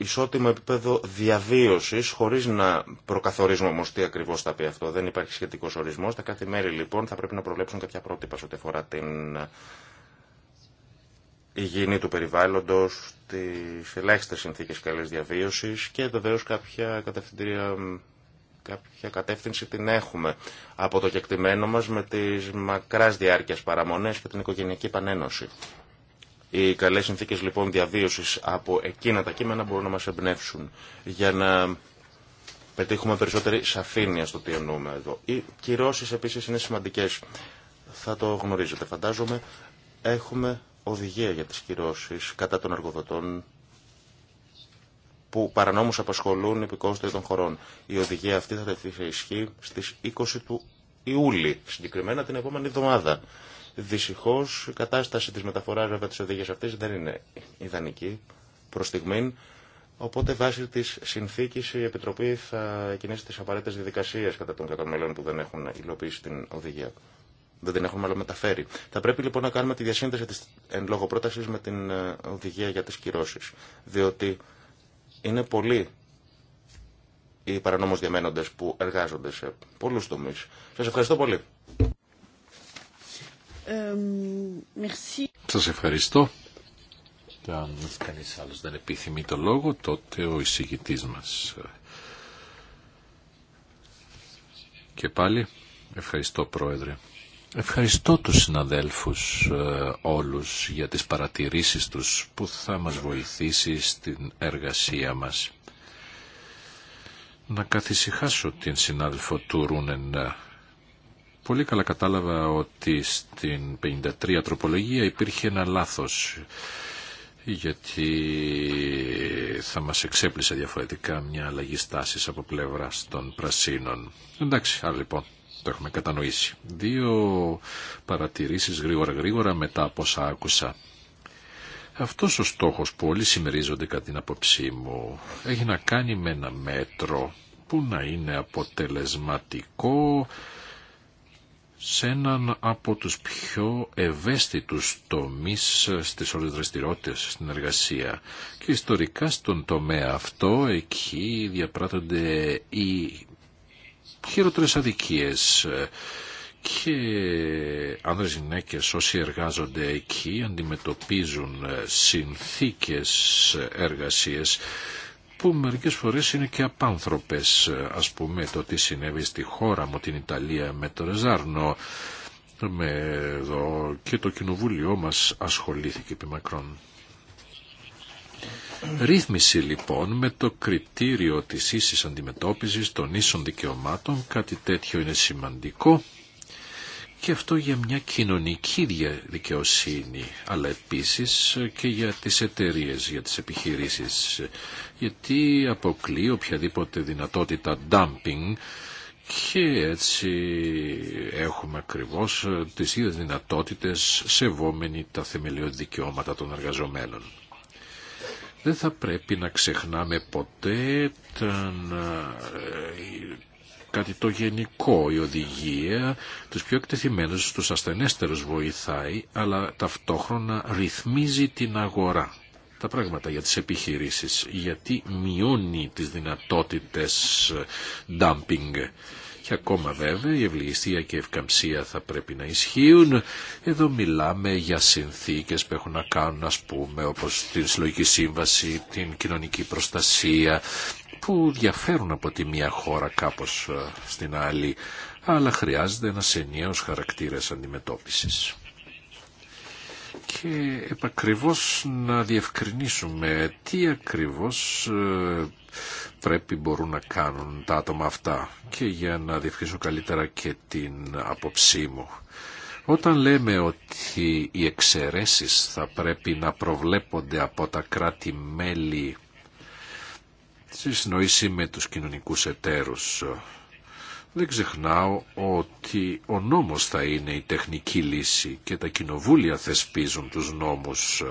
ισότιμο επίπεδο διαβίωση χωρί να προκαθορίζουμε όμω τι ακριβώ θα πει αυτό. Δεν υπάρχει σχετικό ορισμό. Τα κάθε μέρη λοιπόν θα πρέπει να προβλέψουν κάποια πρότυπα σε ό,τι αφορά την υγιεινή του περιβάλλοντο τι ελάχιστε συνθήκε καλή διαβίωση και βεβαίω κάποια κατευθυντήρια κάποια κατεύθυνση την έχουμε από το κεκτημένο μας με τις μακράς διάρκειας παραμονές και την οικογενειακή πανένωση. Οι καλέ συνθήκε λοιπόν διαβίωση από εκείνα τα κείμενα μπορούν να μα εμπνεύσουν για να πετύχουμε περισσότερη σαφήνεια στο τι εννοούμε εδώ. Οι κυρώσει επίση είναι σημαντικέ. Θα το γνωρίζετε, φαντάζομαι. Έχουμε οδηγία για τι κυρώσει κατά των εργοδοτών που παρανόμως απασχολούν επικόστρια των χωρών. Η οδηγία αυτή θα τεθεί σε ισχύ στις 20 του Ιούλη, συγκεκριμένα την επόμενη εβδομάδα. Δυστυχώ η κατάσταση τη μεταφορά βέβαια τη οδηγία αυτή δεν είναι ιδανική προ στιγμήν. Οπότε βάσει τη συνθήκη η Επιτροπή θα κινήσει τι απαραίτητε διαδικασίε κατά των κατομελών που δεν έχουν υλοποιήσει την οδηγία. Δεν την έχουν μάλλον μεταφέρει. Θα πρέπει λοιπόν να κάνουμε τη διασύνδεση τη εν λόγω πρόταση με την ε, οδηγία για τι κυρώσει. Διότι είναι πολλοί οι παρανόμω διαμένοντε που εργάζονται σε πολλού τομεί. Σα ευχαριστώ πολύ. Ε, Σας ευχαριστώ. Και αν κανείς άλλος δεν επιθυμεί το λόγο, τότε ο εισηγητής μας. Και πάλι, ευχαριστώ Πρόεδρε. Ευχαριστώ τους συναδέλφους ε, όλους για τις παρατηρήσεις τους που θα μας βοηθήσει στην εργασία μας. Να καθησυχάσω την συνάδελφο του Ρούνεν ε, Πολύ καλά κατάλαβα ότι στην 53 τροπολογία υπήρχε ένα λάθος γιατί θα μας εξέπλησε διαφορετικά μια αλλαγή στάσης από πλευρά των πρασίνων. Εντάξει, άρα λοιπόν το έχουμε κατανοήσει. Δύο παρατηρήσεις γρήγορα γρήγορα μετά από όσα άκουσα. Αυτός ο στόχος που όλοι συμμερίζονται κατά την απόψή μου έχει να κάνει με ένα μέτρο που να είναι αποτελεσματικό σε έναν από τους πιο ευαίσθητους τομείς στις όλες δραστηριότητες στην εργασία. Και ιστορικά στον τομέα αυτό εκεί διαπράττονται οι χειρότερες αδικίες και άνδρες γυναίκες όσοι εργάζονται εκεί αντιμετωπίζουν συνθήκες εργασίες που μερικές φορές είναι και απάνθρωπες. Ας πούμε το τι συνέβη στη χώρα μου, την Ιταλία, με το Ρεζάρνο, με εδώ και το κοινοβούλιο μας ασχολήθηκε επί μακρόν. Ρύθμιση λοιπόν με το κριτήριο της ίσης αντιμετώπισης των ίσων δικαιωμάτων, κάτι τέτοιο είναι σημαντικό και αυτό για μια κοινωνική δικαιοσύνη, αλλά επίσης και για τις εταιρείες, για τις επιχειρήσεις γιατί αποκλεί οποιαδήποτε δυνατότητα dumping και έτσι έχουμε ακριβώ τις ίδιες δυνατότητες σεβόμενοι τα θεμελιώδη δικαιώματα των εργαζομένων. Δεν θα πρέπει να ξεχνάμε ποτέ τον, ε, κάτι το γενικό, η οδηγία τους πιο εκτεθειμένους, τους ασθενέστερους βοηθάει, αλλά ταυτόχρονα ρυθμίζει την αγορά τα πράγματα για τις επιχειρήσεις, γιατί μειώνει τις δυνατότητες dumping. Και ακόμα βέβαια η ευλογιστία και η ευκαμψία θα πρέπει να ισχύουν. Εδώ μιλάμε για συνθήκες που έχουν να κάνουν ας πούμε όπως την συλλογική σύμβαση, την κοινωνική προστασία που διαφέρουν από τη μία χώρα κάπως ε, στην άλλη αλλά χρειάζεται ένας ενιαίος χαρακτήρας αντιμετώπισης και επακριβώς να διευκρινίσουμε τι ακριβώς ε, πρέπει μπορούν να κάνουν τα άτομα αυτά και για να διευκρινίσω καλύτερα και την απόψή μου. Όταν λέμε ότι οι εξαιρεσει θα πρέπει να προβλέπονται από τα κράτη-μέλη στη συνοήση με τους κοινωνικούς εταίρους δεν ξεχνάω ότι ο νόμος θα είναι η τεχνική λύση και τα κοινοβούλια θεσπίζουν τους νόμους,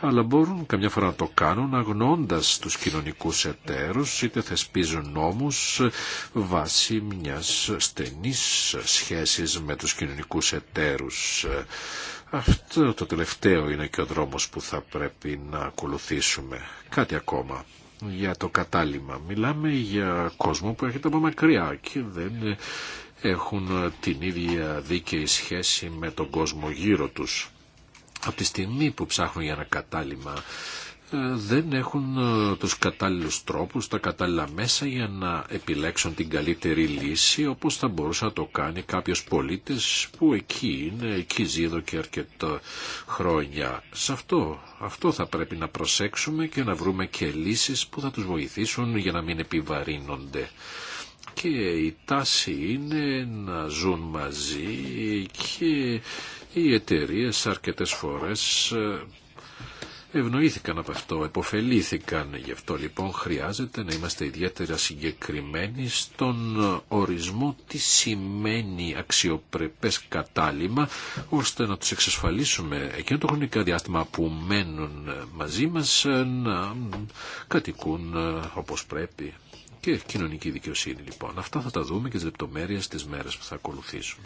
αλλά μπορούν καμιά φορά να το κάνουν αγνώντας τους κοινωνικούς εταίρους, είτε θεσπίζουν νόμους βάσει μιας στενής σχέσης με τους κοινωνικούς εταίρους. Αυτό το τελευταίο είναι και ο δρόμος που θα πρέπει να ακολουθήσουμε. Κάτι ακόμα για το κατάλημα. Μιλάμε για κόσμο που έρχεται από μακριά και δεν έχουν την ίδια δίκαιη σχέση με τον κόσμο γύρω τους. Από τη στιγμή που ψάχνουν για ένα κατάλημα ε, δεν έχουν ε, τους κατάλληλους τρόπους, τα κατάλληλα μέσα για να επιλέξουν την καλύτερη λύση όπως θα μπορούσε να το κάνει κάποιος πολίτης που εκεί είναι, εκεί ζει εδώ και αρκετά χρόνια. Σε αυτό, θα πρέπει να προσέξουμε και να βρούμε και λύσεις που θα τους βοηθήσουν για να μην επιβαρύνονται. Και η τάση είναι να ζουν μαζί και οι εταιρείε αρκετές φορές ε, ευνοήθηκαν από αυτό, εποφελήθηκαν. Γι' αυτό λοιπόν χρειάζεται να είμαστε ιδιαίτερα συγκεκριμένοι στον ορισμό τι σημαίνει αξιοπρεπές κατάλημα, ώστε να τους εξασφαλίσουμε εκείνο το χρονικό διάστημα που μένουν μαζί μας να κατοικούν όπως πρέπει. Και κοινωνική δικαιοσύνη λοιπόν. Αυτά θα τα δούμε και τις λεπτομέρειε τις μέρες που θα ακολουθήσουν.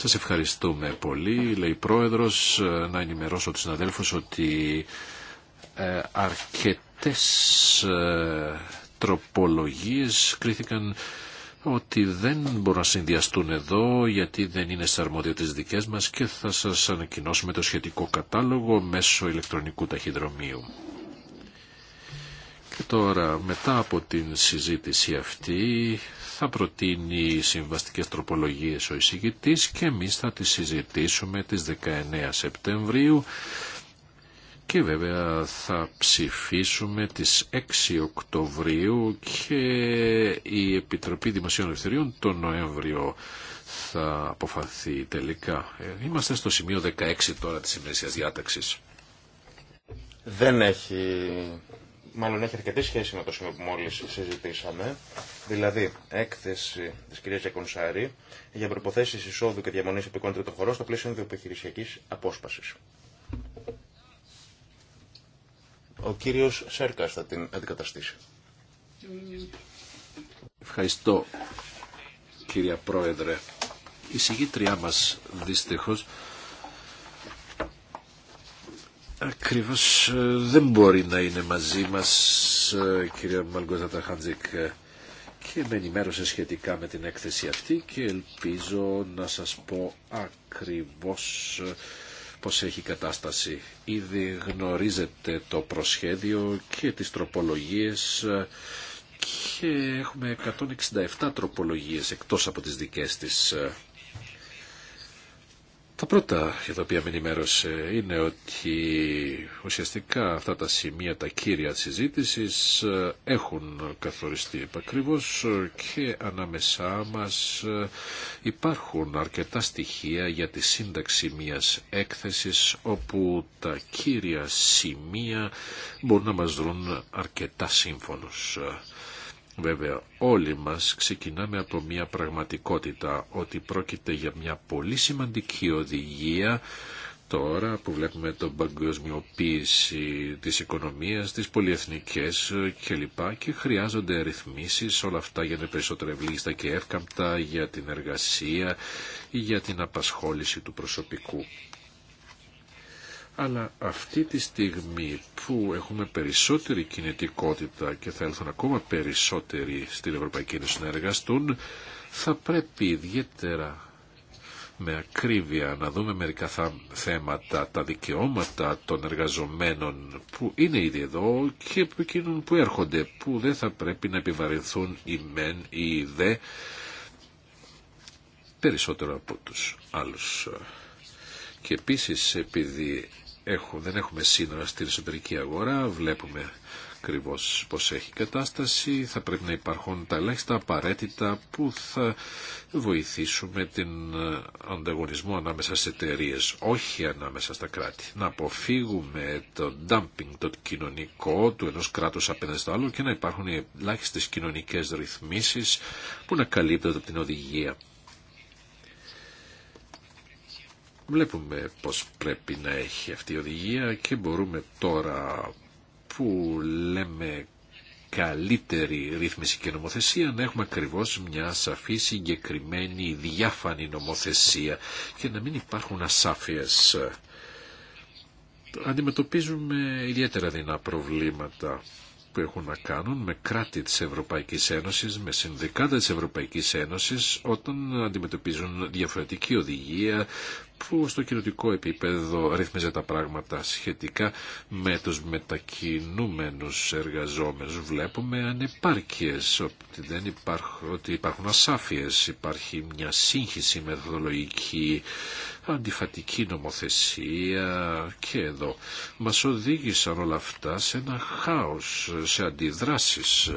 Σας ευχαριστούμε πολύ. Λέει πρόεδρος ε, να ενημερώσω τους συναδέλφους ότι ε, αρκετές ε, τροπολογίες κρίθηκαν ότι δεν μπορούν να συνδυαστούν εδώ γιατί δεν είναι αρμόδια αρμοδιότητες δικές μας και θα σας ανακοινώσουμε το σχετικό κατάλογο μέσω ηλεκτρονικού ταχυδρομείου. Τώρα, μετά από την συζήτηση αυτή, θα προτείνει συμβαστικές τροπολογίες ο εισηγητής και εμείς θα τις συζητήσουμε τις 19 Σεπτεμβρίου και βέβαια θα ψηφίσουμε τις 6 Οκτωβρίου και η Επιτροπή Δημοσίων Ελευθεριών το Νοέμβριο θα αποφανθεί τελικά. Ε, είμαστε στο σημείο 16 τώρα της ημερησίας διάταξης. Δεν έχει μάλλον έχει αρκετή σχέση με το σημείο που μόλις συζητήσαμε, δηλαδή έκθεση της κυρίας Γιακονσάρη για προποθέσεις εισόδου και διαμονής επικών τρίτων χωρών στο πλαίσιο ενδοεπιχειρησιακής απόσπασης. Ο κύριος Σέρκας θα την αντικαταστήσει. Ευχαριστώ κύριε Πρόεδρε. Η συγγήτριά μας δυστυχώς Ακριβώς ε, δεν μπορεί να είναι μαζί μας ε, κυρία Μαλγκοζάτα Χάντζικ ε, και με ενημέρωσε σχετικά με την έκθεση αυτή και ελπίζω να σας πω ακριβώς πως έχει κατάσταση. Ήδη γνωρίζετε το προσχέδιο και τις τροπολογίες και έχουμε 167 τροπολογίες εκτός από τις δικές της. Τα πρώτα για τα οποία με ενημέρωσε είναι ότι ουσιαστικά αυτά τα σημεία, τα κύρια συζήτησης ε, έχουν καθοριστεί επακριβώς και ανάμεσά μας ε, υπάρχουν αρκετά στοιχεία για τη σύνταξη μιας έκθεσης όπου τα κύρια σημεία μπορούν να μας δουν αρκετά σύμφωνος. Βέβαια όλοι μας ξεκινάμε από μια πραγματικότητα ότι πρόκειται για μια πολύ σημαντική οδηγία τώρα που βλέπουμε τον παγκοσμιοποίηση της οικονομίας, τις πολυεθνικές κλπ. και χρειάζονται ρυθμίσεις όλα αυτά για να είναι περισσότερο ευλίγιστα και εύκαμπτα για την εργασία, ή για την απασχόληση του προσωπικού αλλά αυτή τη στιγμή που έχουμε περισσότερη κινητικότητα και θα έλθουν ακόμα περισσότεροι στην Ευρωπαϊκή Ένωση να εργαστούν, θα πρέπει ιδιαίτερα με ακρίβεια να δούμε μερικά θέματα, τα δικαιώματα των εργαζομένων που είναι ήδη εδώ και που εκείνων που έρχονται, που δεν θα πρέπει να επιβαρυνθούν οι μεν ή οι δε περισσότερο από τους άλλους. Και επίσης επειδή Έχω, δεν έχουμε σύνορα στην εσωτερική αγορά, βλέπουμε ακριβώ πώ έχει κατάσταση, θα πρέπει να υπάρχουν τα ελάχιστα απαραίτητα που θα βοηθήσουμε την ε, ανταγωνισμό ανάμεσα σε εταιρείε, όχι ανάμεσα στα κράτη. Να αποφύγουμε το dumping το κοινωνικό του ενός κράτους απέναντι στο άλλο και να υπάρχουν οι ελάχιστε κοινωνικέ ρυθμίσει που να καλύπτονται από την οδηγία. Βλέπουμε πως πρέπει να έχει αυτή η οδηγία και μπορούμε τώρα που λέμε καλύτερη ρύθμιση και νομοθεσία να έχουμε ακριβώ μια σαφή, συγκεκριμένη, διάφανη νομοθεσία και να μην υπάρχουν ασάφειες. Αντιμετωπίζουμε ιδιαίτερα δεινά προβλήματα που έχουν να κάνουν με κράτη της Ευρωπαϊκής Ένωσης, με συνδικάτα της Ευρωπαϊκής Ένωσης, όταν αντιμετωπίζουν διαφορετική οδηγία που στο κοινωτικό επίπεδο ρύθμιζε τα πράγματα σχετικά με τους μετακινούμενους εργαζόμενους. Βλέπουμε ανεπάρκειες, ότι, δεν υπάρχουν, ότι υπάρχουν ασάφειες, υπάρχει μια σύγχυση μεθοδολογική, αντιφατική νομοθεσία και εδώ. Μας οδήγησαν όλα αυτά σε ένα χάος, σε αντιδράσεις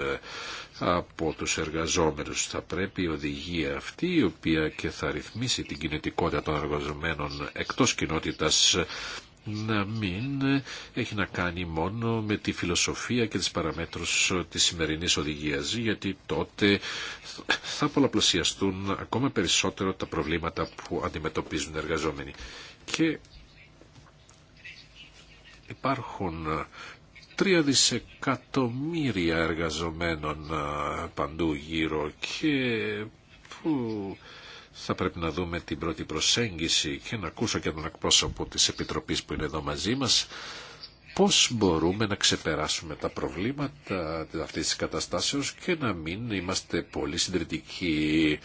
από τους εργαζόμενους. Θα πρέπει η οδηγία αυτή, η οποία και θα ρυθμίσει την κινητικότητα των εργαζομένων εκτός κοινότητας, να μην έχει να κάνει μόνο με τη φιλοσοφία και τις παραμέτρους της σημερινής οδηγίας, γιατί τότε θα πολλαπλασιαστούν ακόμα περισσότερο τα προβλήματα που αντιμετωπίζουν οι εργαζόμενοι. Και υπάρχουν Τρία δισεκατομμύρια εργαζομένων παντού γύρω και που θα πρέπει να δούμε την πρώτη προσέγγιση και να ακούσω και τον εκπρόσωπο της Επιτροπής που είναι εδώ μαζί μας πώς μπορούμε να ξεπεράσουμε τα προβλήματα αυτής της καταστάσεως και να μην είμαστε πολύ συντηρητικοί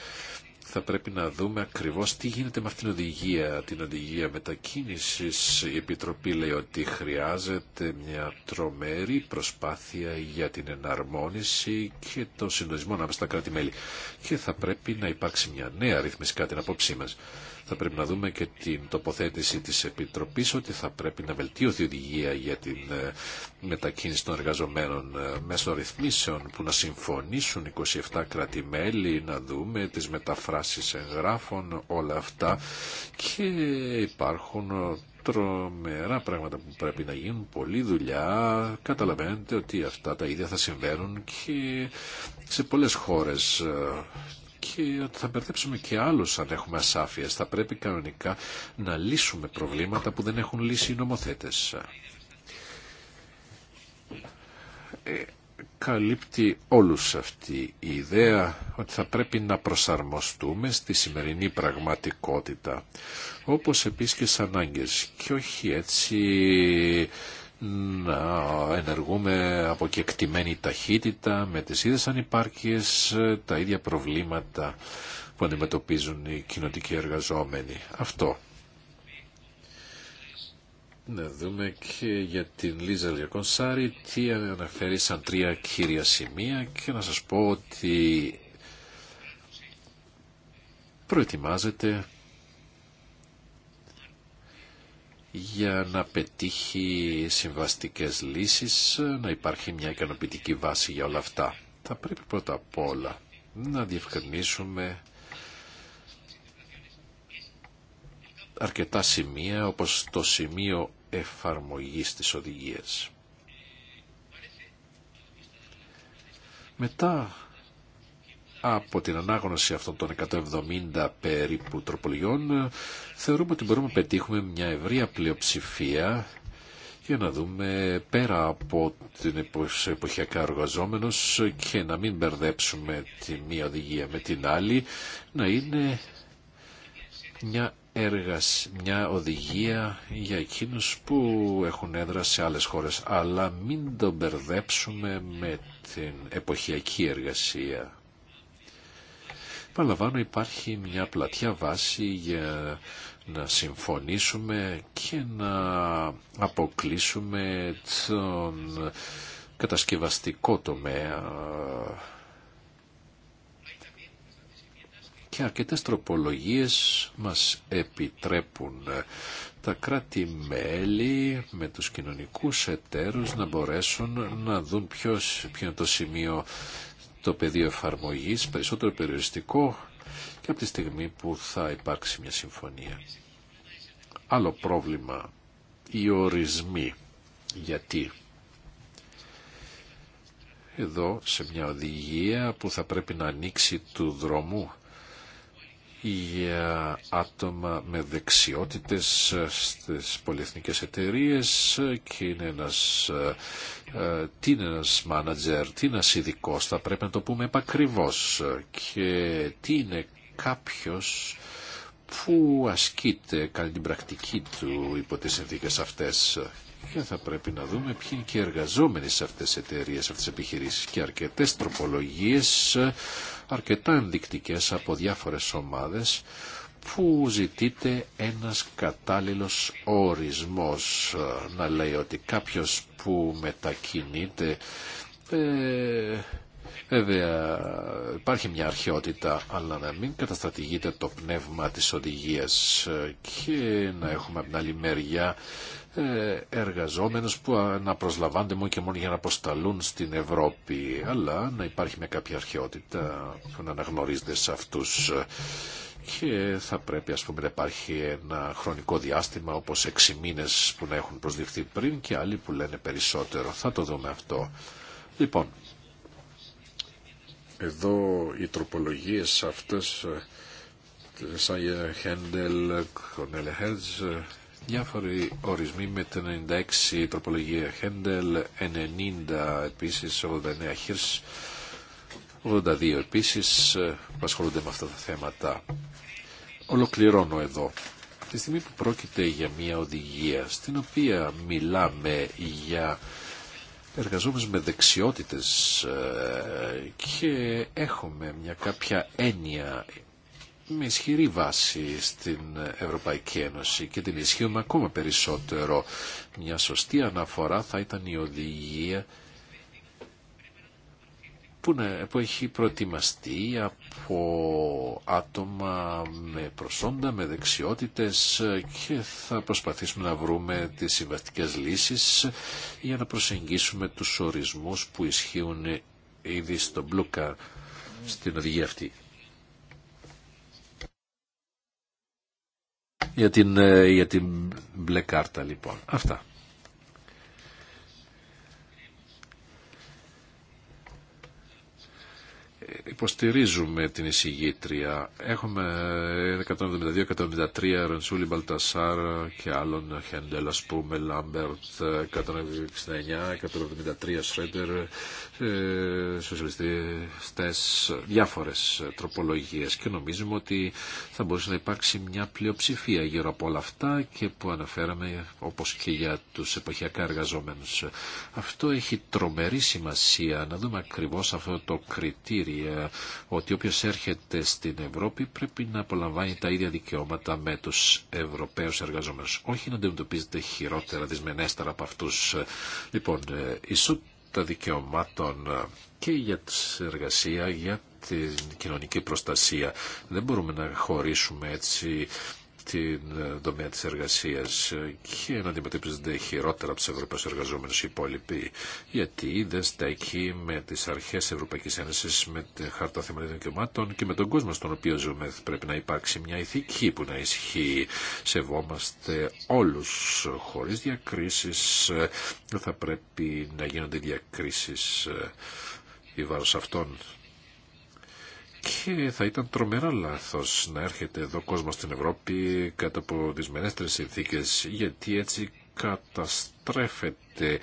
θα πρέπει να δούμε ακριβώς τι γίνεται με αυτήν την οδηγία, την οδηγία μετακίνησης. Η Επιτροπή λέει ότι χρειάζεται μια τρομερή προσπάθεια για την εναρμόνιση και το συντονισμό ανάμεσα στα κράτη-μέλη. Και θα πρέπει να υπάρξει μια νέα ρυθμιστικά την απόψή μας θα πρέπει να δούμε και την τοποθέτηση της Επιτροπής ότι θα πρέπει να βελτίωθει η οδηγία για την ε, μετακίνηση των εργαζομένων ε, μέσω ρυθμίσεων που να συμφωνήσουν 27 κρατη να δούμε τις μεταφράσεις εγγράφων, όλα αυτά και υπάρχουν ε, τρομερά πράγματα που πρέπει να γίνουν, πολλή δουλειά. Καταλαβαίνετε ότι αυτά τα ίδια θα συμβαίνουν και σε πολλές χώρες και ότι θα μπερδέψουμε και άλλους αν έχουμε ασάφειες. Θα πρέπει κανονικά να λύσουμε προβλήματα που δεν έχουν λύσει οι νομοθέτες. Ε, καλύπτει όλους αυτή η ιδέα ότι θα πρέπει να προσαρμοστούμε στη σημερινή πραγματικότητα, όπως επίσης και σαν και όχι έτσι να ενεργούμε από κεκτημένη ταχύτητα με τις ίδιες ανυπάρκειες, τα ίδια προβλήματα που αντιμετωπίζουν οι κοινοτικοί εργαζόμενοι. Αυτό. Να δούμε και για την Λίζα Λιακονσάρη τι αναφέρει σαν τρία κύρια σημεία και να σας πω ότι προετοιμάζεται για να πετύχει συμβαστικές λύσεις, να υπάρχει μια ικανοποιητική βάση για όλα αυτά. Θα πρέπει πρώτα απ' όλα να διευκρινίσουμε αρκετά σημεία όπως το σημείο εφαρμογής της οδηγίας. Μετά από την ανάγνωση αυτών των 170 περίπου τροπολιών θεωρούμε ότι μπορούμε να πετύχουμε μια ευρεία πλειοψηφία για να δούμε πέρα από την εποχιακά εργαζόμενος και να μην μπερδέψουμε τη μία οδηγία με την άλλη, να είναι μια έργας, μια οδηγία για εκείνους που έχουν έδρα σε άλλες χώρες, αλλά μην τον μπερδέψουμε με την εποχιακή εργασία. Παραλαμβάνω υπάρχει μια πλατιά βάση για να συμφωνήσουμε και να αποκλείσουμε τον κατασκευαστικό τομέα και αρκετές τροπολογίες μας επιτρέπουν τα κράτη-μέλη με τους κοινωνικούς εταίρους να μπορέσουν να δουν ποιος, ποιο είναι το σημείο το πεδίο εφαρμογής περισσότερο περιοριστικό και από τη στιγμή που θα υπάρξει μια συμφωνία. Άλλο πρόβλημα, οι ορισμοί. Γιατί εδώ σε μια οδηγία που θα πρέπει να ανοίξει του δρόμου για άτομα με δεξιότητες στις πολυεθνικές εταιρείες και είναι ένας, ε, τι είναι ένας μάνατζερ, τι είναι ένας ειδικός, θα πρέπει να το πούμε επακριβώς και τι είναι κάποιος που ασκείται, κάνει την πρακτική του υπό τις συνθήκες αυτές και θα πρέπει να δούμε ποιοι είναι και οι εργαζόμενοι σε αυτές τις εταιρείες, σε αυτές τις επιχειρήσεις και αρκετές τροπολογίες αρκετά ενδεικτικές από διάφορες ομάδες που ζητείται ένας κατάλληλος ορισμός. Να λέει ότι κάποιος που μετακινείται ε, Βέβαια υπάρχει μια αρχαιότητα αλλά να μην καταστατηγείται το πνεύμα της οδηγίας και να έχουμε από την άλλη μεριά ε, εργαζόμενους που να προσλαμβάνονται μόνο και μόνο για να αποσταλούν στην Ευρώπη, αλλά να υπάρχει μια κάποια αρχαιότητα που να αναγνωρίζεται σε αυτούς και θα πρέπει ας πούμε να υπάρχει ένα χρονικό διάστημα όπως έξι μήνες που να έχουν προσδειχθεί πριν και άλλοι που λένε περισσότερο. Θα το δούμε αυτό. Λοιπόν, εδώ οι τροπολογίες αυτές ε, σαν Χέντελ, διάφοροι ορισμοί με το 96 τροπολογία Χέντελ, 90 επίσης, 89 Χίρς, 82 επίσης ε, που ασχολούνται με αυτά τα θέματα. Ολοκληρώνω εδώ. Τη στιγμή που πρόκειται για μια οδηγία στην οποία μιλάμε για εργαζόμενους με δεξιότητες ε, και έχουμε μια κάποια έννοια με ισχυρή βάση στην Ευρωπαϊκή Ένωση και την ισχύουμε ακόμα περισσότερο. Μια σωστή αναφορά θα ήταν η οδηγία που, ναι, που έχει προετοιμαστεί από άτομα με προσόντα, με δεξιότητες και θα προσπαθήσουμε να βρούμε τις συμβαστικές λύσεις για να προσεγγίσουμε τους ορισμούς που ισχύουν ήδη στο Μπλούκα στην οδηγία αυτή. για την, ε, για την μπλε κάρτα λοιπόν. Αυτά. υποστηρίζουμε την εισηγήτρια. Έχουμε 172-173 Ρενσούλη Μπαλτασάρ και άλλων Χέντελ, α πούμε, Λάμπερτ, 169-173 Σρέντερ, ε, σοσιαλιστέ, διάφορε τροπολογίε και νομίζουμε ότι θα μπορούσε να υπάρξει μια πλειοψηφία γύρω από όλα αυτά και που αναφέραμε όπω και για του εποχιακά εργαζόμενου. Αυτό έχει τρομερή σημασία να δούμε ακριβώ αυτό το κριτήριο ε, ότι όποιο έρχεται στην Ευρώπη πρέπει να απολαμβάνει τα ίδια δικαιώματα με του Ευρωπαίου εργαζόμενους. Όχι να αντιμετωπίζεται χειρότερα, δυσμενέστερα από αυτού, Λοιπόν, ε, ισότητα δικαιωμάτων ε, και για τη εργασία, για την κοινωνική προστασία. Δεν μπορούμε να χωρίσουμε έτσι την ε, δομέα της εργασίας και να αντιμετωπίζονται χειρότερα από τους Ευρωπαίους εργαζόμενους οι υπόλοιποι γιατί δεν στέκει με τις αρχές Ευρωπαϊκής Ένωσης με τη χάρτα θεμελιών δικαιωμάτων και με τον κόσμο στον οποίο ζούμε πρέπει να υπάρξει μια ηθική που να ισχύει σεβόμαστε όλους χωρίς διακρίσεις δεν θα πρέπει να γίνονται διακρίσεις η ε, βάρος αυτών και θα ήταν τρομερά λάθο να έρχεται εδώ κόσμο στην Ευρώπη κατά από δυσμενέστερες συνθήκε, γιατί έτσι καταστρέφεται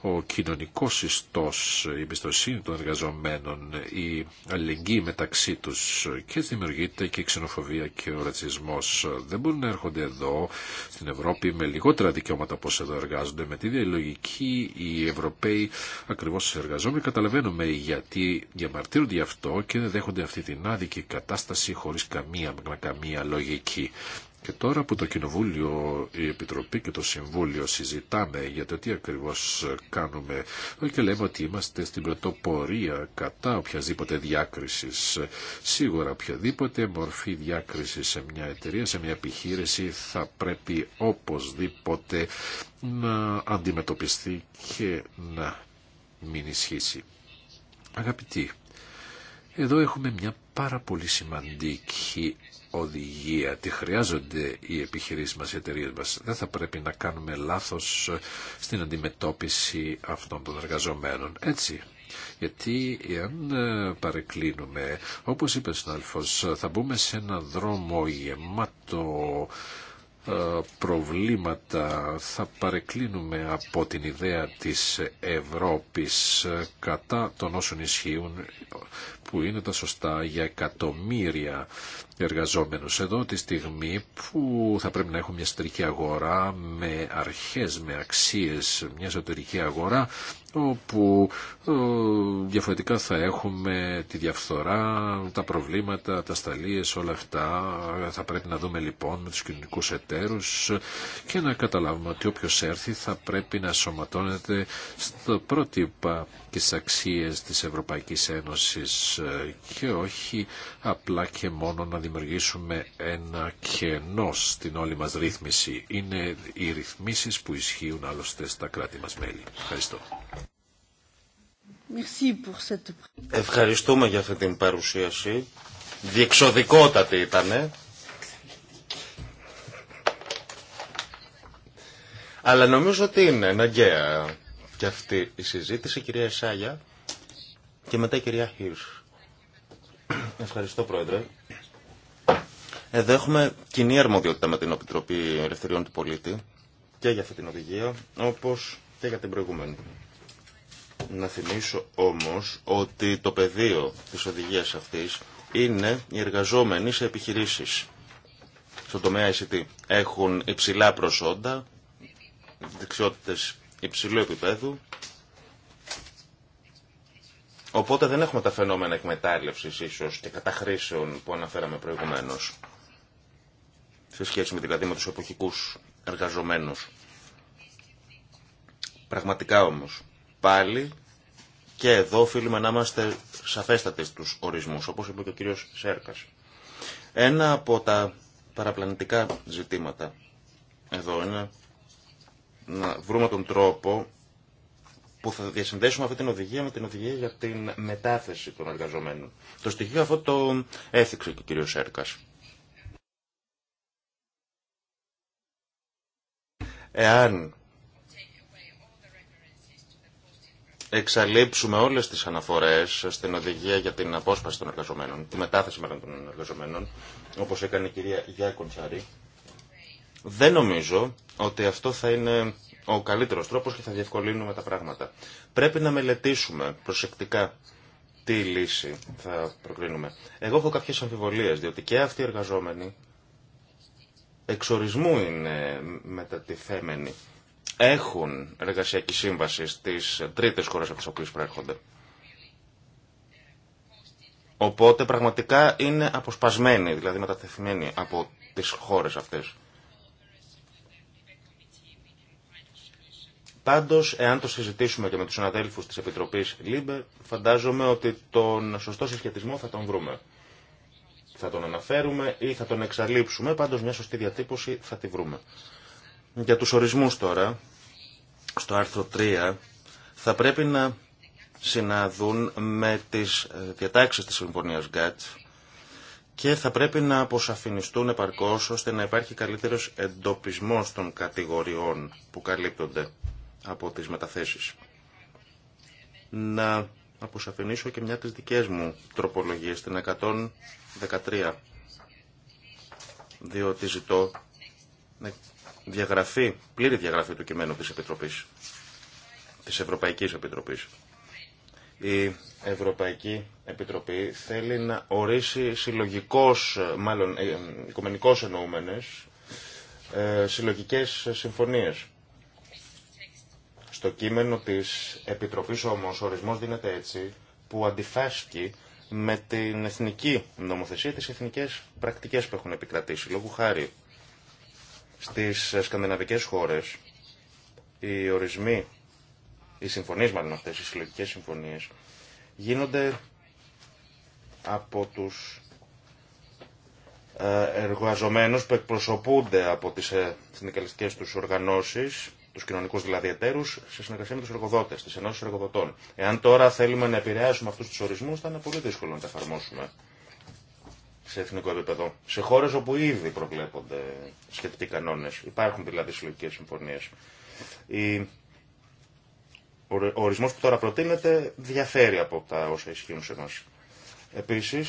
ο κοινωνικός ιστός, η εμπιστοσύνη των εργαζομένων, η αλληλεγγύη μεταξύ τους και δημιουργείται και η ξενοφοβία και ο ρατσισμός. Δεν μπορούν να έρχονται εδώ στην Ευρώπη με λιγότερα δικαιώματα πως εδώ εργάζονται. Με τη διαλογική οι Ευρωπαίοι ακριβώς εργαζόμενοι καταλαβαίνουμε γιατί διαμαρτύρονται γι' αυτό και δεν δέχονται αυτή την άδικη κατάσταση χωρίς καμία, καμία λογική. Και τώρα που το Κοινοβούλιο, η Επιτροπή και το Συμβούλιο συζητάμε για το τι ακριβώς κάνουμε και λέμε ότι είμαστε στην πρωτοπορία κατά οποιασδήποτε διάκριση Σίγουρα οποιαδήποτε μορφή διάκριση σε μια εταιρεία, σε μια επιχείρηση θα πρέπει οπωσδήποτε να αντιμετωπιστεί και να μην ισχύσει. Αγαπητοί, εδώ έχουμε μια πάρα πολύ σημαντική οδηγία, τι χρειάζονται οι επιχειρήσεις μας, οι εταιρείες μας. Δεν θα πρέπει να κάνουμε λάθος στην αντιμετώπιση αυτών των εργαζομένων. Έτσι, γιατί εάν ε, παρεκκλίνουμε, όπως είπε ο Νάλφος, θα μπούμε σε ένα δρόμο γεμάτο ε, προβλήματα θα παρεκκλίνουμε από την ιδέα της Ευρώπης κατά των όσων ισχύουν που είναι τα σωστά για εκατομμύρια εργαζόμενους εδώ τη στιγμή που θα πρέπει να έχουμε μια εσωτερική αγορά με αρχές, με αξίες, μια εσωτερική αγορά όπου ε, διαφορετικά θα έχουμε τη διαφθορά, τα προβλήματα, τα σταλίες, όλα αυτά. Θα πρέπει να δούμε λοιπόν με τους κοινωνικούς εταίρους και να καταλάβουμε ότι όποιος έρθει θα πρέπει να σωματώνεται στο πρότυπα και στις αξίες της Ευρωπαϊκής Ένωσης ε, και όχι απλά και μόνο να δημιουργήσουμε ένα κενό στην όλη μας ρύθμιση. Είναι οι ρυθμίσεις που ισχύουν άλλωστε στα κράτη μας μέλη. Ευχαριστώ. Ευχαριστούμε για αυτή την παρουσίαση. Διεξοδικότατη ήταν. Αλλά νομίζω ότι είναι αναγκαία και αυτή η συζήτηση, κυρία Εσάγια και μετά η κυρία Χίρς. Ευχαριστώ, Πρόεδρε. Εδώ έχουμε κοινή αρμοδιότητα με την Επιτροπή Ελευθεριών του Πολίτη και για αυτή την οδηγία, όπως και για την προηγούμενη. Να θυμίσω όμως ότι το πεδίο της οδηγίας αυτής είναι οι εργαζόμενοι σε επιχειρήσεις. Στον τομέα ICT έχουν υψηλά προσόντα, δεξιότητες υψηλού επίπεδου, οπότε δεν έχουμε τα φαινόμενα εκμετάλλευσης ίσως και καταχρήσεων που αναφέραμε προηγουμένως σε σχέση με την με τους εποχικούς εργαζομένους. Πραγματικά όμως, πάλι και εδώ οφείλουμε να είμαστε σαφέστατοι στου ορισμούς, όπως είπε και ο κύριος Σέρκας. Ένα από τα παραπλανητικά ζητήματα εδώ είναι να βρούμε τον τρόπο που θα διασυνδέσουμε αυτή την οδηγία με την οδηγία για την μετάθεση των εργαζομένων. Το στοιχείο αυτό το έθιξε και ο κύριος Σέρκας. Εάν εξαλείψουμε όλες τις αναφορές στην οδηγία για την απόσπαση των εργαζομένων, τη μετάθεση μάλλον των εργαζομένων, όπως έκανε η κυρία Γιάκοντσαρη, δεν νομίζω ότι αυτό θα είναι ο καλύτερος τρόπος και θα διευκολύνουμε τα πράγματα. Πρέπει να μελετήσουμε προσεκτικά τι λύση θα προκρίνουμε. Εγώ έχω κάποιες αμφιβολίες, διότι και αυτοί οι εργαζόμενοι εξορισμού είναι μετατιθέμενοι. Έχουν εργασιακή σύμβαση στις τρίτες χώρες από τις οποίες προέρχονται. Οπότε πραγματικά είναι αποσπασμένοι, δηλαδή μετατεθειμένοι από τις χώρες αυτές. Πάντως, εάν το συζητήσουμε και με τους συναδέλφους της Επιτροπής ΛΥΜΠΕ, φαντάζομαι ότι τον σωστό συσχετισμό θα τον βρούμε θα τον αναφέρουμε ή θα τον εξαλείψουμε, πάντως μια σωστή διατύπωση θα τη βρούμε. Για τους ορισμούς τώρα, στο άρθρο 3, θα πρέπει να συναδούν με τις ε, διατάξεις της Συμφωνίας ΓΚΑΤ και θα πρέπει να αποσαφινιστούν επαρκώς ώστε να υπάρχει καλύτερος εντοπισμός των κατηγοριών που καλύπτονται από τις μεταθέσεις. Να αποσαφηνίσω και μια της δικές μου τροπολογίες, την 113, διότι ζητώ διαγραφή, πλήρη διαγραφή του κειμένου της Επιτροπής, της Ευρωπαϊκής Επιτροπής. Η Ευρωπαϊκή Επιτροπή θέλει να ορίσει συλλογικός μάλλον ε, ε, οικομενικώς εννοούμενες, ε, συλλογικές συμφωνίες στο κείμενο της Επιτροπής όμως ο ορισμός δίνεται έτσι που αντιφάσκει με την εθνική νομοθεσία τις εθνικές πρακτικές που έχουν επικρατήσει. Λόγου χάρη στις σκανδιναβικές χώρες οι ορισμοί, οι συμφωνίες μάλλον αυτές, οι συλλογικές συμφωνίες γίνονται από τους ε, εργαζομένους που εκπροσωπούνται από τις ε, συνδικαλιστικές τους οργανώσεις του κοινωνικού δηλαδή εταίρου, σε συνεργασία με του εργοδότε, τι ενώσει εργοδοτών. Εάν τώρα θέλουμε να επηρεάσουμε αυτού του ορισμού, θα είναι πολύ δύσκολο να τα εφαρμόσουμε σε εθνικό επίπεδο. Σε χώρε όπου ήδη προβλέπονται σχετικοί κανόνε. Υπάρχουν δηλαδή συλλογικέ συμφωνίε. Ο ορισμό που τώρα προτείνεται διαφέρει από τα όσα ισχύουν σε εμά. Επίση,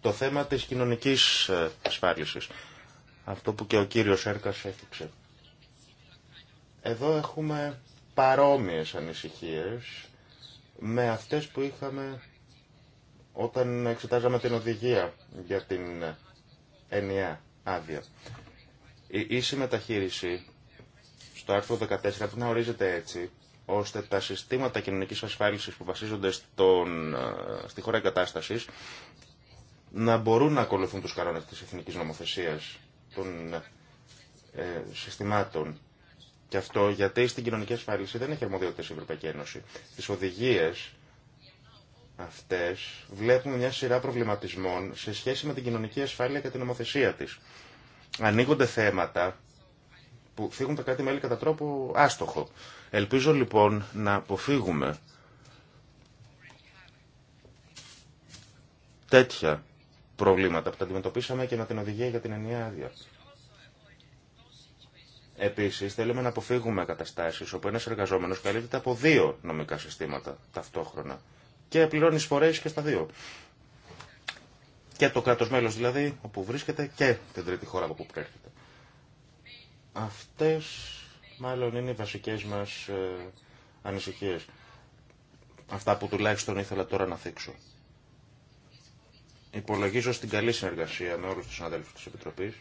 το θέμα της κοινωνικής ε, ασφάλισης. Αυτό που και ο κύριος Έρκας έφυξε. Εδώ έχουμε παρόμοιες ανησυχίες με αυτές που είχαμε όταν εξετάζαμε την οδηγία για την ενιαία άδεια. Η ίση μεταχείριση στο άρθρο 14 που να ορίζεται έτσι, ώστε τα συστήματα κοινωνικής ασφάλισης που βασίζονται στον, ε, στη χώρα εγκατάστασης να μπορούν να ακολουθούν τους κανόνες της εθνικής νομοθεσίας των ε, συστημάτων. Και αυτό γιατί στην κοινωνική ασφάλιση δεν έχει αρμοδιότητες η Ευρωπαϊκή Ένωση. Τις οδηγίες αυτές βλέπουν μια σειρά προβληματισμών σε σχέση με την κοινωνική ασφάλεια και την νομοθεσία της. Ανοίγονται θέματα που φύγουν τα κράτη-μέλη κατά τρόπο άστοχο. Ελπίζω λοιπόν να αποφύγουμε τέτοια προβλήματα που τα αντιμετωπίσαμε και να την οδηγεί για την ενιαία άδεια. Επίση, θέλουμε να αποφύγουμε καταστάσει όπου ένα εργαζόμενο καλύπτεται από δύο νομικά συστήματα ταυτόχρονα και πληρώνει φορέ και στα δύο. Και το κράτο μέλο δηλαδή, όπου βρίσκεται, και την τρίτη χώρα από που προέρχεται. Αυτέ μάλλον είναι οι βασικέ μα ε, ανησυχίε. Αυτά που τουλάχιστον ήθελα τώρα να θίξω υπολογίζω στην καλή συνεργασία με όλους τους συναδέλφους της Επιτροπής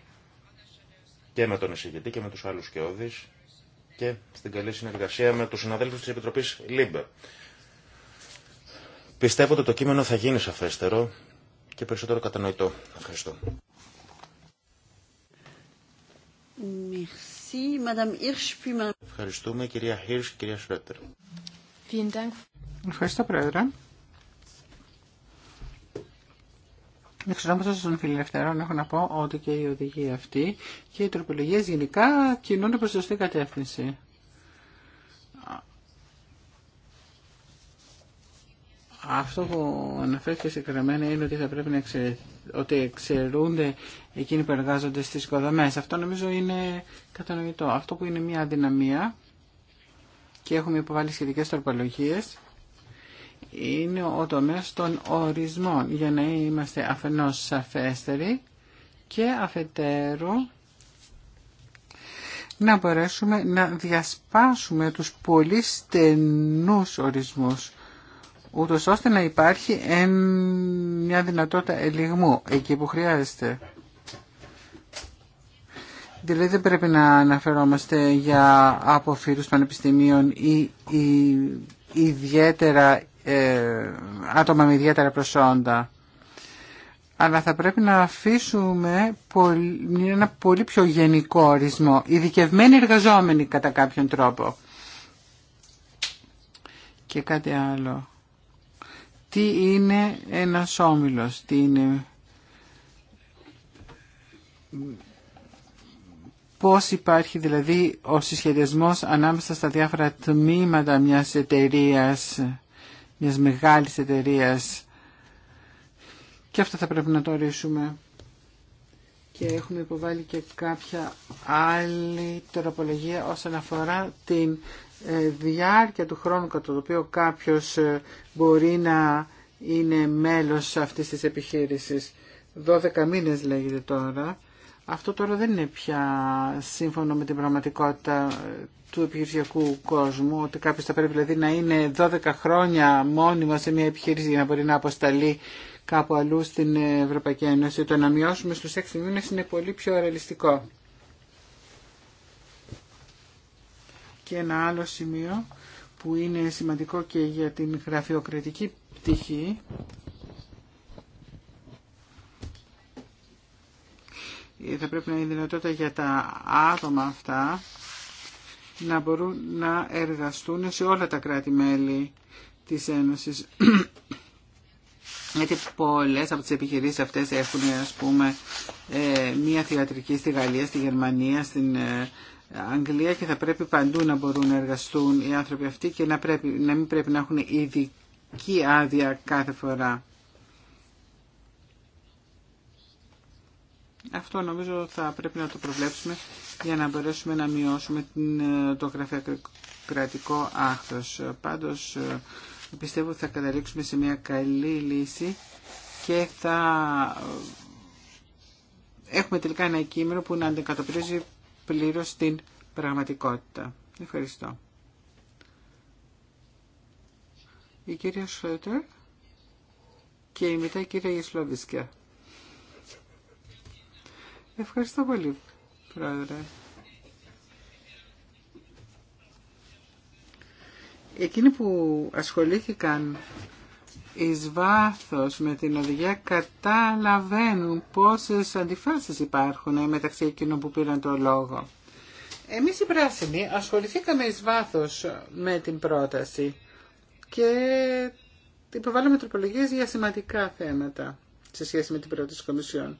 και με τον εισηγητή και με τους άλλους σκεώδεις και στην καλή συνεργασία με τους συναδέλφους της Επιτροπής ΛΥΜΠΕ. Πιστεύω ότι το κείμενο θα γίνει σαφέστερο και περισσότερο κατανοητό. Ευχαριστώ. Ευχαριστούμε κυρία Χίρς και κυρία Σρέτερ. Ευχαριστώ πρόεδρε. Εξ ονόματο των φιλελευθερών έχω να πω ότι και η οδηγία αυτή και οι τροπολογίες γενικά κινούνται προ σωστή κατεύθυνση. Αυτό που αναφέρθηκε συγκεκριμένα είναι ότι θα πρέπει να εξε... ότι εξαιρούνται εκείνοι που εργάζονται στι οικοδομές. Αυτό νομίζω είναι κατανοητό. Αυτό που είναι μια αδυναμία και έχουμε υποβάλει σχετικές τροπολογίες είναι ο τομέας των ορισμών για να είμαστε αφενός σαφέστεροι και αφετέρου να μπορέσουμε να διασπάσουμε τους πολύ στενούς ορισμούς ούτως ώστε να υπάρχει μια δυνατότητα ελιγμού εκεί που χρειάζεται. Δηλαδή δεν πρέπει να αναφερόμαστε για αποφύρους πανεπιστημίων ή, ή ιδιαίτερα ε, άτομα με ιδιαίτερα προσόντα. Αλλά θα πρέπει να αφήσουμε ένα πολύ πιο γενικό ορισμό, ειδικευμένοι εργαζόμενοι κατά κάποιον τρόπο. Και κάτι άλλο. Τι είναι ένας όμιλος, τι είναι... Πώς υπάρχει δηλαδή ο συσχετισμός ανάμεσα στα διάφορα τμήματα μιας εταιρείας μιας μεγάλης εταιρείας. Και αυτό θα πρέπει να το ορίσουμε. Και έχουμε υποβάλει και κάποια άλλη τροπολογία όσον αφορά την ε, διάρκεια του χρόνου κατά το οποίο κάποιος ε, μπορεί να είναι μέλος αυτής της επιχείρησης. 12 μήνες λέγεται τώρα αυτό τώρα δεν είναι πια σύμφωνο με την πραγματικότητα του επιχειρησιακού κόσμου, ότι κάποιος θα πρέπει δηλαδή να είναι 12 χρόνια μόνιμο σε μια επιχείρηση για να μπορεί να αποσταλεί κάπου αλλού στην Ευρωπαϊκή Ένωση. Το να μειώσουμε στους 6 μήνες είναι πολύ πιο ρεαλιστικό. Και ένα άλλο σημείο που είναι σημαντικό και για την γραφειοκρατική πτυχή θα πρέπει να είναι δυνατότητα για τα άτομα αυτά να μπορούν να εργαστούν σε όλα τα κράτη-μέλη της Ένωσης. Γιατί πολλές από τις επιχειρήσεις αυτές έχουν, ας πούμε, ε, μία θεατρική στη Γαλλία, στη Γερμανία, στην ε, Αγγλία και θα πρέπει παντού να μπορούν να εργαστούν οι άνθρωποι αυτοί και να, πρέπει, να μην πρέπει να έχουν ειδική άδεια κάθε φορά. Αυτό νομίζω θα πρέπει να το προβλέψουμε για να μπορέσουμε να μειώσουμε το γραφειοκρατικό άχθος. Πάντως ε, πιστεύω ότι θα καταλήξουμε σε μια καλή λύση και θα ε, έχουμε τελικά ένα κείμενο που να αντικατοπτρίζει πλήρως την πραγματικότητα. Ευχαριστώ. Η κυρία Σφέτερ και η μετά η κυρία Ισλόβισκια. Ευχαριστώ πολύ, Πρόεδρε. Εκείνοι που ασχολήθηκαν εις βάθος με την οδηγία καταλαβαίνουν πόσες αντιφάσεις υπάρχουν μεταξύ εκείνων που πήραν το λόγο. Εμείς οι πράσινοι ασχοληθήκαμε εις βάθος με την πρόταση και υποβάλαμε τροπολογίες για σημαντικά θέματα σε σχέση με την πρόταση της Κομισιόν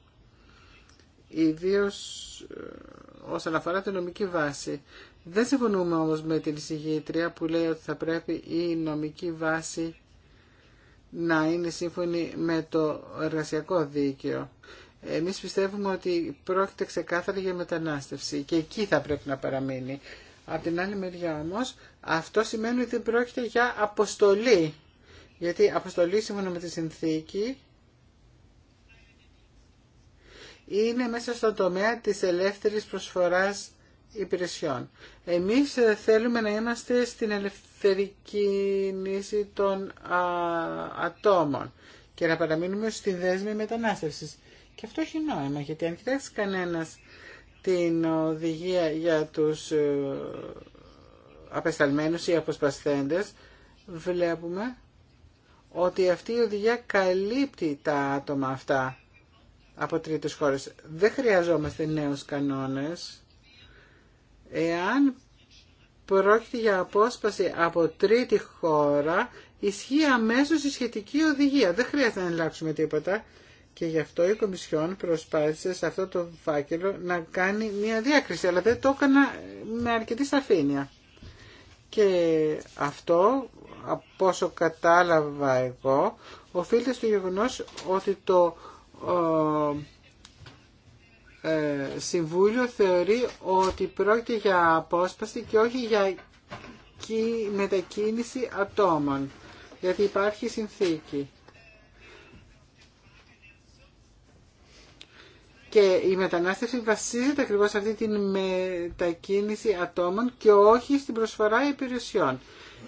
ιδίω ε, όσον αφορά τη νομική βάση. Δεν συμφωνούμε όμως με την εισηγήτρια που λέει ότι θα πρέπει η νομική βάση να είναι σύμφωνη με το εργασιακό δίκαιο. Εμείς πιστεύουμε ότι πρόκειται ξεκάθαρα για μετανάστευση και εκεί θα πρέπει να παραμείνει. Από την άλλη μεριά όμως αυτό σημαίνει ότι δεν πρόκειται για αποστολή. Γιατί αποστολή σύμφωνα με τη συνθήκη είναι μέσα στο τομέα της ελεύθερης προσφοράς υπηρεσιών. Εμείς ε, θέλουμε να είμαστε στην ελευθερική κίνηση των ατόμων και να παραμείνουμε στην δέσμη μετανάστευσης. Και αυτό έχει νόημα, γιατί αν κοιτάξει κανένας την οδηγία για τους ε, απεσταλμένους ή αποσπασθέντες, βλέπουμε ότι αυτή η οδηγία καλύπτει τα άτομα αυτά από τρίτες χώρες. Δεν χρειαζόμαστε νέους κανόνες. Εάν πρόκειται για απόσπαση από τρίτη χώρα, ισχύει αμέσως η σχετική οδηγία. Δεν χρειάζεται να αλλάξουμε τίποτα. Και γι' αυτό η Κομισιόν προσπάθησε σε αυτό το φάκελο να κάνει μια διάκριση, αλλά δεν το έκανα με αρκετή σαφήνεια. Και αυτό, από όσο κατάλαβα εγώ, οφείλεται στο γεγονός ότι το ε, Συμβούλιο θεωρεί ότι πρόκειται για απόσπαση και όχι για μετακίνηση ατόμων, γιατί υπάρχει συνθήκη. Και η μετανάστευση βασίζεται ακριβώς σε αυτή τη μετακίνηση ατόμων και όχι στην προσφορά υπηρεσιών.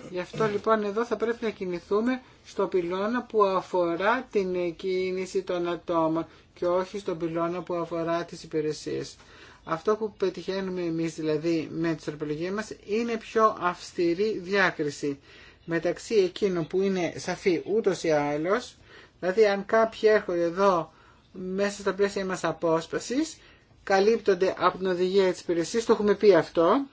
Γι' αυτό λοιπόν εδώ θα πρέπει να κινηθούμε στο πυλώνα που αφορά την κίνηση των ατόμων και όχι στον πυλώνα που αφορά τις υπηρεσίες. Αυτό που πετυχαίνουμε εμείς δηλαδή με τις στροπολογία μας είναι πιο αυστηρή διάκριση μεταξύ εκείνων που είναι σαφή ούτως ή άλλως, δηλαδή αν κάποιοι έρχονται εδώ μέσα στα πλαίσια μας απόσπασης, καλύπτονται από την οδηγία της υπηρεσία, το έχουμε πει αυτό,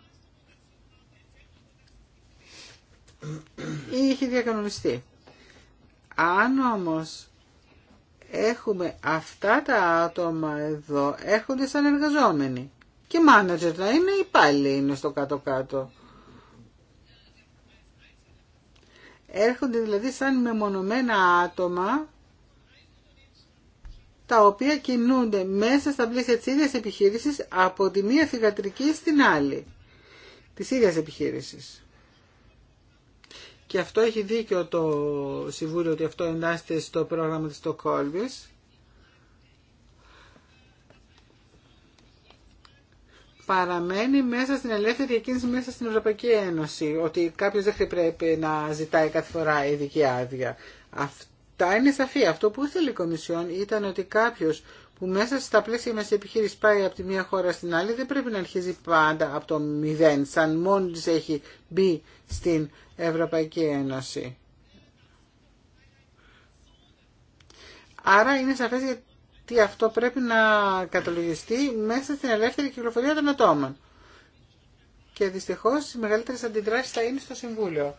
ή είχε διακανονιστεί. Αν όμως έχουμε αυτά τα άτομα εδώ, έρχονται σαν εργαζόμενοι. Και μάνατζερ να είναι πάλι είναι στο κάτω-κάτω. Έρχονται δηλαδή σαν μεμονωμένα άτομα τα οποία κινούνται μέσα στα πλαίσια της ίδιας επιχείρησης από τη μία θηγατρική στην άλλη της ίδιας επιχείρησης. Και αυτό έχει δίκιο το Συμβούλιο ότι αυτό εντάσσεται στο πρόγραμμα της Στοκόλμης. Παραμένει μέσα στην ελεύθερη διακίνηση μέσα στην Ευρωπαϊκή Ένωση. Ότι κάποιος δεν πρέπει να ζητάει κάθε φορά ειδική άδεια. Αυτά είναι σαφή. Αυτό που ήθελε η Κομισιόν ήταν ότι κάποιος που μέσα στα πλαίσια μας επιχείρηση πάει από τη μία χώρα στην άλλη δεν πρέπει να αρχίζει πάντα από το μηδέν, σαν μόνος έχει μπει στην Ευρωπαϊκή Ένωση. Άρα είναι σαφές γιατί αυτό πρέπει να καταλογιστεί μέσα στην ελεύθερη κυκλοφορία των ατόμων. Και δυστυχώς οι μεγαλύτερες αντιδράσεις θα είναι στο Συμβούλιο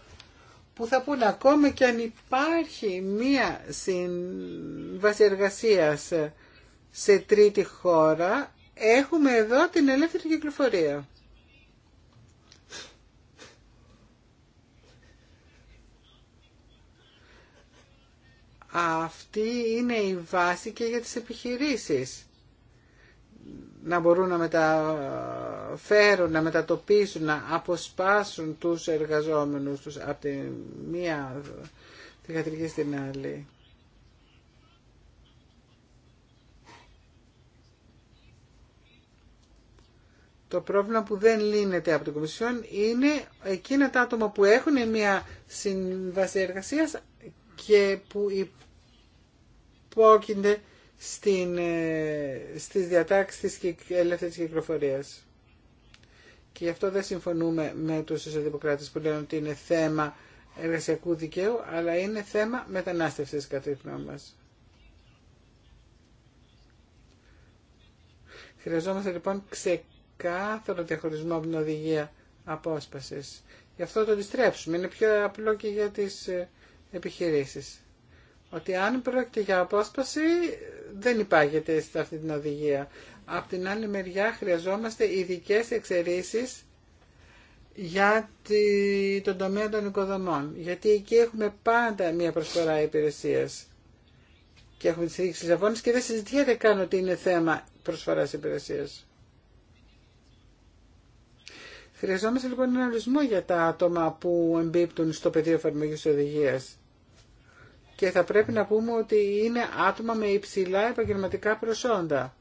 που θα πούνε ακόμα και αν υπάρχει μία σύμβαση εργασία σε τρίτη χώρα, έχουμε εδώ την ελεύθερη κυκλοφορία. Αυτή είναι η βάση και για τις επιχειρήσεις. Να μπορούν να μεταφέρουν, να μετατοπίσουν, να αποσπάσουν τους εργαζόμενους τους από τη μία τη στην άλλη. Το πρόβλημα που δεν λύνεται από την Κομισιόν είναι εκείνα τα άτομα που έχουν μια συμβασία εργασίας και που υπόκεινται στην, ε, στις διατάξεις της ελεύθερης κυκλοφορίας. Και γι' αυτό δεν συμφωνούμε με τους σοσιαλδημοκράτες που λένε ότι είναι θέμα εργασιακού δικαίου, αλλά είναι θέμα μετανάστευσης κατά τη γνώμη μας. Χρειαζόμαστε λοιπόν ξεκάθαρο διαχωρισμό από την οδηγία απόσπασης. Γι' αυτό το αντιστρέψουμε. Είναι πιο απλό και για τις ε, επιχειρήσεις ότι αν πρόκειται για απόσπαση δεν υπάγεται σε αυτή την οδηγία. Απ' την άλλη μεριά χρειαζόμαστε ειδικέ εξαιρήσεις για τον τομέα των οικοδομών. Γιατί εκεί έχουμε πάντα μια προσφορά υπηρεσίας. Και έχουμε τη στήριξη της και δεν συζητιέται καν ότι είναι θέμα προσφοράς υπηρεσίας. Χρειαζόμαστε λοιπόν ένα ορισμό για τα άτομα που εμπίπτουν στο πεδίο εφαρμογή οδηγίας και θα πρέπει να πούμε ότι είναι άτομα με υψηλά επαγγελματικά προσόντα.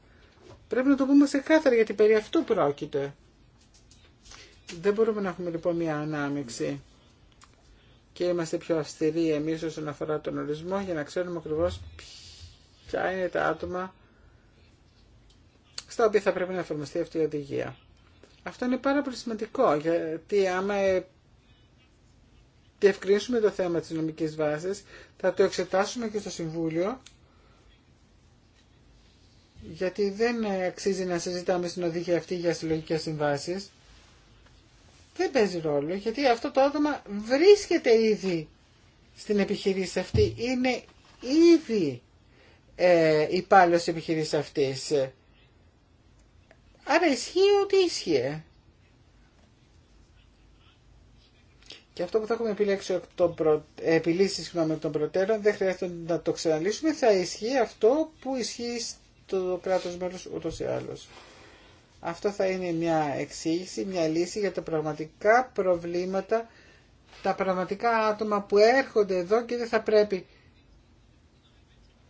Πρέπει να το πούμε σε κάθαρα γιατί περί αυτού πρόκειται. Δεν μπορούμε να έχουμε λοιπόν μια ανάμειξη και είμαστε πιο αυστηροί εμείς όσον αφορά τον ορισμό για να ξέρουμε ακριβώς ποια είναι τα άτομα στα οποία θα πρέπει να εφαρμοστεί αυτή η οδηγία. Αυτό είναι πάρα πολύ σημαντικό, γιατί άμα διευκρινίσουμε το θέμα της νομικής βάσης, θα το εξετάσουμε και στο Συμβούλιο, γιατί δεν αξίζει να συζητάμε στην οδηγία αυτή για συλλογικές συμβάσεις. Δεν παίζει ρόλο, γιατί αυτό το άτομα βρίσκεται ήδη στην επιχειρήση αυτή, είναι ήδη ε, υπάλληλος επιχειρήση αυτής. Άρα ισχύει ότι ισχύει. Και αυτό που θα έχουμε επιλέξει εκ των προ... επιλύσει εκ των προτέρων δεν χρειάζεται να το ξαναλύσουμε. Θα ισχύει αυτό που ισχύει στο κράτο μέλο ούτω ή άλλω. Αυτό θα είναι μια εξήγηση, μια λύση για τα πραγματικά προβλήματα, τα πραγματικά άτομα που έρχονται εδώ και δεν θα πρέπει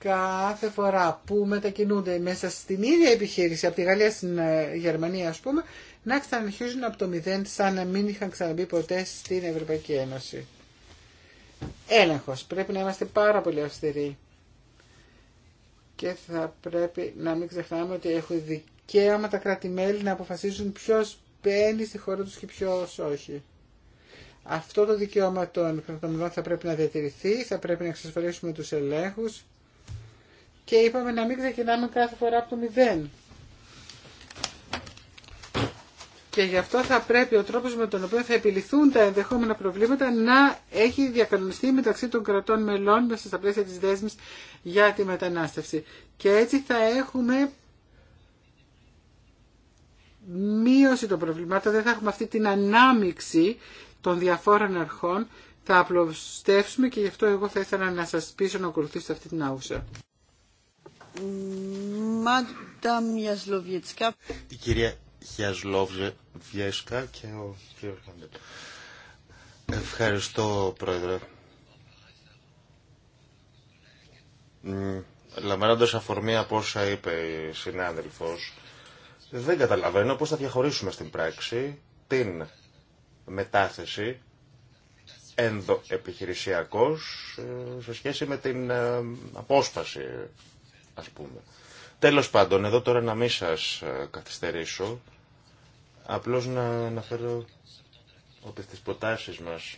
κάθε φορά που μετακινούνται μέσα στην ίδια επιχείρηση από τη Γαλλία στην ε, Γερμανία ας πούμε να ξαναρχίζουν από το μηδέν σαν να μην είχαν ξαναμπεί ποτέ στην Ευρωπαϊκή Ένωση. Έλεγχος. Πρέπει να είμαστε πάρα πολύ αυστηροί. Και θα πρέπει να μην ξεχνάμε ότι έχουν δικαίωμα τα κράτη-μέλη να αποφασίζουν ποιος μπαίνει στη χώρα τους και ποιος όχι. Αυτό το δικαίωμα των κρατομιλών θα πρέπει να διατηρηθεί, θα πρέπει να εξασφαλίσουμε τους ελέγχους και είπαμε να μην ξεκινάμε κάθε φορά από το μηδέν. Και γι' αυτό θα πρέπει ο τρόπος με τον οποίο θα επιληθούν τα ενδεχόμενα προβλήματα να έχει διακανονιστεί μεταξύ των κρατών μελών μέσα στα πλαίσια της δέσμης για τη μετανάστευση. Και έτσι θα έχουμε μείωση των προβλημάτων, δεν θα έχουμε αυτή την ανάμιξη των διαφόρων αρχών, θα απλοστεύσουμε και γι' αυτό εγώ θα ήθελα να σας πείσω να ακολουθήσετε αυτή την άγουσα. Η κυρία Γιασλόβιεσκα και ο κύριος Λάμπερ. Ευχαριστώ, Πρόεδρε. Λαμβάνοντας αφορμή από όσα είπε η συνάδελφος, δεν καταλαβαίνω πώς θα διαχωρίσουμε στην πράξη την μετάθεση ενδοεπιχειρησιακός ε, σε σχέση με την ε, απόσπαση ας πούμε. Τέλος πάντων, εδώ τώρα να μην σας ε, καθυστερήσω, απλώς να αναφέρω ότι στις προτάσεις μας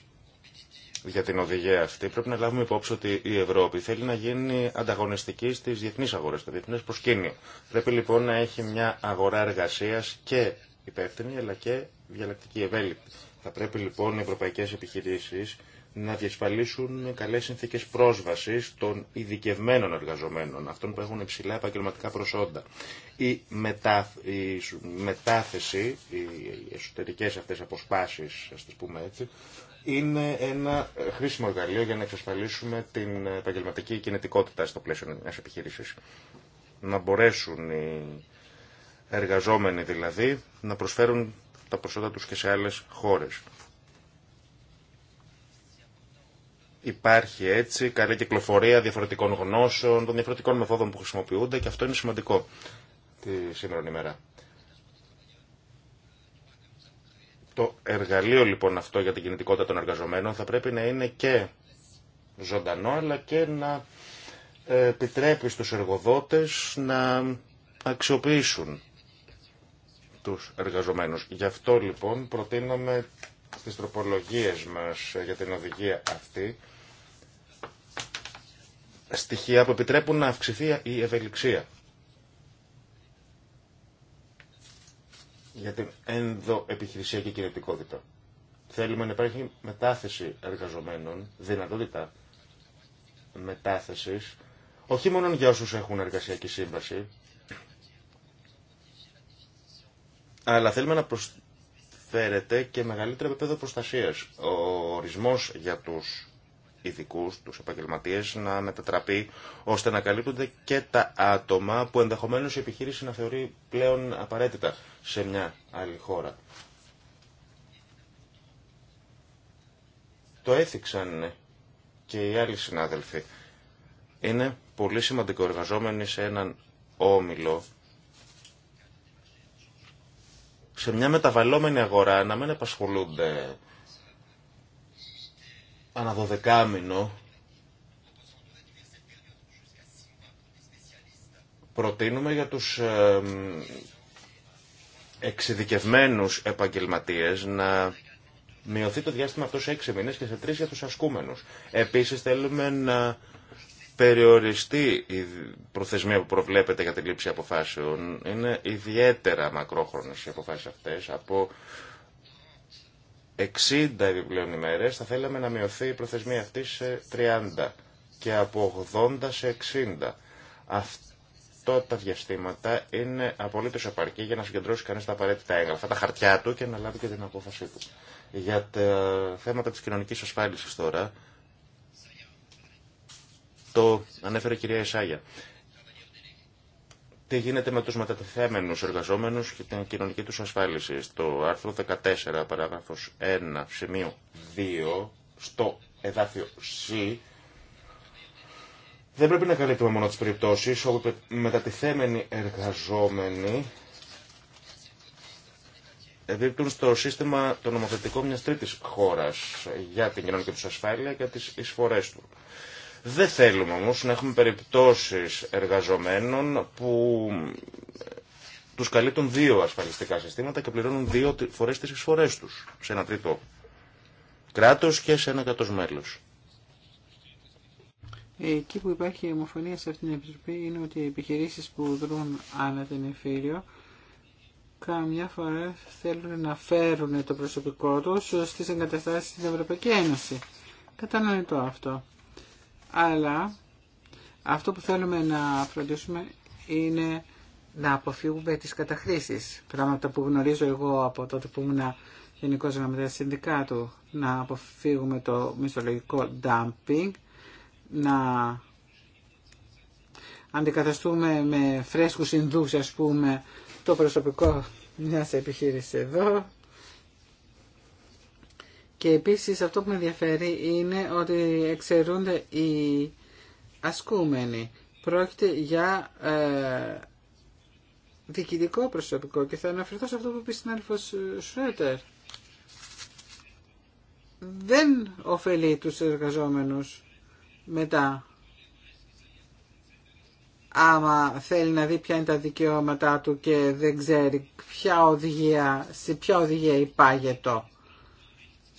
για την οδηγία αυτή πρέπει να λάβουμε υπόψη ότι η Ευρώπη θέλει να γίνει ανταγωνιστική στις διεθνείς αγορές, στο διεθνές προσκήνιο. Πρέπει λοιπόν να έχει μια αγορά εργασίας και υπεύθυνη αλλά και διαλεκτική ευέλικτη. Θα πρέπει λοιπόν οι ευρωπαϊκές επιχειρήσεις να διασφαλίσουν καλές συνθήκες πρόσβασης των ειδικευμένων εργαζομένων, αυτών που έχουν υψηλά επαγγελματικά προσόντα. Η, μετά, μετάθεση, οι εσωτερικές αυτές αποσπάσεις, ας τις πούμε έτσι, είναι ένα χρήσιμο εργαλείο για να εξασφαλίσουμε την επαγγελματική κινητικότητα στο πλαίσιο μιας επιχείρησης. Να μπορέσουν οι εργαζόμενοι δηλαδή να προσφέρουν τα προσόντα τους και σε άλλες χώρες. Υπάρχει έτσι καλή κυκλοφορία διαφορετικών γνώσεων, των διαφορετικών μεθόδων που χρησιμοποιούνται και αυτό είναι σημαντικό τη σήμερα ημέρα. Το εργαλείο λοιπόν αυτό για την κινητικότητα των εργαζομένων θα πρέπει να είναι και ζωντανό αλλά και να ε, επιτρέπει στους εργοδότες να αξιοποιήσουν τους εργαζομένους. Γι' αυτό λοιπόν προτείνουμε στις τροπολογίες μας για την οδηγία αυτή στοιχεία που επιτρέπουν να αυξηθεί η ευελιξία. Για την ενδοεπιχειρησιακή κινητικότητα. Θέλουμε να υπάρχει μετάθεση εργαζομένων, δυνατότητα μετάθεσης, όχι μόνο για όσους έχουν εργασιακή σύμβαση, αλλά θέλουμε να προσφέρεται και μεγαλύτερο επίπεδο προστασίας. Ο ορισμός για τους ειδικού, τους επαγγελματίες, να μετατραπεί ώστε να καλύπτονται και τα άτομα που ενδεχομένω η επιχείρηση να θεωρεί πλέον απαραίτητα σε μια άλλη χώρα. Το έθιξαν και οι άλλοι συνάδελφοι. Είναι πολύ σημαντικό εργαζόμενοι σε έναν όμιλο σε μια μεταβαλλόμενη αγορά να μην απασχολούνται αναδοδεκάμινο προτείνουμε για τους ε, εξειδικευμένους επαγγελματίες να μειωθεί το διάστημα αυτό σε έξι μήνες και σε τρεις για τους ασκούμενους. Επίσης θέλουμε να περιοριστεί η προθεσμία που προβλέπεται για την λήψη αποφάσεων. Είναι ιδιαίτερα μακρόχρονες οι αποφάσεις αυτές από 60 επιπλέον ημέρε θα θέλαμε να μειωθεί η προθεσμία αυτή σε 30 και από 80 σε 60. Αυτό τα διαστήματα είναι απολύτω επαρκή για να συγκεντρώσει κανεί τα απαραίτητα έγγραφα, τα χαρτιά του και να λάβει και την απόφασή του. Για τα θέματα τη κοινωνική ασφάλιση τώρα, το ανέφερε η κυρία Εσάγια τι γίνεται με τους μετατεθέμενους εργαζόμενους και την κοινωνική τους ασφάλιση. Στο άρθρο 14, παράγραφος 1, σημείο 2, στο εδάφιο C, δεν πρέπει να καλύπτουμε μόνο τις περιπτώσεις όπου μετατεθέμενοι εργαζόμενοι δίπτουν στο σύστημα το νομοθετικό μιας τρίτης χώρας για την κοινωνική τους ασφάλεια και τις εισφορές του. Δεν θέλουμε όμως να έχουμε περιπτώσεις εργαζομένων που τους καλύπτουν δύο ασφαλιστικά συστήματα και πληρώνουν δύο φορές τις εισφορές τους σε ένα τρίτο κράτος και σε ένα κράτο μέλος. Ε, εκεί που υπάρχει η ομοφωνία σε αυτήν την επιτροπή είναι ότι οι επιχειρήσεις που δρούν ανά την εφήριο καμιά φορά θέλουν να φέρουν το προσωπικό τους στις εγκαταστάσεις στην Ευρωπαϊκή Ένωση. Κατανοητό αυτό αλλά αυτό που θέλουμε να φροντίσουμε είναι να αποφύγουμε τις καταχρήσεις. Πράγματα που γνωρίζω εγώ από τότε που ήμουν γενικό γραμματέα συνδικάτου. Να αποφύγουμε το μισθολογικό dumping, να αντικαταστούμε με φρέσκους Ινδούς ας πούμε το προσωπικό μιας επιχείρησης εδώ και επίσης αυτό που με ενδιαφέρει είναι ότι εξαιρούνται οι ασκούμενοι. Πρόκειται για ε, διοικητικό προσωπικό και θα αναφερθώ σε αυτό που είπε στην Αλφος Σουέτερ. Δεν ωφελεί τους εργαζόμενους μετά. Άμα θέλει να δει ποια είναι τα δικαιώματά του και δεν ξέρει ποια οδηγία, σε ποια οδηγία υπάγεται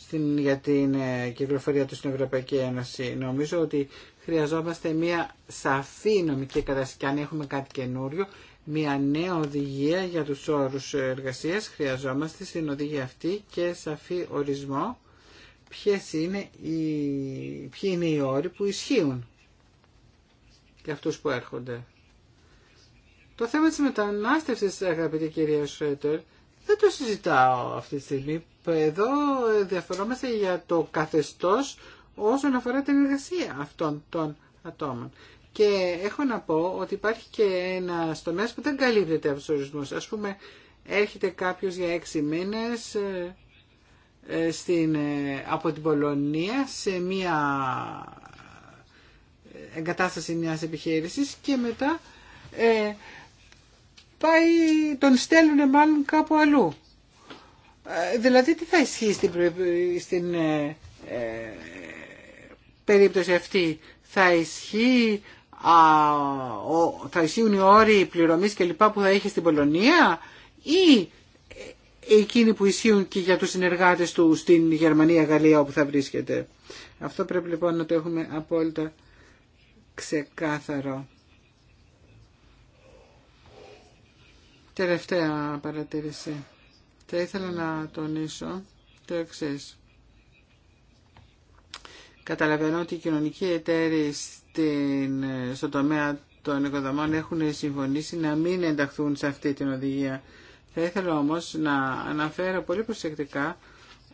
στην, για την ε, κυκλοφορία του στην Ευρωπαϊκή Ένωση. Νομίζω ότι χρειαζόμαστε μια σαφή νομική κατάσταση αν έχουμε κάτι καινούριο, μια νέα οδηγία για τους όρους εργασίας. Χρειαζόμαστε στην οδηγία αυτή και σαφή ορισμό ποιες είναι οι, ποιοι είναι οι όροι που ισχύουν για αυτούς που έρχονται. Το θέμα της μετανάστευσης, αγαπητή κυρία Σρέτερ, δεν το συζητάω αυτή τη στιγμή. Εδώ διαφορόμαστε για το καθεστώς όσον αφορά την εργασία αυτών των ατόμων. Και έχω να πω ότι υπάρχει και ένα τομέα που δεν καλύπτεται από του ορισμού. Α πούμε, έρχεται κάποιο για έξι μήνε ε, ε, ε, από την Πολωνία σε μια εγκατάσταση μιας επιχείρησης και μετά πάει, τον στέλνουν μάλλον κάπου αλλού. Ε, δηλαδή τι θα ισχύει στην, στην ε, ε, περίπτωση αυτή. Θα ισχύει α, ο, θα ισχύουν οι όροι πληρωμής και λοιπά που θα έχει στην Πολωνία ή ε, εκείνοι που ισχύουν και για τους συνεργάτες του στην Γερμανία, Γαλλία όπου θα βρίσκεται. Αυτό πρέπει λοιπόν να το έχουμε απόλυτα ξεκάθαρο. Τελευταία παρατήρηση. Θα ήθελα να τονίσω το εξή. Καταλαβαίνω ότι οι κοινωνικοί εταίροι στην, στο τομέα των οικοδομών έχουν συμφωνήσει να μην ενταχθούν σε αυτή την οδηγία. Θα ήθελα όμως να αναφέρω πολύ προσεκτικά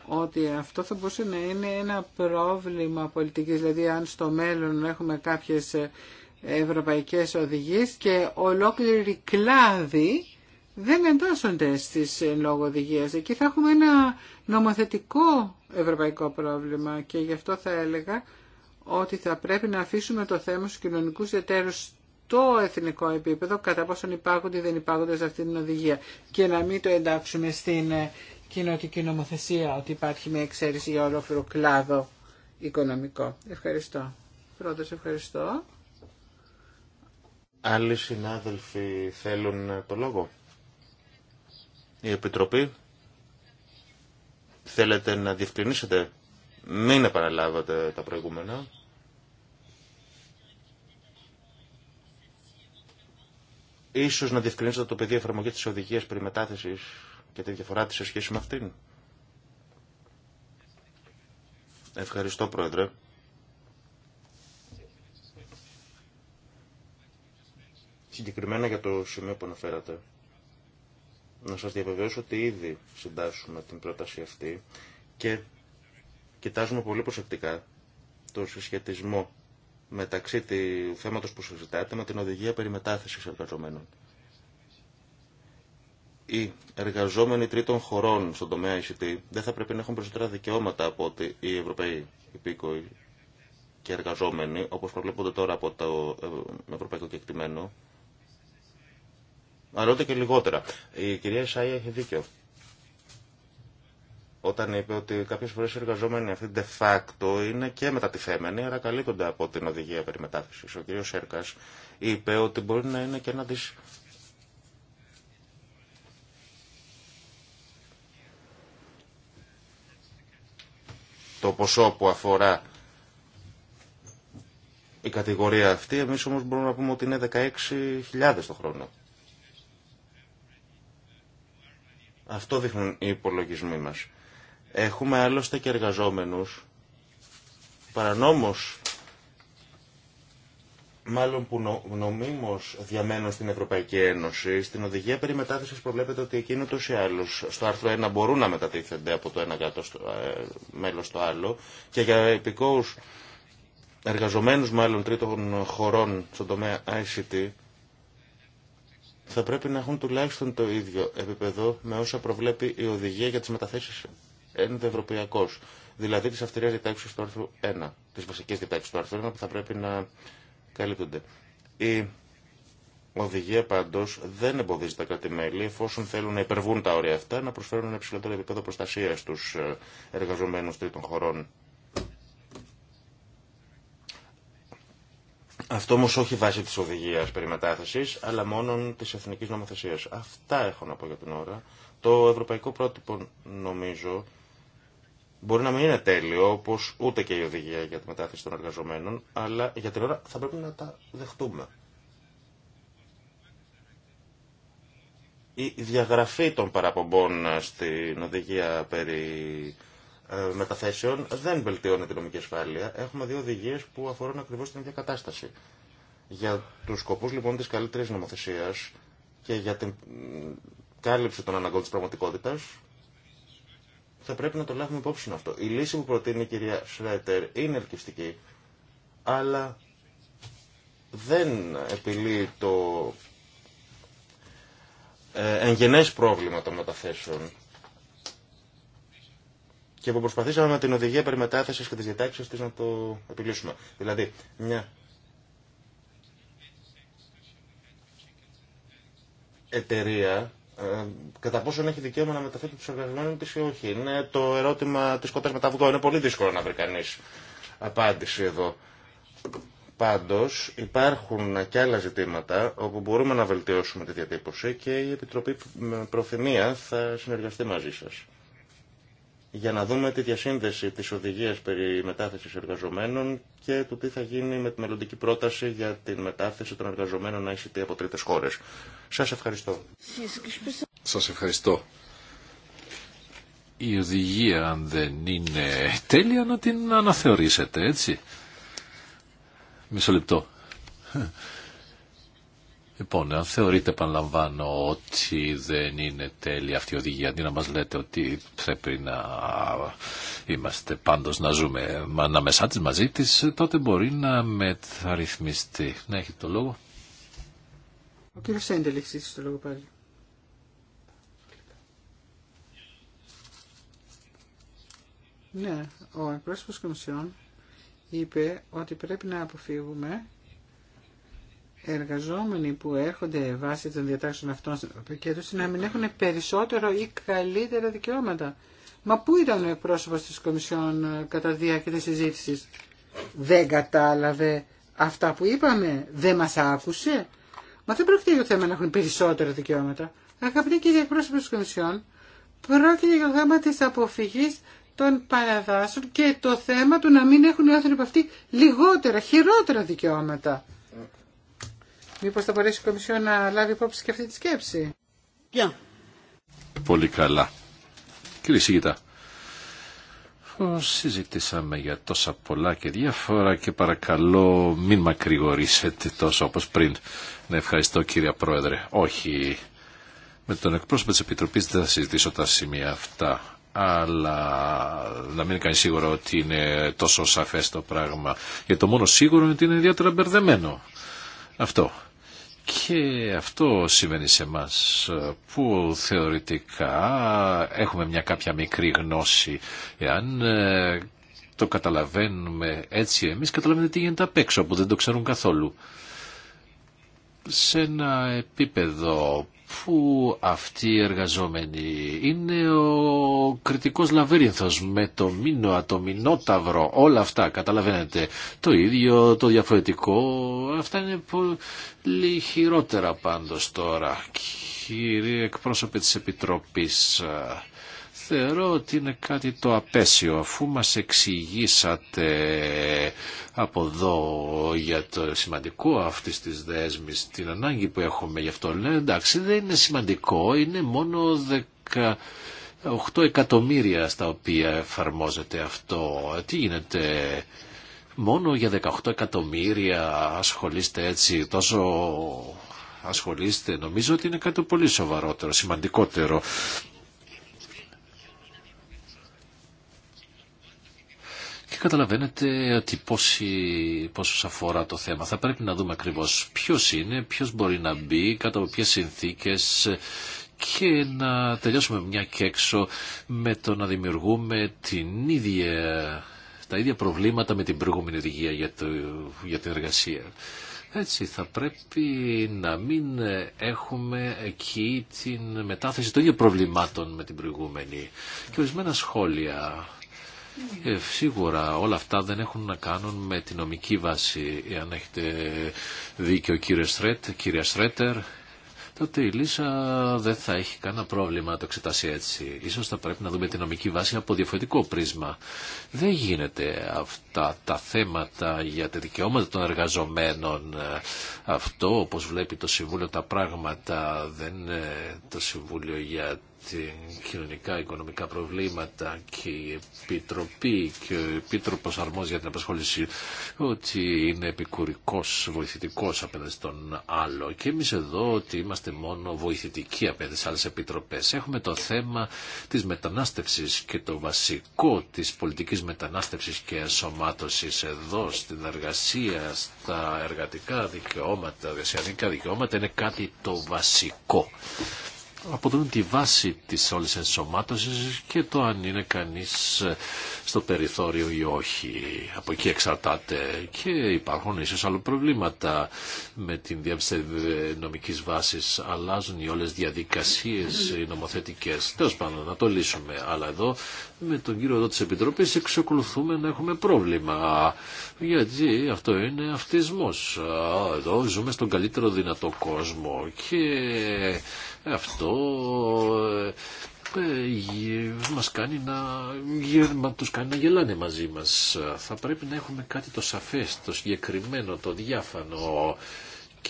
ότι αυτό θα μπορούσε να είναι ένα πρόβλημα πολιτικής, δηλαδή αν στο μέλλον έχουμε κάποιες ευρωπαϊκές οδηγίες και ολόκληρη κλάδη δεν εντάσσονται στις ε, λόγω οδηγιες Εκεί θα έχουμε ένα νομοθετικό ευρωπαϊκό πρόβλημα και γι' αυτό θα έλεγα ότι θα πρέπει να αφήσουμε το θέμα στους κοινωνικούς εταίρους στο εθνικό επίπεδο, κατά πόσον υπάρχονται ή δεν υπάρχονται σε αυτή την οδηγία και να μην το εντάξουμε στην ε, κοινωτική νομοθεσία ότι υπάρχει μια εξαίρεση για ολόκληρο κλάδο οικονομικό. Ευχαριστώ. Πρώτος ευχαριστώ. Άλλοι συνάδελφοι θέλουν το λόγο. Η Επιτροπή θέλετε να διευκρινίσετε, μην επαναλάβατε τα προηγούμενα. Ίσως να διευκρινίσετε το πεδίο εφαρμογή της οδηγίας περί μετάθεσης και τη διαφορά της σε σχέση με αυτήν. Ευχαριστώ, Πρόεδρε. Συγκεκριμένα για το σημείο που αναφέρατε. Να σας διαβεβαιώσω ότι ήδη συντάσσουμε την πρόταση αυτή και κοιτάζουμε πολύ προσεκτικά το συσχετισμό μεταξύ του θέματος που συζητάτε με την οδηγία περιμετάθεσης εργαζομένων. Οι εργαζόμενοι τρίτων χωρών στον τομέα ICT δεν θα πρέπει να έχουν περισσότερα δικαιώματα από ότι οι Ευρωπαίοι υπήκοοι και εργαζόμενοι, όπως προβλέπονται τώρα από το Ευρωπαϊκό Κεκτημένο, αλλά και λιγότερα. Η κυρία Σάι έχει δίκιο. Όταν είπε ότι κάποιε φορέ οι εργαζόμενοι αυτοί de facto είναι και μετατιθέμενοι, άρα καλύπτονται από την οδηγία περί Ο κύριο Σέρκα είπε ότι μπορεί να είναι και ένα τη το ποσό που αφορά η κατηγορία αυτή. Εμεί όμω μπορούμε να πούμε ότι είναι 16.000 το χρόνο. Αυτό δείχνουν οι υπολογισμοί μας. Έχουμε άλλωστε και εργαζόμενους παρανόμως μάλλον που νομίμως διαμένουν στην Ευρωπαϊκή Ένωση, στην οδηγία περί μετάθεσης προβλέπεται ότι εκείνο τους ή άλλους στο άρθρο 1 μπορούν να μετατίθενται από το ένα κάτω στο, ε, μέλος άλλο και για επικόους εργαζομένους μάλλον τρίτων χωρών στον τομέα ICT θα πρέπει να έχουν τουλάχιστον το ίδιο επίπεδο με όσα προβλέπει η οδηγία για τις μεταθέσεις ενδοευρωπαϊκώ. Δηλαδή τι αυτηρές διτάξεις του άρθρου 1, τις βασικές διτάξεις του άρθρου 1 που θα πρέπει να καλύπτονται. Η οδηγία πάντως δεν εμποδίζει τα κράτη-μέλη εφόσον θέλουν να υπερβούν τα όρια αυτά να προσφέρουν ένα υψηλότερο επίπεδο προστασία στου ε, εργαζομένους τρίτων χωρών Αυτό όμω όχι βάσει τη οδηγία περί μετάθεσης, αλλά μόνο τη εθνική νομοθεσία. Αυτά έχω να πω για την ώρα. Το ευρωπαϊκό πρότυπο, νομίζω, μπορεί να μην είναι τέλειο, όπω ούτε και η οδηγία για τη μετάθεση των εργαζομένων, αλλά για την ώρα θα πρέπει να τα δεχτούμε. Η διαγραφή των παραπομπών στην οδηγία περί ε, μεταθέσεων δεν βελτιώνει την νομική ασφάλεια. Έχουμε δύο οδηγίε που αφορούν ακριβώ την ίδια κατάσταση. Για του σκοπού λοιπόν τη καλύτερη νομοθεσία και για την κάλυψη των αναγκών τη πραγματικότητα, θα πρέπει να το λάβουμε υπόψη αυτό. Η λύση που προτείνει η κυρία Σρέτερ είναι ελκυστική, αλλά δεν επιλύει το εγγενές πρόβλημα των μεταθέσεων και που προσπαθήσαμε με την οδηγία περιμετάθεση και τις διατάξεις της να το επιλύσουμε. Δηλαδή, μια εταιρεία ε, κατά πόσο έχει δικαίωμα να μεταθέτει του εργαζομένου τη ή όχι. Είναι το ερώτημα τη τα αυγό Είναι πολύ δύσκολο να βρει κανεί απάντηση εδώ. Πάντω υπάρχουν και άλλα ζητήματα όπου μπορούμε να βελτιώσουμε τη διατύπωση και η Επιτροπή Προθυμία θα συνεργαστεί μαζί σα για να δούμε τη διασύνδεση της οδηγίας περί μετάθεσης εργαζομένων και του τι θα γίνει με τη μελλοντική πρόταση για την μετάθεση των εργαζομένων ICT από τρίτες χώρες. Σας ευχαριστώ. Σας ευχαριστώ. Η οδηγία αν δεν είναι τέλεια να την αναθεωρήσετε, έτσι. Μισό λεπτό. Λοιπόν, αν θεωρείτε, επαναλαμβάνω, ότι δεν είναι τέλεια αυτή η οδηγία, αντί να μας λέτε ότι πρέπει να είμαστε πάντως να ζούμε ανάμεσά της μαζί της, τότε μπορεί να μεταρρυθμιστεί. Να έχετε το λόγο. Ο κύριος Σέντελ έχει το λόγο πάλι. Ναι, ο εκπρόσωπος Κομισιόν είπε ότι πρέπει να αποφύγουμε εργαζόμενοι που έρχονται βάσει των διατάξεων αυτών στην Ευρωπαϊκή να μην έχουν περισσότερο ή καλύτερα δικαιώματα. Μα πού ήταν ο εκπρόσωπο τη Κομισιόν ε, κατά τη διάρκεια τη συζήτηση. Δεν κατάλαβε αυτά που ηταν ο προσωπο τη κομισιον κατα τη διαρκεια τη συζητηση δεν καταλαβε αυτα που ειπαμε Δεν μα άκουσε. Μα δεν πρόκειται για το θέμα να έχουν περισσότερα δικαιώματα. Αγαπητοί κύριοι εκπρόσωποι τη Κομισιόν, πρόκειται για το θέμα τη αποφυγή των παραδάσεων και το θέμα του να μην έχουν οι άνθρωποι αυτοί λιγότερα, χειρότερα δικαιώματα. Μήπω θα μπορέσει η Κομισιόν να λάβει υπόψη και αυτή τη σκέψη. Πολύ καλά. Κύριε Σίγητα, συζητήσαμε για τόσα πολλά και διάφορα και παρακαλώ μην μακρηγορήσετε τόσο όπως πριν. Να ευχαριστώ κύριε Πρόεδρε. Όχι, με τον εκπρόσωπο της Επιτροπής δεν θα συζητήσω τα σημεία αυτά αλλά να μην είναι σίγουρο ότι είναι τόσο σαφές το πράγμα. Για το μόνο σίγουρο είναι ότι είναι ιδιαίτερα μπερδεμένο. Αυτό. Και αυτό σημαίνει σε εμά που θεωρητικά έχουμε μια κάποια μικρή γνώση. Εάν ε, το καταλαβαίνουμε έτσι εμείς, καταλαβαίνετε τι γίνεται απ' έξω που δεν το ξέρουν καθόλου. Σε ένα επίπεδο που αυτοί οι εργαζόμενοι είναι ο κριτικός λαβύρινθος με το μήνο, το μηνόταυρο, όλα αυτά, καταλαβαίνετε. Το ίδιο, το διαφορετικό, αυτά είναι πολύ χειρότερα πάντως τώρα. Κύριε εκπρόσωπε της Επιτροπής, θεωρώ ότι είναι κάτι το απέσιο αφού μας εξηγήσατε από εδώ για το σημαντικό αυτής της δέσμης την ανάγκη που έχουμε γι' αυτό εντάξει δεν είναι σημαντικό είναι μόνο 18 εκατομμύρια στα οποία εφαρμόζεται αυτό. Τι γίνεται, μόνο για 18 εκατομμύρια ασχολείστε έτσι, τόσο ασχολείστε. Νομίζω ότι είναι κάτι πολύ σοβαρότερο, σημαντικότερο. καταλαβαίνετε ότι πόσοι, αφορά το θέμα. Θα πρέπει να δούμε ακριβώς ποιος είναι, ποιος μπορεί να μπει, κατά ποιες συνθήκες και να τελειώσουμε μια και έξω με το να δημιουργούμε την ίδια, τα ίδια προβλήματα με την προηγούμενη οδηγία για, για την εργασία. Έτσι θα πρέπει να μην έχουμε εκεί την μετάθεση των ίδιων προβλημάτων με την προηγούμενη. Και ορισμένα σχόλια ε, σίγουρα όλα αυτά δεν έχουν να κάνουν με τη νομική βάση. Αν έχετε δίκιο κύριε Στρέτ, Στρέτερ, τότε η Λίσσα δεν θα έχει κανένα πρόβλημα να το εξετάσει έτσι. Ίσως θα πρέπει να δούμε τη νομική βάση από διαφορετικό πρίσμα. Δεν γίνεται αυτά τα θέματα για τα δικαιώματα των εργαζομένων. Αυτό όπως βλέπει το Συμβούλιο τα πράγματα δεν είναι το Συμβούλιο για την κοινωνικά, οικονομικά προβλήματα και η Επιτροπή και ο Επίτροπος Αρμός για την απασχόληση ότι είναι επικουρικός, βοηθητικός απέναντι στον άλλο και εμείς εδώ ότι είμαστε μόνο βοηθητικοί απέναντι σε άλλες επιτροπές. Έχουμε το θέμα της μετανάστευσης και το βασικό της πολιτικής μετανάστευσης και ενσωμάτωσης εδώ στην εργασία, στα εργατικά δικαιώματα, εργασιανικά δικαιώματα είναι κάτι το βασικό αποτελούν τη βάση της όλης ενσωμάτωσης και το αν είναι κανείς στο περιθώριο ή όχι. Από εκεί εξαρτάται και υπάρχουν ίσως άλλο προβλήματα με την διεύθυνση νομικής βάσης. Αλλάζουν οι όλες διαδικασίες οι νομοθετικές. Τέλος πάντων να το λύσουμε. Αλλά εδώ με τον κύριο εδώ της Επιτροπής εξακολουθούμε να έχουμε πρόβλημα. Γιατί αυτό είναι αυτισμός. Εδώ ζούμε στον καλύτερο δυνατό κόσμο και αυτό ε, ε, μας κάνει να, τους κάνει να γελάνε μαζί μας. Θα πρέπει να έχουμε κάτι το σαφές, το συγκεκριμένο, το διάφανο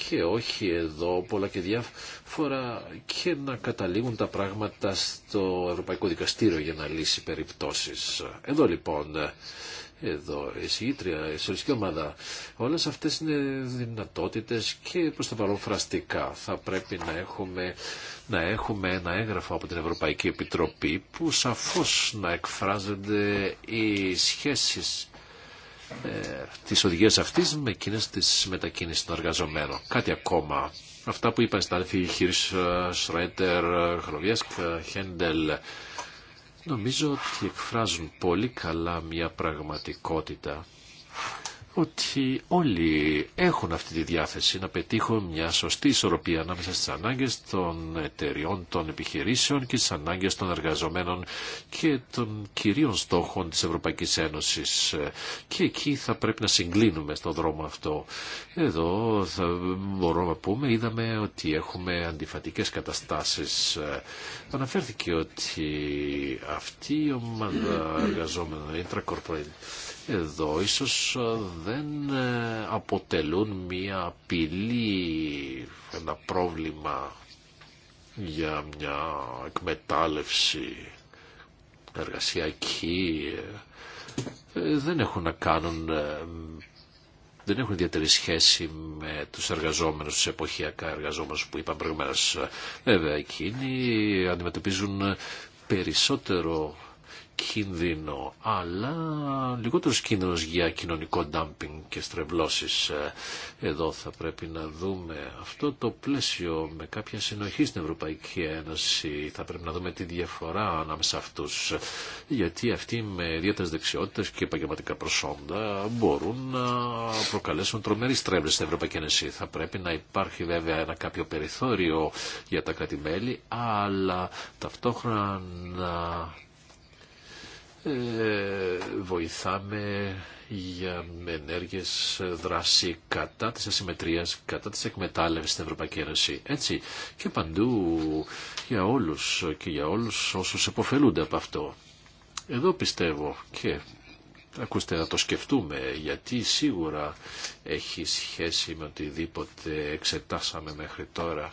και όχι εδώ πολλά και διάφανο φορά και να καταλήγουν τα πράγματα στο Ευρωπαϊκό Δικαστήριο για να λύσει περιπτώσεις. Εδώ λοιπόν, εδώ η συγήτρια, η σωλιστική ομάδα, όλες αυτές είναι δυνατότητες και προς το παρόν φραστικά. Θα πρέπει να έχουμε, να έχουμε ένα έγγραφο από την Ευρωπαϊκή Επιτροπή που σαφώς να εκφράζονται οι σχέσεις ε, της οδηγίας αυτής με εκείνες της μετακίνησης των εργαζομένων. Κάτι ακόμα αυτά που είπαν στα αλήθεια Χίρς, ε, Σρέτερ, ε, Χροβιέσκ, ε, Χέντελ. Νομίζω ότι εκφράζουν πολύ καλά μια πραγματικότητα ότι όλοι έχουν αυτή τη διάθεση να πετύχουν μια σωστή ισορροπία ανάμεσα στις ανάγκες των εταιριών, των επιχειρήσεων και στις ανάγκες των εργαζομένων και των κυρίων στόχων της Ευρωπαϊκής Ένωσης. Και εκεί θα πρέπει να συγκλίνουμε στον δρόμο αυτό. Εδώ θα μπορούμε να πούμε, είδαμε ότι έχουμε αντιφατικές καταστάσεις. Αναφέρθηκε ότι αυτή η ομάδα εργαζόμενων, η εδώ ίσως ε, δεν ε, αποτελούν μία απειλή, ένα πρόβλημα για μια εκμετάλλευση εργασιακή. Ε, δεν έχουν να κάνουν, δεν έχουν ιδιαίτερη σχέση με τους εργαζόμενους, τους εποχιακά εργαζόμενους που είπαμε προηγουμένως. Βέβαια, εκείνοι αντιμετωπίζουν περισσότερο κίνδυνο, αλλά λιγότερος κίνδυνος για κοινωνικό ντάμπινγκ και στρεβλώσεις. Ε, εδώ θα πρέπει να δούμε αυτό το πλαίσιο με κάποια συνοχή στην Ευρωπαϊκή Ένωση. Θα πρέπει να δούμε τη διαφορά ανάμεσα αυτούς, γιατί αυτοί με ιδιαίτερε δεξιότητες και επαγγελματικά προσόντα μπορούν να προκαλέσουν τρομερή στρέβλη στην Ευρωπαϊκή Ένωση. Θα πρέπει να υπάρχει βέβαια ένα κάποιο περιθώριο για τα κρατη αλλά ταυτόχρονα ε, βοηθάμε για ενέργειες δράση κατά της ασυμμετρίας, κατά της εκμετάλλευσης στην Ευρωπαϊκή Ένωση. Έτσι και παντού για όλους και για όλους όσους επωφελούνται από αυτό. Εδώ πιστεύω και Ακούστε να το σκεφτούμε γιατί σίγουρα έχει σχέση με οτιδήποτε εξετάσαμε μέχρι τώρα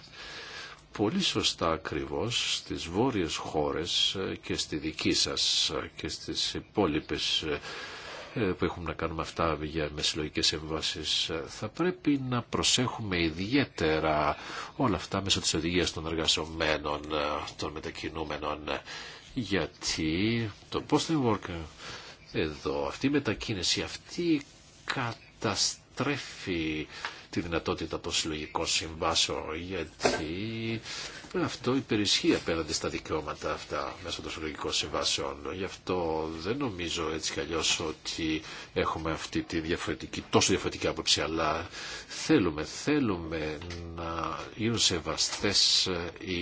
πολύ σωστά ακριβώς στις βόρειες χώρες ε, και στη δική σας ε, και στις υπόλοιπες ε, που έχουμε να κάνουμε αυτά για μεσολογικές εμβάσεις. θα πρέπει να προσέχουμε ιδιαίτερα όλα αυτά μέσω της οδηγίας των εργαζομένων, των μετακινούμενων γιατί το post-work εδώ αυτή η μετακίνηση αυτή καταστρέφει τη δυνατότητα των συλλογικών συμβάσεων, γιατί αυτό υπερισχύει απέναντι στα δικαιώματα αυτά μέσα των συλλογικών συμβάσεων. Γι' αυτό δεν νομίζω έτσι κι αλλιώς ότι έχουμε αυτή τη διαφορετική, τόσο διαφορετική άποψη, αλλά θέλουμε, θέλουμε να γίνουν σεβαστές ε, οι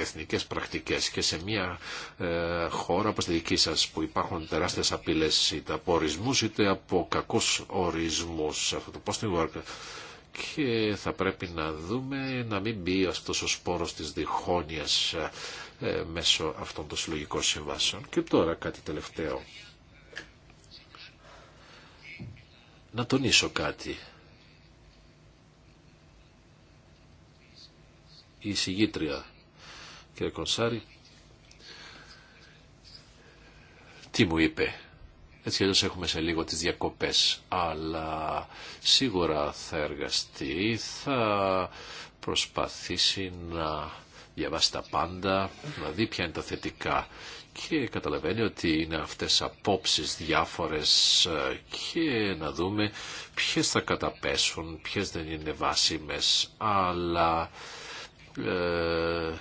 εθνικές πρακτικές και σε μια ε, χώρα όπως τη δική σας που υπάρχουν τεράστιες απειλές είτε από ορισμούς είτε από κακούς ορισμούς αυτό το work και θα πρέπει να δούμε να μην μπει αυτός ο σπόρος της διχόνοιας ε, μέσω αυτών των συλλογικών συμβάσεων. Και τώρα κάτι τελευταίο. Να τονίσω κάτι. Η συγγήτρια, κύριε Κονσάρη, τι μου είπε έτσι έτσι έχουμε σε λίγο τις διακοπές. Αλλά σίγουρα θα εργαστεί, θα προσπαθήσει να διαβάσει τα πάντα, να δει ποια είναι τα θετικά και καταλαβαίνει ότι είναι αυτές απόψεις διάφορες ε, και να δούμε ποιες θα καταπέσουν, ποιες δεν είναι βάσιμες, αλλά ε,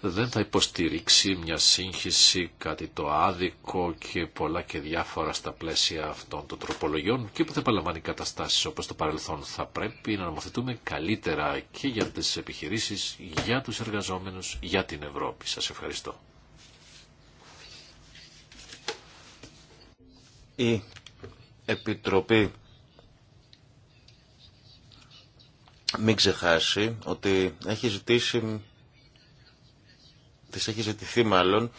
δεν θα υποστηρίξει μια σύγχυση, κάτι το άδικο και πολλά και διάφορα στα πλαίσια αυτών των τροπολογιών και που θα παλαμβάνει καταστάσεις όπως το παρελθόν. Θα πρέπει να νομοθετούμε καλύτερα και για τις επιχειρήσεις, για τους εργαζόμενους, για την Ευρώπη. Σας ευχαριστώ. Η Επιτροπή μην ξεχάσει ότι έχει ζητήσει Τη έχει ζητηθεί μάλλον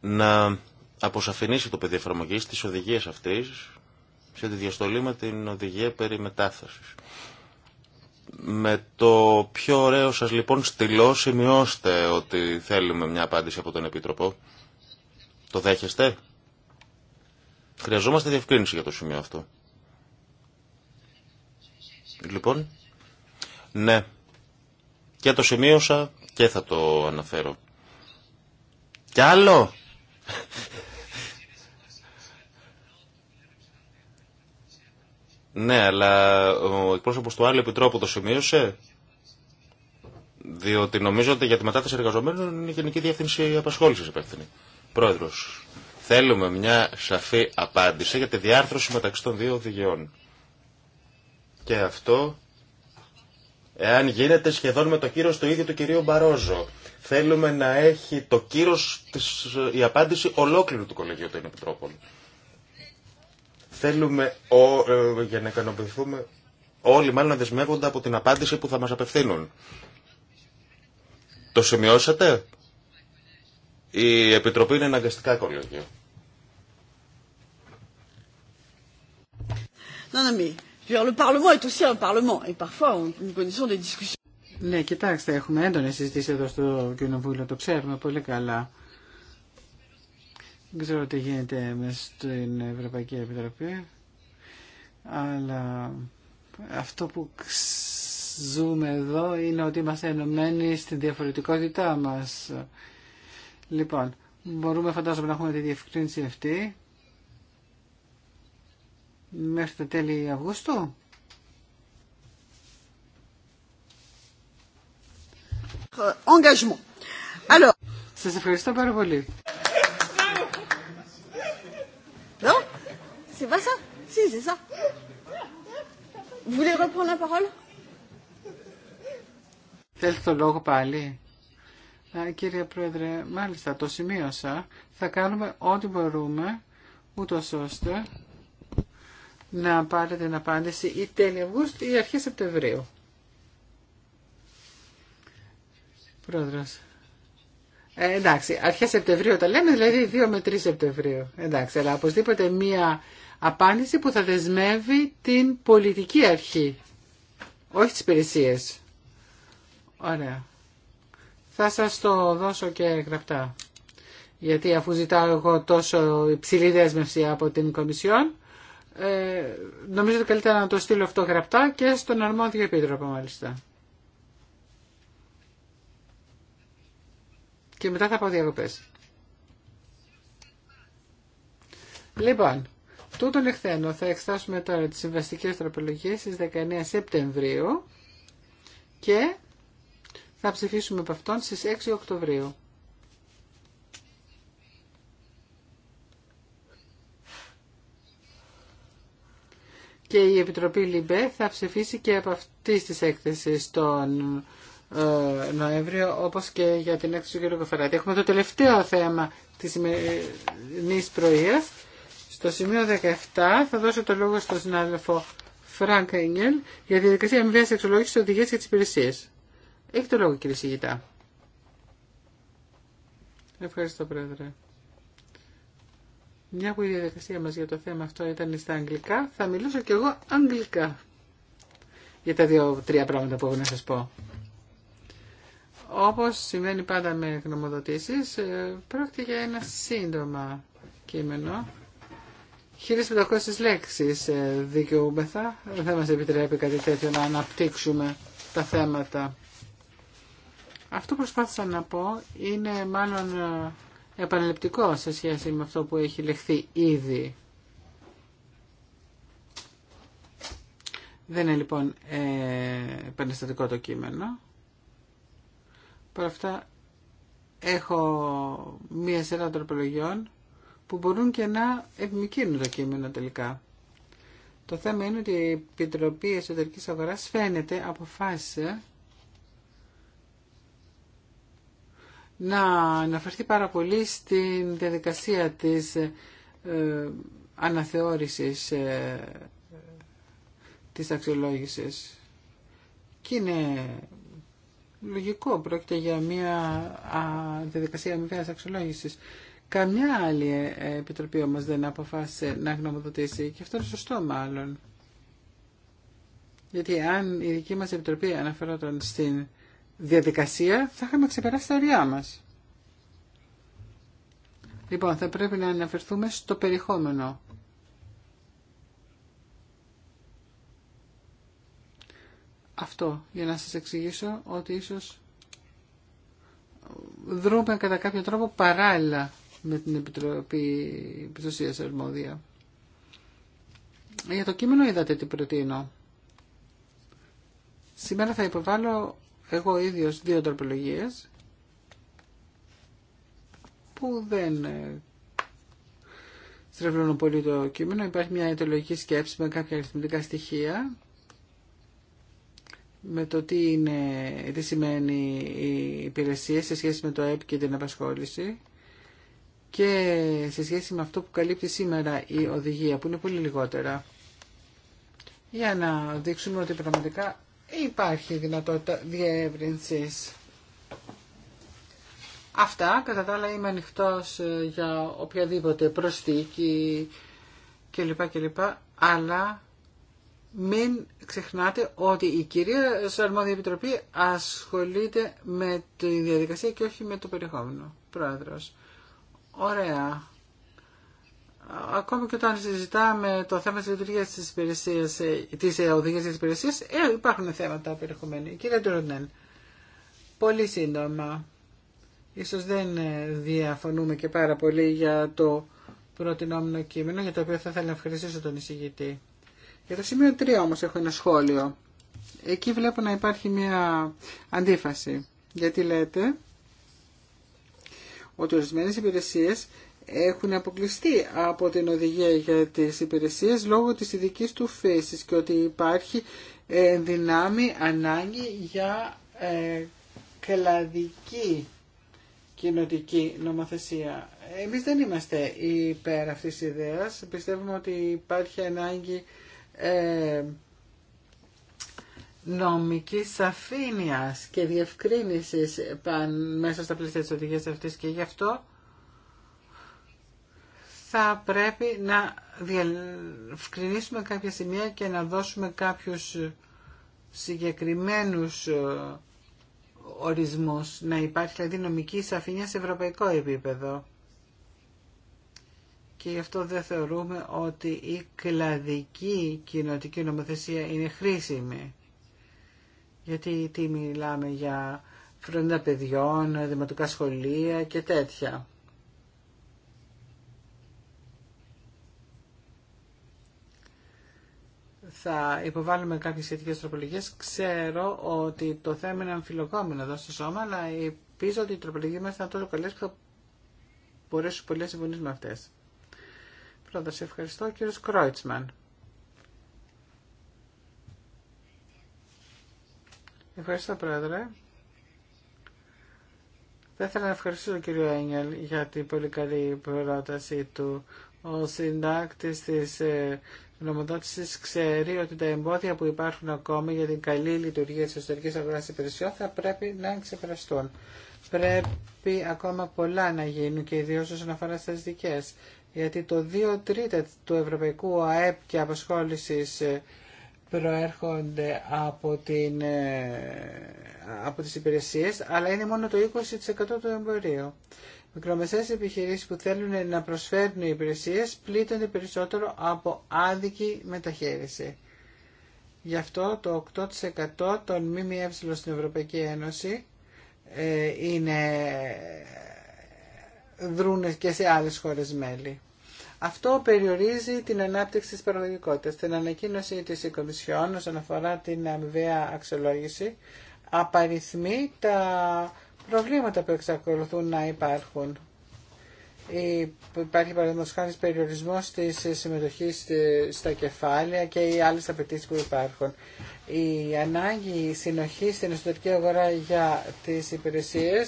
να αποσαφηνίσει το πεδίο εφαρμογή τη οδηγία αυτή σε τη διαστολή με την οδηγία περί μετάθεσης. Με το πιο ωραίο σας λοιπόν στυλό σημειώστε ότι θέλουμε μια απάντηση από τον Επίτροπο. Το δέχεστε? Χρειαζόμαστε διευκρίνηση για το σημείο αυτό. Λοιπόν, ναι, και το σημείωσα και θα το αναφέρω. Κι άλλο. ναι, αλλά ο εκπρόσωπο του άλλου επιτρόπου το σημείωσε. Διότι νομίζω ότι για τη μετάθεση εργαζομένων είναι η Γενική Διεύθυνση Απασχόλησης υπεύθυνη. Πρόεδρος, θέλουμε μια σαφή απάντηση για τη διάρθρωση μεταξύ των δύο οδηγιών. Και αυτό, εάν γίνεται σχεδόν με το κύριο του ίδιο του κυρίου Μπαρόζο Θέλουμε να έχει το κύρος, της, η απάντηση ολόκληρου του Κολεγίου των Επιτρόπων. Θέλουμε ο, ε, για να ικανοποιηθούμε όλοι μάλλον να δεσμεύονται από την απάντηση που θα μας απευθύνουν. Το σημειώσατε? Η Επιτροπή είναι αναγκαστικά κολέγιο. Non, non, mais le Parlement est aussi un Parlement et parfois nous connaissons des discussions. Ναι, κοιτάξτε, έχουμε έντονε συζητήσει εδώ στο Κοινοβούλιο, το ξέρουμε πολύ καλά. Δεν ξέρω τι γίνεται με στην Ευρωπαϊκή Επιτροπή, αλλά αυτό που ζούμε εδώ είναι ότι είμαστε ενωμένοι στην διαφορετικότητά μας. Λοιπόν, μπορούμε φαντάζομαι να έχουμε τη διευκρίνηση αυτή μέχρι τα τέλη Αυγούστου. Euh, engagement. Alors... Σας ευχαριστώ πάρα πολύ. Non C'est pas ça Si, c'est ça. Vous voulez reprendre la parole Θέλετε το λόγο πάλι. Α, κύριε Πρόεδρε, μάλιστα το σημείωσα. Θα κάνουμε ό,τι μπορούμε, ούτω ώστε να πάρετε την απάντηση ή τέλη Αυγούστου ή αρχή Σεπτεμβρίου. Πρόεδρος. Ε, εντάξει, αρχέ Σεπτεμβρίου τα λέμε, δηλαδή 2 με 3 Σεπτεμβρίου. Εντάξει, αλλά οπωσδήποτε μία απάντηση που θα δεσμεύει την πολιτική αρχή, όχι τι υπηρεσίε. Ωραία. Θα σα το δώσω και γραπτά. Γιατί αφού ζητάω εγώ τόσο υψηλή δέσμευση από την Κομισιόν, ε, νομίζω ότι καλύτερα να το στείλω αυτό γραπτά και στον αρμόδιο επίτροπο μάλιστα. και μετά θα πάω διακοπές. Λοιπόν, τούτον εχθένω θα εξετάσουμε τώρα τις συμβαστικές τροπολογίες στις 19 Σεπτεμβρίου και θα ψηφίσουμε από αυτόν στις 6 Οκτωβρίου. Και η Επιτροπή ΛΥΜΠΕ θα ψηφίσει και από αυτή τη έκθεση των... Ε, Νοέμβριο, όπως και για την έκθεση του κ. Κοφεράτη. Έχουμε το τελευταίο θέμα της σημερινής πρωίας. Στο σημείο 17 θα δώσω το λόγο στον συνάδελφο Φρανκ Έγγελ για τη διαδικασία αμοιβαίας εξολόγησης οδηγίας και τις υπηρεσίες. Έχει το λόγο κύριε Σιγητά. Ευχαριστώ πρόεδρε. Μια που η διαδικασία μας για το θέμα αυτό ήταν στα αγγλικά, θα μιλήσω κι εγώ αγγλικά για τα δύο-τρία πράγματα που έχω να σας πω. Όπως συμβαίνει πάντα με γνωμοδοτήσεις, ε, πρόκειται για ένα σύντομα κείμενο. 1500 λέξεις ε, δικαιούμεθα. Δεν θα μας επιτρέπει κάτι τέτοιο να αναπτύξουμε τα θέματα. Αυτό που προσπάθησα να πω είναι μάλλον ε, επαναληπτικό σε σχέση με αυτό που έχει λεχθεί ήδη. Δεν είναι λοιπόν ε, επαναστατικό το κείμενο. Παρ' αυτά έχω μία σειρά τροπολογιών που μπορούν και να επιμηκύνουν το κείμενο τελικά. Το θέμα είναι ότι η Επιτροπή Εσωτερικής Αγοράς φαίνεται αποφάσισε να αναφερθεί πάρα πολύ στην διαδικασία της ε, αναθεώρησης ε, της αξιολόγησης. Και είναι λογικό. Πρόκειται για μια διαδικασία αμοιβαία αξιολόγηση. Καμιά άλλη ε, επιτροπή όμω δεν αποφάσισε να γνωμοδοτήσει και αυτό είναι σωστό μάλλον. Γιατί αν η δική μα επιτροπή αναφερόταν στην διαδικασία, θα είχαμε ξεπεράσει τα ωριά μας. Λοιπόν, θα πρέπει να αναφερθούμε στο περιεχόμενο αυτό για να σας εξηγήσω ότι ίσως δρούμε κατά κάποιο τρόπο παράλληλα με την Επιτροπή Επιστοσίας Ερμόδια. Για το κείμενο είδατε τι προτείνω. Σήμερα θα υποβάλω εγώ ίδιος δύο τροπολογίες που δεν ε, στρεβλώνω πολύ το κείμενο. Υπάρχει μια αιτιολογική σκέψη με κάποια αριθμητικά στοιχεία με το τι, είναι, τι σημαίνει η υπηρεσία σε σχέση με το ΕΠ και την απασχόληση και σε σχέση με αυτό που καλύπτει σήμερα η οδηγία που είναι πολύ λιγότερα για να δείξουμε ότι πραγματικά υπάρχει δυνατότητα διεύρυνσης. Αυτά, κατά τα άλλα είμαι ανοιχτό ε, για οποιαδήποτε προσθήκη κλπ. κλπ. Αλλά μην ξεχνάτε ότι η κυρία Σαρμόδια Επιτροπή ασχολείται με τη διαδικασία και όχι με το περιεχόμενο. Πρόεδρος. Ωραία. Ακόμη και όταν συζητάμε το θέμα της λειτουργίας τη υπηρεσία της οδηγίας της υπηρεσίας, ε, υπάρχουν θέματα περιεχομένου. Κύριε Ντρονέν, πολύ σύντομα. Ίσως δεν διαφωνούμε και πάρα πολύ για το προτινόμενο κείμενο, για το οποίο θα ήθελα να ευχαριστήσω τον εισηγητή. Για το σημείο 3 όμως έχω ένα σχόλιο. Εκεί βλέπω να υπάρχει μια αντίφαση. Γιατί λέτε ότι ορισμένε υπηρεσίε έχουν αποκλειστεί από την οδηγία για τις υπηρεσίες λόγω της ειδικής του φύσης και ότι υπάρχει ε, δυνάμει ανάγκη για ε, κλαδική κοινοτική νομοθεσία. Εμείς δεν είμαστε υπέρ αυτής της ιδέας. Πιστεύουμε ότι υπάρχει ανάγκη ε, νομικής σαφήνειας και διευκρίνησης παν, μέσα στα πλαίσια της οδηγίας αυτής και γι' αυτό θα πρέπει να διευκρινίσουμε κάποια σημεία και να δώσουμε κάποιους συγκεκριμένους ε, ορισμούς, να υπάρχει δηλαδή νομική σαφήνεια σε ευρωπαϊκό επίπεδο και γι' αυτό δεν θεωρούμε ότι η κλαδική κοινωτική νομοθεσία είναι χρήσιμη. Γιατί τι μιλάμε για φροντίδα παιδιών, δημοτικά σχολεία και τέτοια. θα υποβάλουμε κάποιες σχετικές τροπολογίες. Ξέρω ότι το θέμα είναι αμφιλοκόμενο εδώ στο σώμα, αλλά ελπίζω ότι οι τροπολογίες μας θα είναι τόσο καλές που θα μπορέσουν πολλές συμφωνίες με αυτές σε ευχαριστώ. Κύριος Κρόιτσμαν. Ευχαριστώ, Πρόεδρε. Θα ήθελα να ευχαριστήσω τον κύριο Έγγελ για την πολύ καλή πρόταση του. Ο συντάκτης της ε, νομοδότησης ξέρει ότι τα εμπόδια που υπάρχουν ακόμη για την καλή λειτουργία της εσωτερικής αγοράς υπηρεσιών θα πρέπει να ξεπεραστούν. Πρέπει ακόμα πολλά να γίνουν και ιδίως όσον αφορά στις δικές γιατί το 2 τρίτα του Ευρωπαϊκού ΑΕΠ και απασχόλησης ε, προέρχονται από, την, ε, από τις υπηρεσίες, αλλά είναι μόνο το 20% του εμπορίου. Μικρομεσαίες επιχειρήσεις που θέλουν να προσφέρουν υπηρεσίες πλήττονται περισσότερο από άδικη μεταχείριση. Γι' αυτό το 8% των ΜΜΕ στην Ευρωπαϊκή Ένωση ε, είναι δρούν και σε άλλες χώρες μέλη. Αυτό περιορίζει την ανάπτυξη της παραγωγικότητας. Στην ανακοίνωση της Κομισιόν όσον αφορά την αμοιβαία αξιολόγηση απαριθμεί τα προβλήματα που εξακολουθούν να υπάρχουν. Υπάρχει παραδείγματο χάρη περιορισμός της συμμετοχή στα κεφάλαια και οι άλλες απαιτήσει που υπάρχουν. Η ανάγκη συνοχή στην εσωτερική αγορά για τι υπηρεσίε.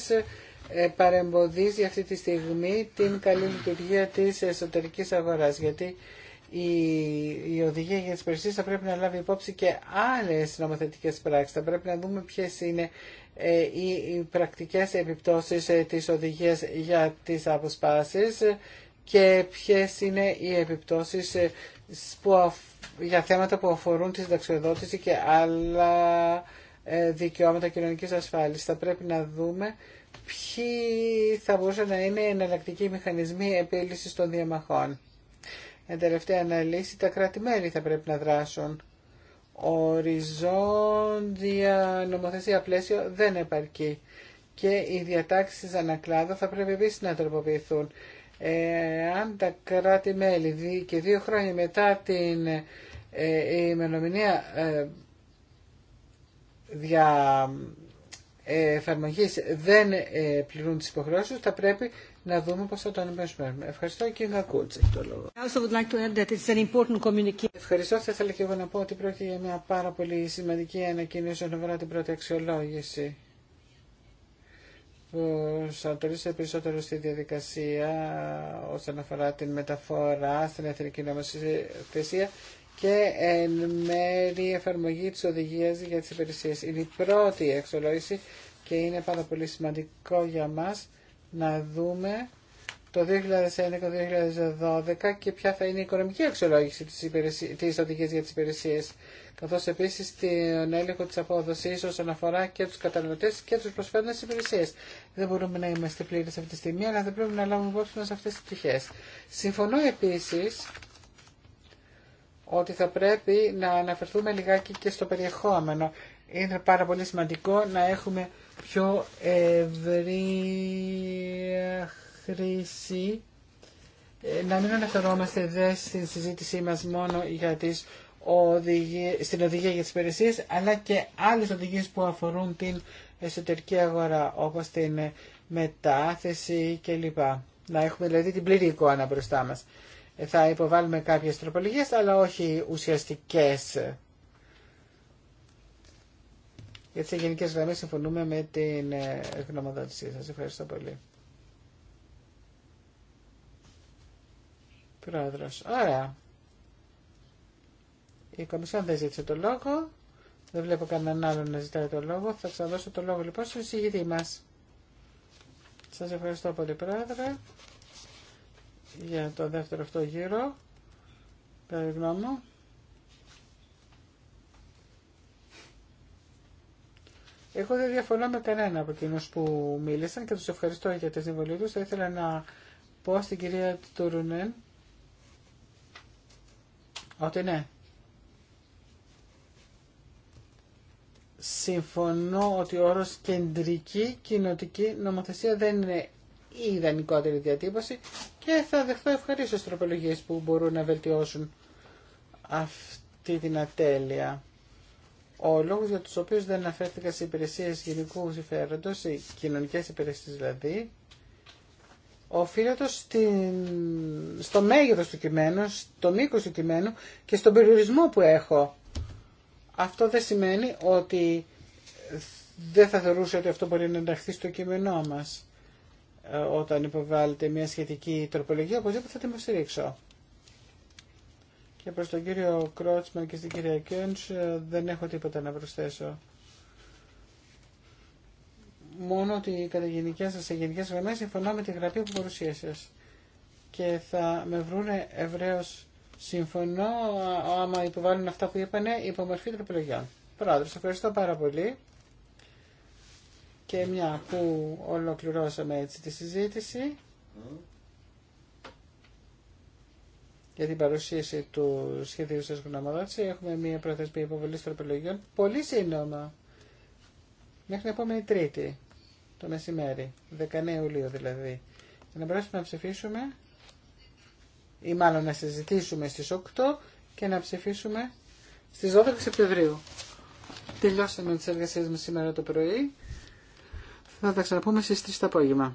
Ε, παρεμποδίζει αυτή τη στιγμή την καλή λειτουργία της εσωτερικής αγοράς γιατί η, η οδηγία για τις περισσίες θα πρέπει να λάβει υπόψη και άλλες νομοθετικές πράξεις. Θα πρέπει να δούμε ποιες είναι ε, οι πρακτικές επιπτώσεις ε, της οδηγίας για τις αποσπάσεις και ποιες είναι οι επιπτώσεις για θέματα που αφορούν τη συνταξιοδότηση και άλλα δικαιώματα κοινωνικής ασφάλισης. Θα πρέπει να δούμε ποιοι θα μπορούσαν να είναι εναλλακτικοί μηχανισμοί επίλυσης των διαμαχών. Εν τελευταία αναλύση, τα κράτη-μέλη θα πρέπει να δράσουν. Οριζόντια νομοθεσία πλαίσιο δεν επαρκεί και οι διατάξεις ανακλάδο θα πρέπει επίσης να τροποποιηθούν. αν τα κράτη-μέλη και δύο χρόνια μετά την ε, ημερομηνία ε, εφαρμογή δεν ε, πληρούν τι υποχρεώσει, θα πρέπει να δούμε πώ θα το αντιμετωπίσουμε. Ευχαριστώ και η Γκακούτς έχει το λόγο. Ευχαριστώ. Θα ήθελα και εγώ να πω ότι πρόκειται για μια πάρα πολύ σημαντική ανακοίνωση όσον αφορά την πρώτη αξιολόγηση. Προσανατολίζεται περισσότερο στη διαδικασία όσον αφορά την μεταφορά στην εθνική νομοθεσία και εν μέρη εφαρμογή της οδηγίας για τις υπηρεσίες. Είναι η πρώτη εξολόγηση και είναι πάρα πολύ σημαντικό για μας να δούμε το 2011-2012 και ποια θα είναι η οικονομική αξιολόγηση της, της οδηγίας για τις υπηρεσίες, καθώς επίσης τον έλεγχο της απόδοσης όσον αφορά και τους καταναλωτές και τους προσφέροντες υπηρεσίες. Δεν μπορούμε να είμαστε πλήρες αυτή τη στιγμή, αλλά δεν πρέπει να λάβουμε υπόψη μας αυτές τις πτυχές. Συμφωνώ επίσης ότι θα πρέπει να αναφερθούμε λιγάκι και στο περιεχόμενο. Είναι πάρα πολύ σημαντικό να έχουμε πιο ευρύ χρήση, ε, να μην αναφερόμαστε δε στην συζήτησή μας μόνο για τις οδηγίες, στην οδηγία για τις υπηρεσίες, αλλά και άλλες οδηγίες που αφορούν την εσωτερική αγορά, όπως την μετάθεση κλπ. Να έχουμε δηλαδή την πλήρη εικόνα μπροστά μας θα υποβάλουμε κάποιες τροπολογίες αλλά όχι ουσιαστικές. Γιατί σε γενικές γραμμές συμφωνούμε με την ε, γνωμοδότησή σας. Ευχαριστώ πολύ. Πρόεδρος. Ωραία. Η Κομισιόν δεν ζήτησε το λόγο. Δεν βλέπω κανέναν άλλον να ζητάει το λόγο. Θα ξαναδώσω το λόγο λοιπόν στον εισηγητή μας. Σας ευχαριστώ πολύ πρόεδρε για το δεύτερο αυτό γύρο. Περιγνώμη. Εγώ δεν διαφωνώ με κανένα από εκείνου που μίλησαν και του ευχαριστώ για τη συμβολή του. Θα ήθελα να πω στην κυρία Τουρουνέν ότι ναι. Συμφωνώ ότι ο όρος κεντρική κοινοτική νομοθεσία δεν είναι η ιδανικότερη διατύπωση και θα δεχθώ ευχαρίστως τροπολογίες που μπορούν να βελτιώσουν αυτή την ατέλεια. Ο λόγος για τους οποίους δεν αναφέρθηκα σε υπηρεσίες γενικού συμφέροντος, οι κοινωνικές υπηρεσίες δηλαδή, οφείλεται στην... στο μέγεθος του κειμένου, στο μήκος του κειμένου και στον περιορισμό που έχω. Αυτό δεν σημαίνει ότι δεν θα θεωρούσε ότι αυτό μπορεί να ενταχθεί στο κείμενό μας όταν υποβάλλετε μια σχετική τροπολογία, οπωσδήποτε θα την υποστηρίξω. Και προς τον κύριο Κρότσμα και στην κυρία Κιόντς ε, δεν έχω τίποτα να προσθέσω. Μόνο ότι κατά γενικές σας, σε γενικές γραμμές συμφωνώ με τη γραφή που παρουσίασε. Και θα με βρούνε ευρέως συμφωνώ άμα υποβάλλουν αυτά που είπανε υπό μορφή τροπολογιών. Πρόεδρος, ευχαριστώ πάρα πολύ. Και μια που ολοκληρώσαμε έτσι τη συζήτηση για την παρουσίαση του σχεδίου σας γνωμοδότηση έχουμε μια προθεσμία υποβολής τροπολογιών πολύ σύντομα μέχρι την επόμενη Τρίτη το μεσημέρι, 19 Ιουλίου δηλαδή για να μπορέσουμε να ψηφίσουμε ή μάλλον να συζητήσουμε στις 8 και να ψηφίσουμε στις 12 Σεπτεμβρίου. Τελειώσαμε τις εργασίες μας σήμερα το πρωί. Θα τα ξαναπούμε στις 3 το απόγευμα.